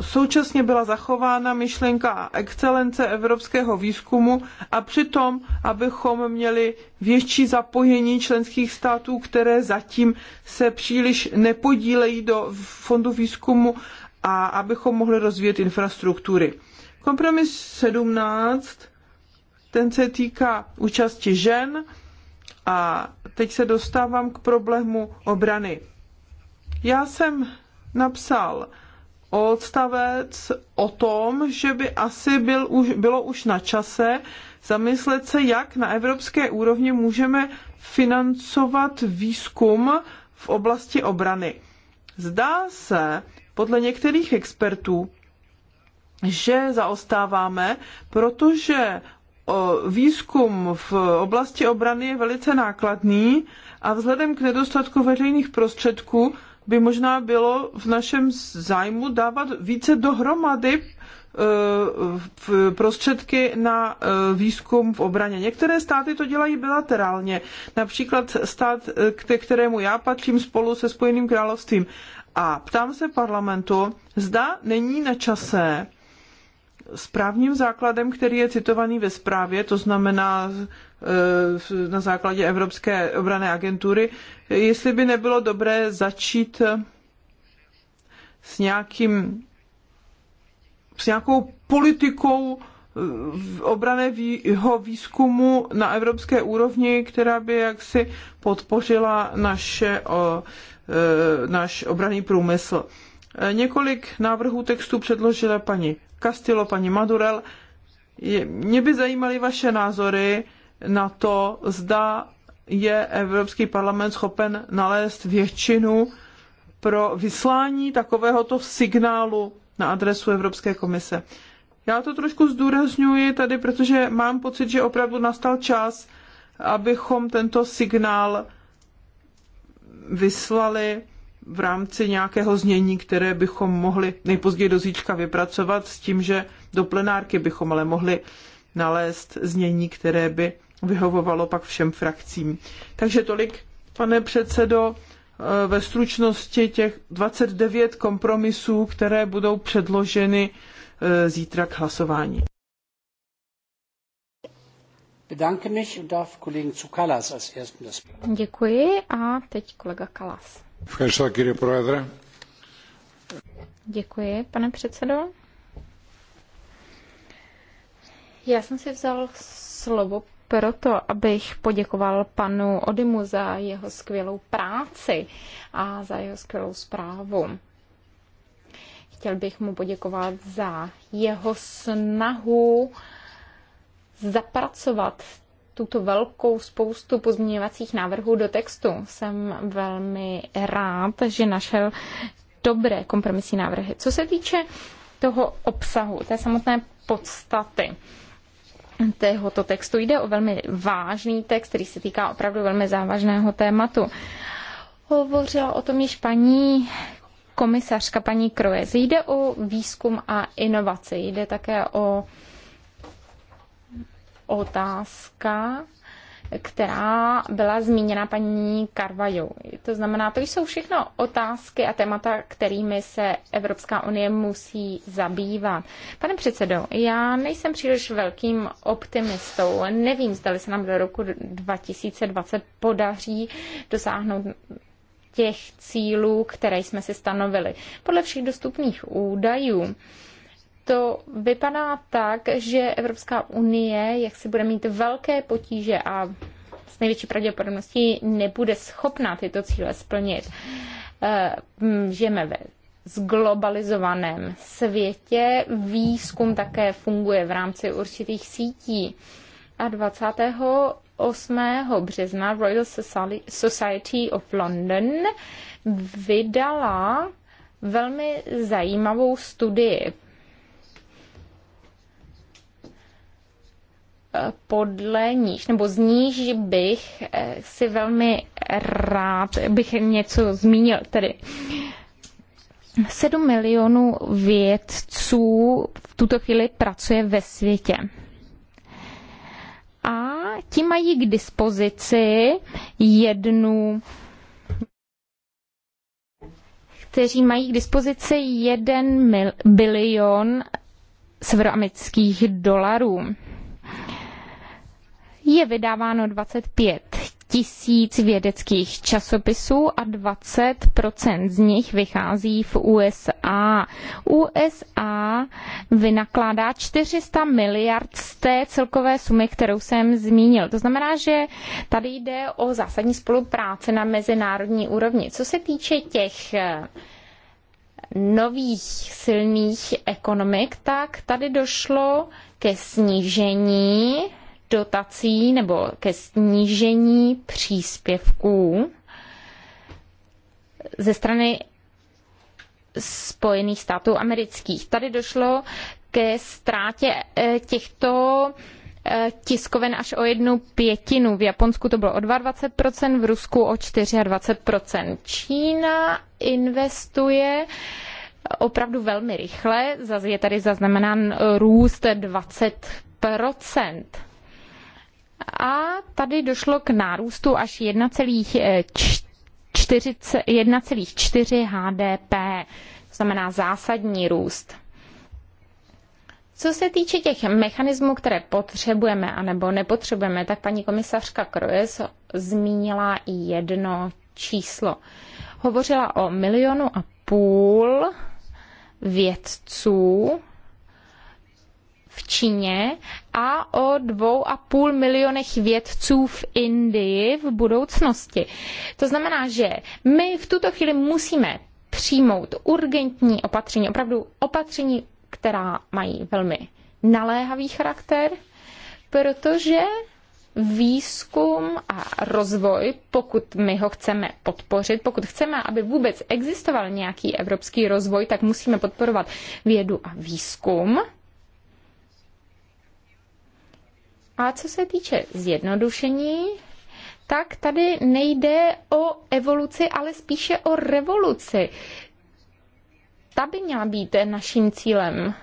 současně byla zachována myšlenka excelence evropského výzkumu a přitom, abychom měli větší zapojení členských států, které zatím se příliš nepodílejí do fondu výzkumu a abychom mohli rozvíjet infrastruktury. Kompromis 17, ten se týká účasti žen a teď se dostávám k problému obrany. Já jsem napsal, odstavec o tom, že by asi byl už, bylo už na čase zamyslet se, jak na evropské úrovni můžeme financovat výzkum v oblasti obrany. Zdá se, podle některých expertů, že zaostáváme, protože výzkum v oblasti obrany je velice nákladný a vzhledem k nedostatku veřejných prostředků by možná bylo v našem zájmu dávat více dohromady eh, prostředky na eh, výzkum v obraně. Některé státy to dělají bilaterálně, například stát, eh, ke kterému já patřím spolu se Spojeným královstvím. A ptám se parlamentu, zda není na čase správním základem, který je citovaný ve zprávě, to znamená eh, na základě Evropské obrané agentury, jestli by nebylo dobré začít eh, s nějakým s nějakou politikou eh, obraného výzkumu na evropské úrovni, která by jaksi podpořila naše, o, náš obraný průmysl. Několik návrhů textu předložila paní Castillo, paní Madurel. Mě by zajímaly vaše názory na to, zda je Evropský parlament schopen nalézt většinu pro vyslání takovéhoto signálu na adresu Evropské komise. Já to trošku zdůrazňuji tady, protože mám pocit, že opravdu nastal čas, abychom tento signál vyslali v rámci nějakého znění, které bychom mohli nejpozději do zítřka vypracovat s tím, že do plenárky bychom ale mohli nalézt znění, které by vyhovovalo pak všem frakcím. Takže tolik, pane předsedo, eh, ve stručnosti těch 29 kompromisů, které budou předloženy eh, zítra k hlasování. Děkuji a teď kolega Kalas. Děkuji, pane předsedo. Já jsem si vzal slovo proto, abych poděkoval panu Odimu za jeho skvělou práci a za jeho skvělou zprávu. Chtěl bych mu poděkovat za jeho snahu zapracovat tuto velkou spoustu pozměňovacích návrhů do textu. Jsem velmi rád, že našel dobré kompromisní návrhy. Co se týče toho obsahu, té samotné podstaty, tohoto textu. Jde o velmi vážný text, který se týká opravdu velmi závažného tématu. Hovořila o tom již paní komisařka, paní Kroje. Jde o výzkum a inovaci, jde také o otázka, která byla zmíněna paní Karvajou. To znamená, to jsou všechno otázky a témata, kterými se Evropská unie musí zabývat. Pane předsedo, já nejsem příliš velkým optimistou. Nevím, zda se nám do roku 2020 podaří dosáhnout těch cílů, které jsme si stanovili. Podle všech dostupných údajů to vypadá tak, že Evropská unie, jak si bude mít velké potíže a s největší pravděpodobností nebude schopná tyto cíle splnit. Eh, žijeme ve zglobalizovaném světě, výzkum také funguje v rámci určitých sítí. A 28. března Royal Society of London vydala velmi zajímavou studii. podle níž, nebo z níž bych eh, si velmi rád, bych něco zmínil, tedy 7 milionů vědců v tuto chvíli pracuje ve světě. A ti mají k dispozici jednu kteří mají k dispozici 1 bilion severoamerických dolarů je vydáváno 25 tisíc vědeckých časopisů a 20% z nich vychází v USA. USA vynakládá 400 miliard z té celkové sumy, kterou jsem zmínil. To znamená, že tady jde o zásadní spolupráci na mezinárodní úrovni. Co se týče těch eh, nových silných ekonomik, tak tady došlo ke snížení dotací nebo ke snížení příspěvků ze strany Spojených států amerických. Tady došlo ke ztrátě eh, těchto eh, tiskoven až o jednu pětinu. V Japonsku to bylo o 22%, v Rusku o 24%. Čína investuje opravdu velmi rychle, zase je tady zaznamenán růst 20% a tady došlo k nárůstu až 1,4 HDP, to znamená zásadní růst. Co se týče těch mechanismů, které potřebujeme anebo nepotřebujeme, tak paní komisařka Kroes zmínila i jedno číslo. Hovořila o milionu a půl vědců, v Číně a o dvou a půl milionech vědců v Indii v budoucnosti. To znamená, že my v tuto chvíli musíme přijmout urgentní opatření, opravdu opatření, která mají velmi naléhavý charakter, protože výzkum a rozvoj, pokud my ho chceme podpořit, pokud chceme, aby vůbec existoval nějaký evropský rozvoj, tak musíme podporovat vědu a výzkum. A co se týče zjednodušení, tak tady nejde o evoluci, ale spíše o revoluci. Ta by měla být naším cílem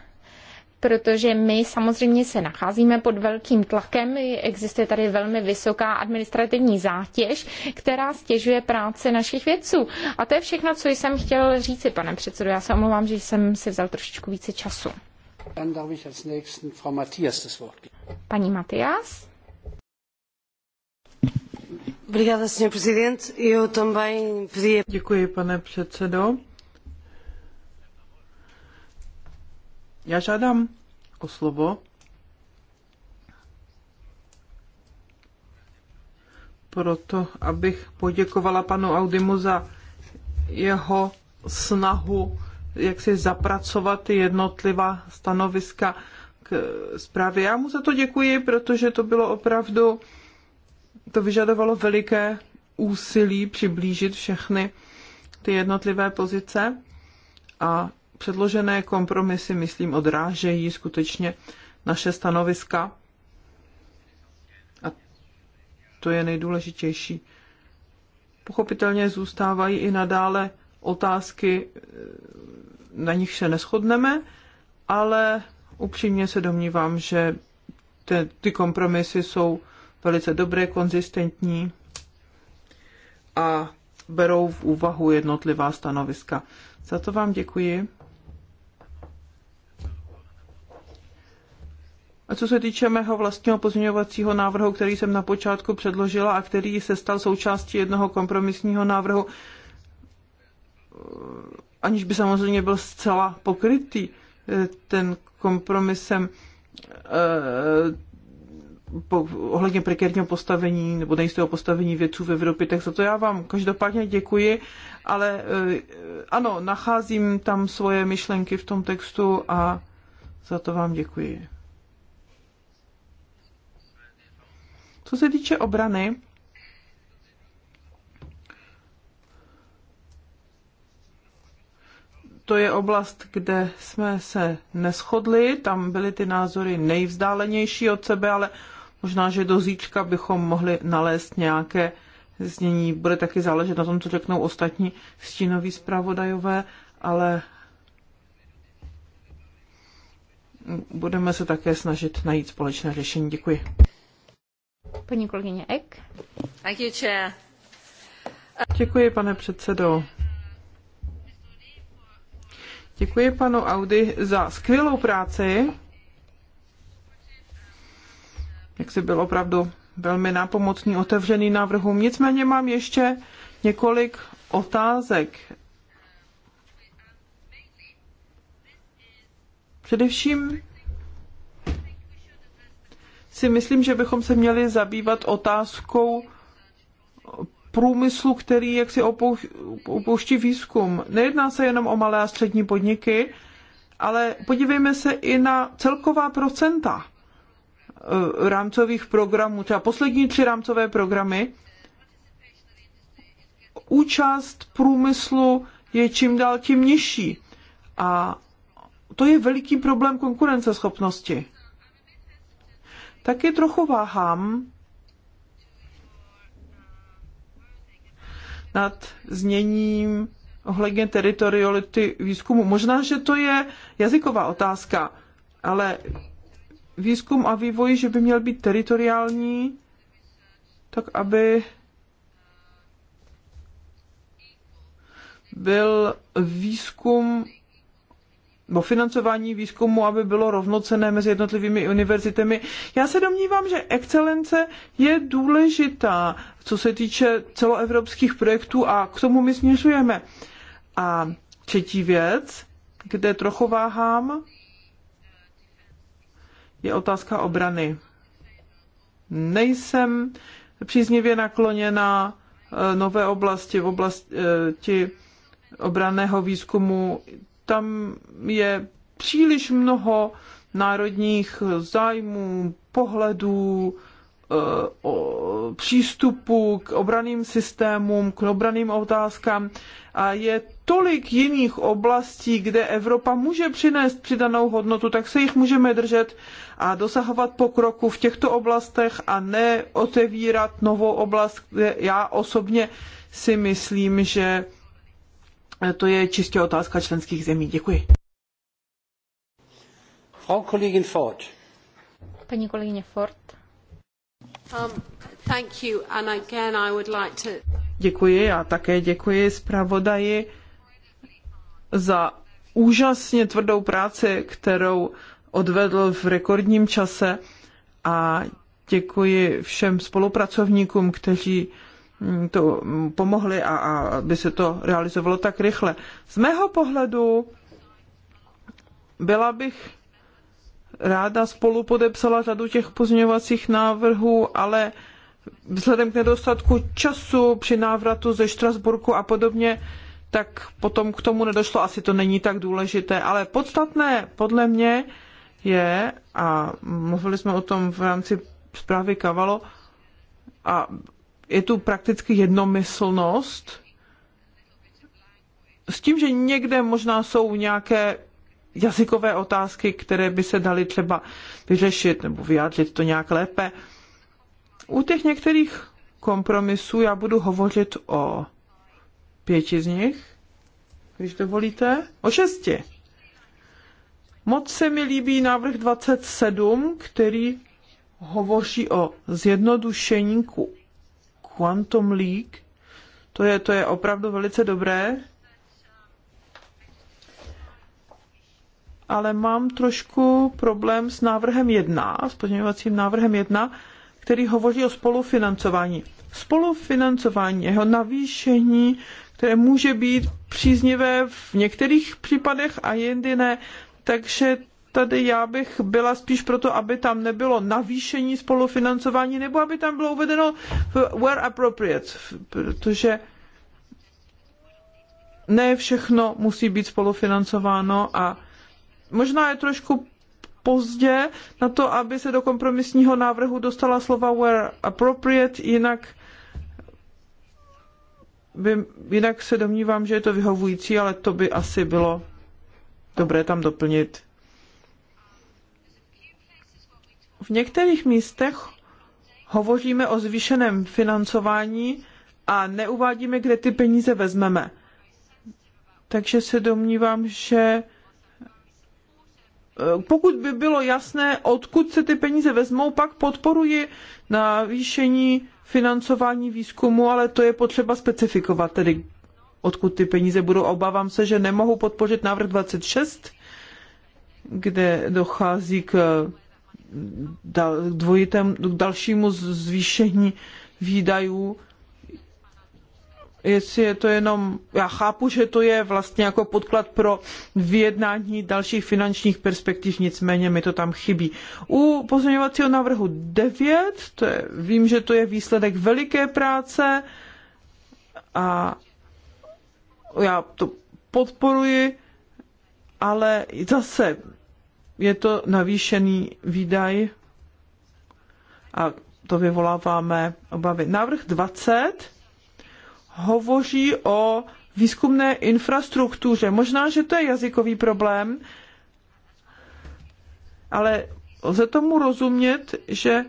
protože my samozřejmě se nacházíme pod velkým tlakem, existuje tady velmi vysoká administrativní zátěž, která stěžuje práci našich vědců. A to je všechno, co jsem chtěl říci, pane předsedo. Já se omlouvám, že jsem si vzal trošičku více času. Dann darf ich als nächsten Frau Matthias das Wort geben. Děkuji, pane předsedo. Já žádám o slovo, proto abych poděkovala panu Audimu za jeho snahu jak si zapracovat jednotlivá stanoviska k zprávě. Já mu za to děkuji, protože to bylo opravdu, to vyžadovalo veliké úsilí přiblížit všechny ty jednotlivé pozice a předložené kompromisy, myslím, odrážejí skutečně naše stanoviska. A to je nejdůležitější. Pochopitelně zůstávají i nadále otázky na nich se neschodneme, ale upřímně se domnívám, že te, ty kompromisy jsou velice dobré, konzistentní a berou v úvahu jednotlivá stanoviska. Za to vám děkuji. A co se týče mého vlastního pozměňovacího návrhu, který jsem na počátku předložila a který se stal součástí jednoho kompromisního návrhu, aniž by samozřejmě byl zcela pokrytý eh, ten kompromisem eh, po, ohledně prekérního postavení nebo nejistého postavení věců v Evropě, tak za to já vám každopádně děkuji, ale eh, ano, nacházím tam svoje myšlenky v tom textu a za to vám děkuji. Co se týče obrany, to je oblast, kde jsme se neschodli, tam byly ty názory nejvzdálenější od sebe, ale možná, že do zítřka bychom mohli nalézt nějaké znění. Bude taky záležet na tom, co řeknou ostatní stínoví zpravodajové, ale budeme se také snažit najít společné řešení. Děkuji. Paní kolegyně Ek. Děkuji, pane předsedo. Děkuji panu Audi za skvělou práci. Jak si byl opravdu velmi nápomocný, otevřený návrhům. Nicméně mám ještě několik otázek. Především si myslím, že bychom se měli zabývat otázkou průmyslu, který jaksi opouští výzkum. Nejedná se jenom o malé a střední podniky, ale podívejme se i na celková procenta e, rámcových programů, třeba poslední tři rámcové programy. Účast průmyslu je čím dál tím nižší. A to je veliký problém konkurenceschopnosti. Taky trochu váhám, nad zněním ohledně teritoriality výzkumu. Možná, že to je jazyková otázka, ale výzkum a vývoj, že by měl být teritoriální, tak aby byl výzkum nebo financování výzkumu, aby bylo rovnocené mezi jednotlivými univerzitami. Já se domnívám, že excelence je důležitá co se týče celoevropských projektů a k tomu my směřujeme. A třetí věc, kde trochu váhám, je otázka obrany. Nejsem příznivě nakloněna eh, nové oblasti v oblasti eh, obranného výzkumu. Tam je příliš mnoho národních zájmů, pohledů, Eh, o přístupu k obraným systémům, k obraným otázkám a je tolik jiných oblastí, kde Evropa může přinést přidanou hodnotu, tak se jich můžeme držet a dosahovat pokroku v těchto oblastech a ne otevírat novou oblast, kde já osobně si myslím, že to je čistě otázka členských zemí. Děkuji. Frau Kollegin Ford. Paní kolegyně Ford. Um, děkuji, a také děkuji zpravodaji za úžasně tvrdou práci, kterou odvedl v rekordním čase a děkuji všem spolupracovníkům, kteří mm, to mm, pomohli a, a aby se to realizovalo tak rychle. Z mého pohledu byla bych ráda spolu podepsala řadu těch pozměňovacích návrhů, ale vzhledem k nedostatku času při návratu ze Štrasburku a podobně, tak potom k tomu nedošlo, asi to není tak důležité. Ale podstatné podle mě je, a mluvili jsme o tom v rámci zprávy Kavalo, a je tu prakticky jednomyslnost, s tím, že někde možná jsou nějaké jazykové otázky, které by se daly třeba vyřešit nebo vyjádřit to nějak lépe. U těch některých kompromisů já budu hovořit o pěti z nich, když dovolíte, o šesti. Moc se mi líbí návrh 27, který hovoří o zjednodušení ku Quantum League. To je, to je opravdu velice dobré. ale mám trošku problém s návrhem 1, s pozměňovacím návrhem 1, který hovoří o spolufinancování. Spolufinancování, jeho navýšení, které může být příznivé v některých případech a jindy ne. Takže tady já bych byla spíš proto, aby tam nebylo navýšení spolufinancování, nebo aby tam bylo uvedeno where appropriate, protože ne všechno musí být spolufinancováno a možná je trošku pozdě na to, aby se do kompromisního návrhu dostala slova where appropriate, jinak by, jinak se domnívám, že je to vyhovující, ale to by asi bylo dobré tam doplnit. V některých místech hovoříme o zvýšeném financování a neuvádíme, kde ty peníze vezmeme. Takže se domnívám, že Eh, pokud by bylo jasné, odkud se ty peníze vezmou, pak podporuji navýšení financování výzkumu, ale to je potřeba specifikovat, tedy odkud ty peníze budou. Obávám se, že nemohu podpořit návrh 26, kde dochází k k dalšímu zvýšení výdajů jestli je to jenom, já chápu, že to je vlastně jako podklad pro vyjednání dalších finančních perspektiv, nicméně mi to tam chybí. U pozměňovacího návrhu 9, to je, vím, že to je výsledek veliké práce a já to podporuji, ale zase je to navýšený výdaj a to vyvoláváme obavy. Návrh 20, hovoří o výzkumné infrastruktuře. Možná, že to je jazykový problém, ale lze tomu rozumět, že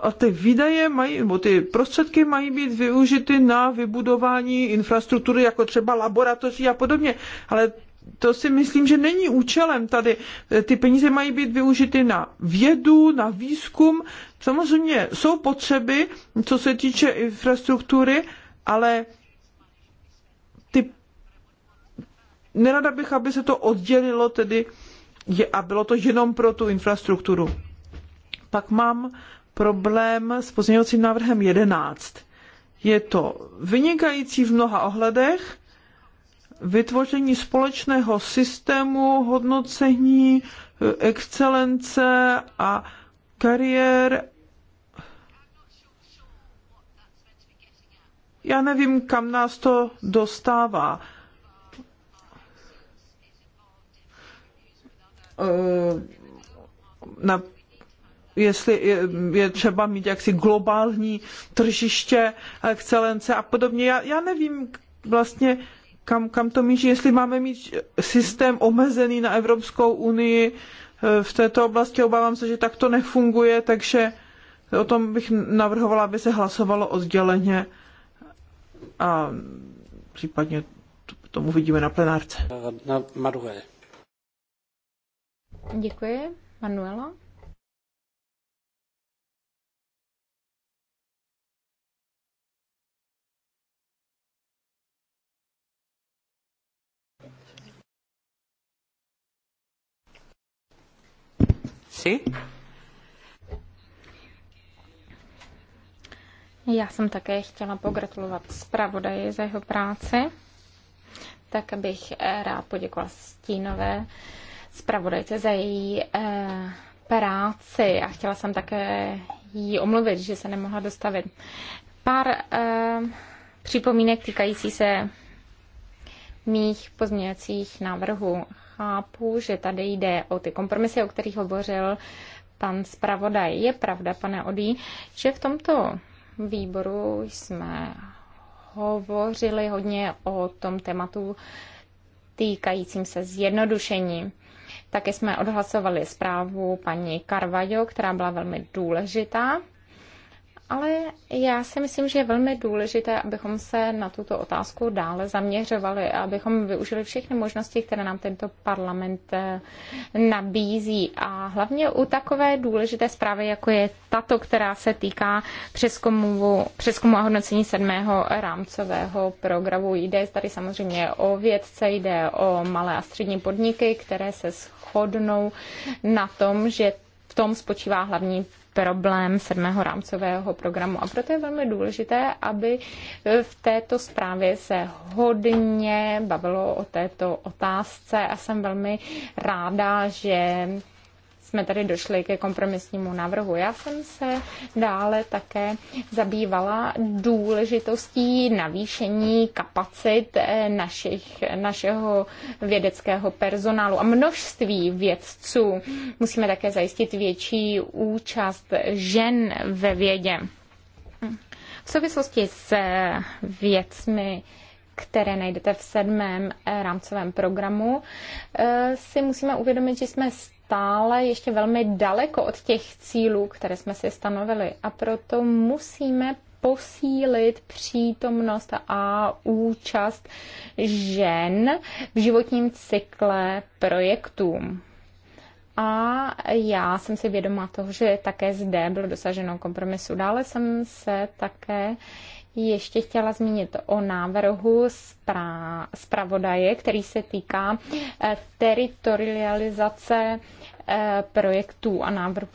a ty výdaje mají, nebo ty prostředky mají být využity na vybudování infrastruktury, jako třeba laboratoří a podobně, ale to si myslím, že není účelem tady. Ty peníze mají být využity na vědu, na výzkum. Samozřejmě jsou potřeby, co se týče infrastruktury, ale ty nerada bych, aby se to oddělilo tedy a bylo to jenom pro tu infrastrukturu. Pak mám problém s pozměňovacím návrhem 11. Je to vynikající v mnoha ohledech, vytvoření společného systému hodnocení eh, excelence a kariér já nevím, kam nás to dostává. Eh, na, jestli je, je třeba mít jaksi globální tržiště, excelence a podobně. Já, já nevím vlastně, kam, kam to míří, jestli máme mít systém omezený na Evropskou unii eh, v této oblasti. Obávám se, že tak to nefunguje, takže o tom bych navrhovala, aby se hlasovalo odděleně a případně tomu vidíme na plenárce. Na Maruhe. Děkuji. Manuela? Sí. Já jsem také chtěla pogratulovat zpravodaji za jeho práci. Tak bych eh, rád poděkovala Stínové zpravodajce za její eh, práci a chtěla jsem také jí omluvit, že se nemohla dostavit. Pár eh, připomínek týkající se mých pozměňovacích návrhů. Chápu, že tady jde o ty kompromisy, o kterých hovořil pan zpravodaj. Je pravda, pane Odí, že v tomto výboru jsme hovořili hodně o tom tématu týkajícím se zjednodušení. Také jsme odhlasovali zprávu paní Carvajo, která byla velmi důležitá. Ale já si myslím, že je velmi důležité, abychom se na tuto otázku dále zaměřovali, a abychom využili všechny možnosti, které nám tento parlament eh, nabízí. A hlavně u takové důležité zprávy, jako je tato, která se týká přeskumu, přeskumu a hodnocení sedmého rámcového programu. Jde tady samozřejmě o vědce, jde o malé a střední podniky, které se shodnou na tom, že v tom spočívá hlavní problém sedmého rámcového programu. A proto je velmi důležité, aby e, v této zprávě se hodně bavilo o této otázce a jsem velmi ráda, že jsme tady došli ke kompromisnímu návrhu. Já jsem se dále také zabývala důležitostí navýšení kapacit eh, našich, našeho vědeckého personálu a množství vědců. Musíme také zajistit větší účast žen ve vědě. V souvislosti s věcmi, které najdete v sedmém eh, rámcovém programu, eh, si musíme uvědomit, že jsme stále ještě velmi daleko od těch cílů, které jsme si stanovili. A proto musíme posílit přítomnost a účast žen v životním cykle projektům. A já jsem si vědoma toho, že také zde bylo dosaženo kompromisu. Dále jsem se také ještě chtěla zmínit o návrhu zpravodaje, který se týká eh, teritorializace Eh, projektů a návrhů.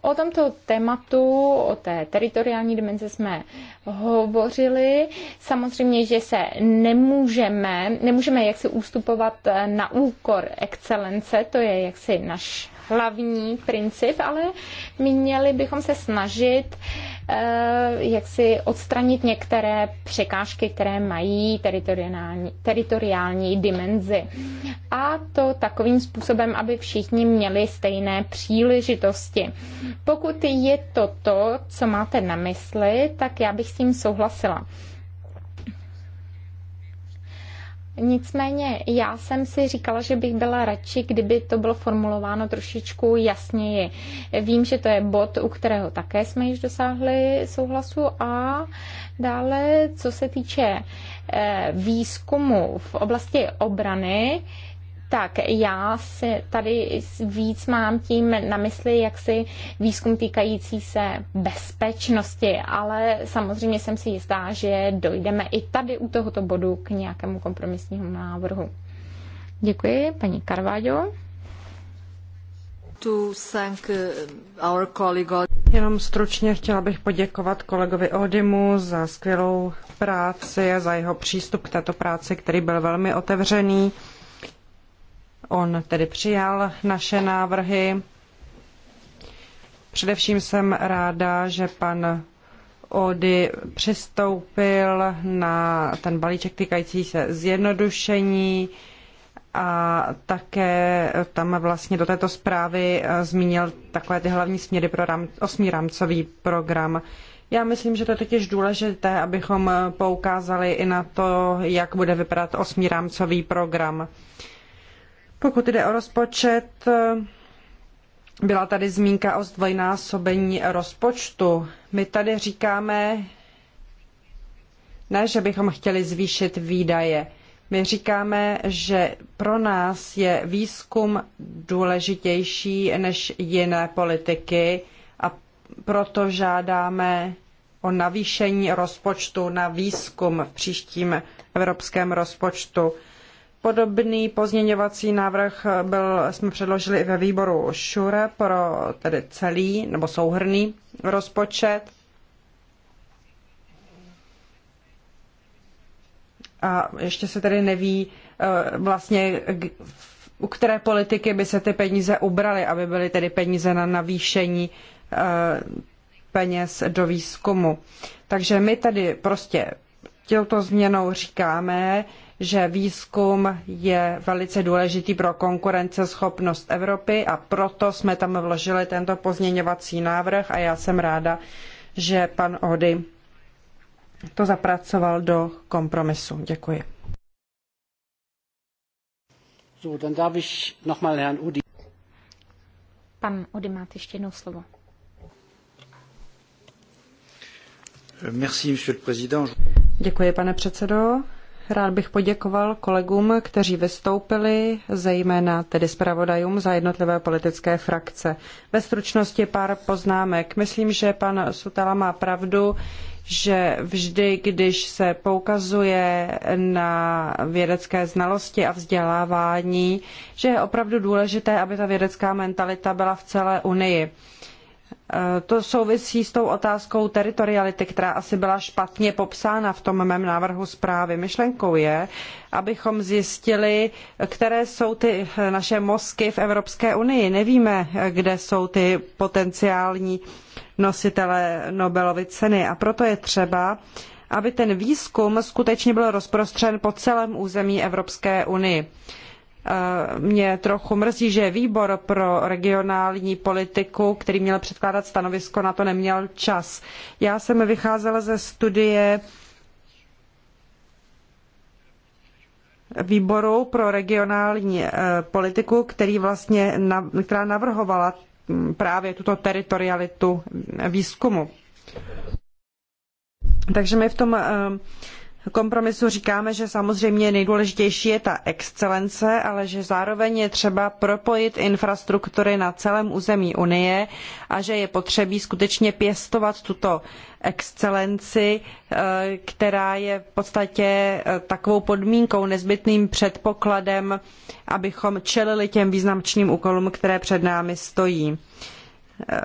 O tomto tématu, o té teritoriální dimenze jsme hovořili. Samozřejmě, že se nemůžeme, nemůžeme jaksi ústupovat eh, na úkor excelence, to je jaksi náš hlavní princip, ale měli bychom se snažit uh, Eh, jak si odstranit některé překážky, které mají teritoriální, teritoriální dimenzi. A to takovým způsobem, aby všichni měli stejné příležitosti. Pokud je to to, co máte na mysli, tak já bych s tím souhlasila. Nicméně já jsem si říkala, že bych byla radši, kdyby to bylo formulováno trošičku jasněji. Vím, že to je bod, u kterého také jsme již dosáhli souhlasu a dále, co se týče eh, výzkumu v oblasti obrany, tak já se tady víc mám tím na mysli jak si výzkum týkající se bezpečnosti, ale samozřejmě jsem si jistá, že dojdeme i tady u tohoto bodu k nějakému kompromisnímu návrhu. Děkuji, paní Karváďo. To thank uh, our Jenom stručně chtěla bych poděkovat kolegovi Odimu za skvělou práci a za jeho přístup k této práci, který byl velmi otevřený On tedy přijal naše návrhy. Především jsem ráda, že pan Ody přistoupil na ten balíček týkající se zjednodušení a také tam vlastně do této zprávy eh, zmínil takové ty hlavní směry pro rám, osmý rámcový program. Já myslím, že to je totiž důležité, abychom poukázali i na to, jak bude vypadat osmý rámcový program. Uh, pokud jde o rozpočet, eh, byla tady zmínka o zdvojnásobení rozpočtu. My tady říkáme, ne, že bychom chtěli zvýšit výdaje. My říkáme, že pro nás je výzkum důležitější než jiné politiky a proto žádáme o navýšení rozpočtu na výzkum v příštím evropském rozpočtu. Podobný pozměňovací návrh byl, jsme předložili i ve výboru ŠURE pro tedy celý nebo souhrný rozpočet. A ještě se tedy neví eh, vlastně, u které politiky by se ty peníze ubraly, aby byly tedy peníze na navýšení eh, peněz do výzkumu. Takže my tady prostě tělto změnou říkáme, že výzkum je velice důležitý pro konkurenceschopnost Evropy a proto jsme tam vložili tento pozměňovací návrh a já jsem ráda, že pan Ody to zapracoval do kompromisu. Děkuji. So, dann darf ich nochmal Herrn Udi. Pan Ody, máte ještě jednou slovo. Merci, monsieur le président. Děkuji, pane předsedo. Rád bych poděkoval kolegům, kteří vystoupili, zejména tedy zpravodajům za jednotlivé politické frakce. Ve stručnosti pár poznámek. Myslím, že pan Sutala má pravdu, že vždy, když se poukazuje na vědecké znalosti a vzdělávání, že je opravdu důležité, aby ta vědecká mentalita byla v celé Unii. Eh, to souvisí s tou otázkou teritoriality, která asi byla špatně popsána v tom mém návrhu zprávy. Myšlenkou je, abychom zjistili, které jsou ty eh, naše mozky v Evropské unii. Nevíme, eh, kde jsou ty potenciální nositele Nobelovy ceny a proto je třeba, aby ten výzkum skutečně byl rozprostřen po celém území Evropské unie. Eh, mě trochu mrzí, že výbor pro regionální politiku, který měl předkládat stanovisko, na to neměl čas. Já jsem vycházela ze studie výboru pro regionální eh, politiku, který vlastně, která navrhovala hm, právě tuto teritorialitu hm, výzkumu. Takže my v tom eh, kompromisu říkáme, že samozřejmě nejdůležitější je ta excelence, ale že zároveň je třeba propojit infrastruktury na celém území Unie a že je potřebí skutečně pěstovat tuto excelenci, eh, která je v podstatě eh, takovou podmínkou, nezbytným předpokladem, abychom čelili těm význačným úkolům, které před námi stojí eh,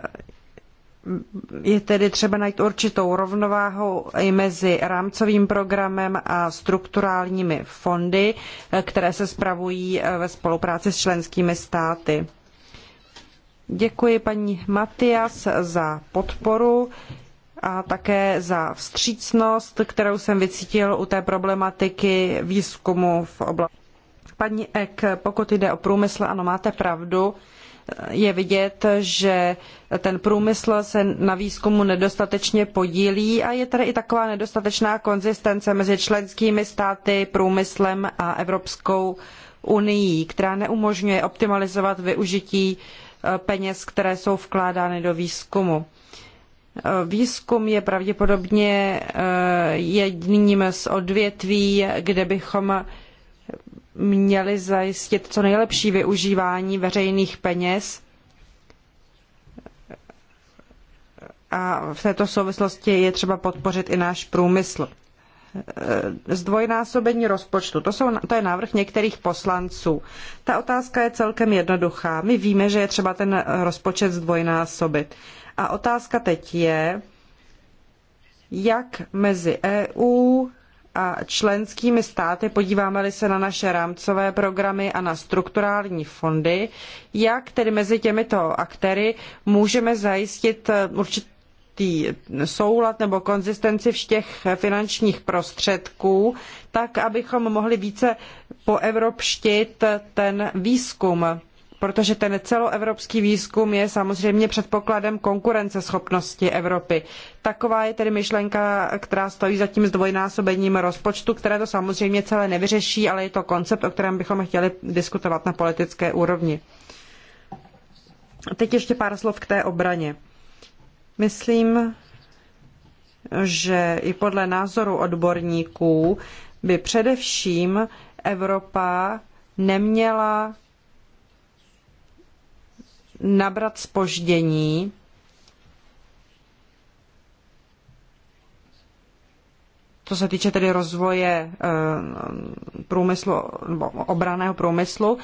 je tedy třeba najít určitou rovnováhu i mezi rámcovým programem a strukturálními fondy, které se spravují eh, ve spolupráci s členskými státy. Děkuji paní Matias za podporu a také za vstřícnost, kterou jsem vycítil u té problematiky výzkumu v oblasti. Paní Ek, pokud jde o průmysl, ano, máte pravdu je vidět, že ten průmysl se na výzkumu nedostatečně podílí a je tady i taková nedostatečná konzistence mezi členskými státy, průmyslem a Evropskou unii, která neumožňuje optimalizovat využití eh, peněz, které jsou vkládány do výzkumu. Eh, výzkum je pravděpodobně eh, jedním z odvětví, kde bychom měli zajistit co nejlepší využívání veřejných peněz. A v této souvislosti je třeba podpořit i náš průmysl. E, zdvojnásobení rozpočtu. To, jsou, to je návrh některých poslanců. Ta otázka je celkem jednoduchá. My víme, že je třeba ten rozpočet zdvojnásobit. A otázka teď je, jak mezi EU, a členskými státy, podíváme-li se na naše rámcové programy a na strukturální fondy, jak tedy mezi těmito aktéry můžeme zajistit eh, určitý soulad nebo konzistenci všech finančních prostředků, tak abychom mohli více poevropštit ten výzkum protože ten celoevropský výzkum je samozřejmě předpokladem konkurenceschopnosti Evropy. Taková je tedy myšlenka, která stojí za tím zdvojnásobením rozpočtu, které to samozřejmě celé nevyřeší, ale je to koncept, o kterém bychom chtěli diskutovat na politické úrovni. Teď ještě pár slov k té obraně. Myslím, že i podle názoru odborníků by především Evropa neměla nabrat spoždění. Co se týče tedy rozvoje eh, průmyslu, nebo obraného průmyslu.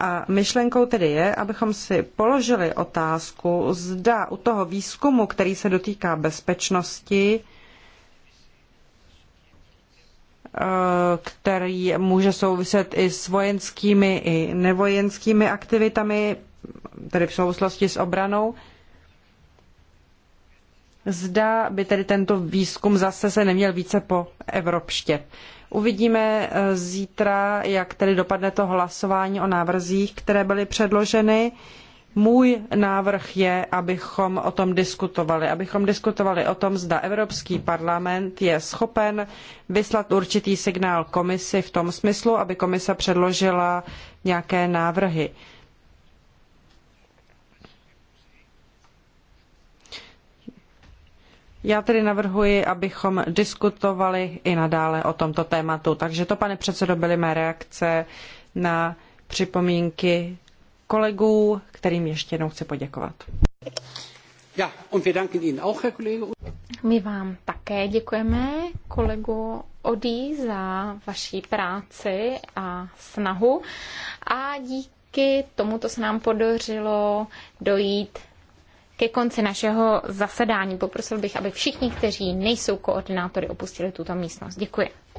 A myšlenkou tedy je, abychom si položili otázku, zda u toho výzkumu, který se dotýká bezpečnosti, eh, který může souviset i s vojenskými i nevojenskými aktivitami, tedy v souvislosti s obranou. Zda by tedy tento výzkum zase se neměl více po evropště. Uvidíme eh, zítra, jak tedy dopadne to hlasování o návrzích, které byly předloženy. Můj návrh je, abychom o tom diskutovali, abychom diskutovali o tom, zda Evropský parlament je schopen vyslat určitý signál komisi v tom smyslu, aby komise předložila nějaké návrhy. Já tedy navrhuji, abychom diskutovali i nadále o tomto tématu. Takže to, pane předsedo, byly mé reakce na připomínky kolegů, kterým ještě jednou chci poděkovat. Ja, und wir danken Ihnen auch, Herr Kollege. My vám také děkujeme, kolego Odí, za vaší práci a snahu. A díky tomuto se nám podařilo dojít ke konci našeho zasedání. Poprosil bych, aby všichni, kteří nejsou koordinátory, opustili tuto místnost. Děkuji.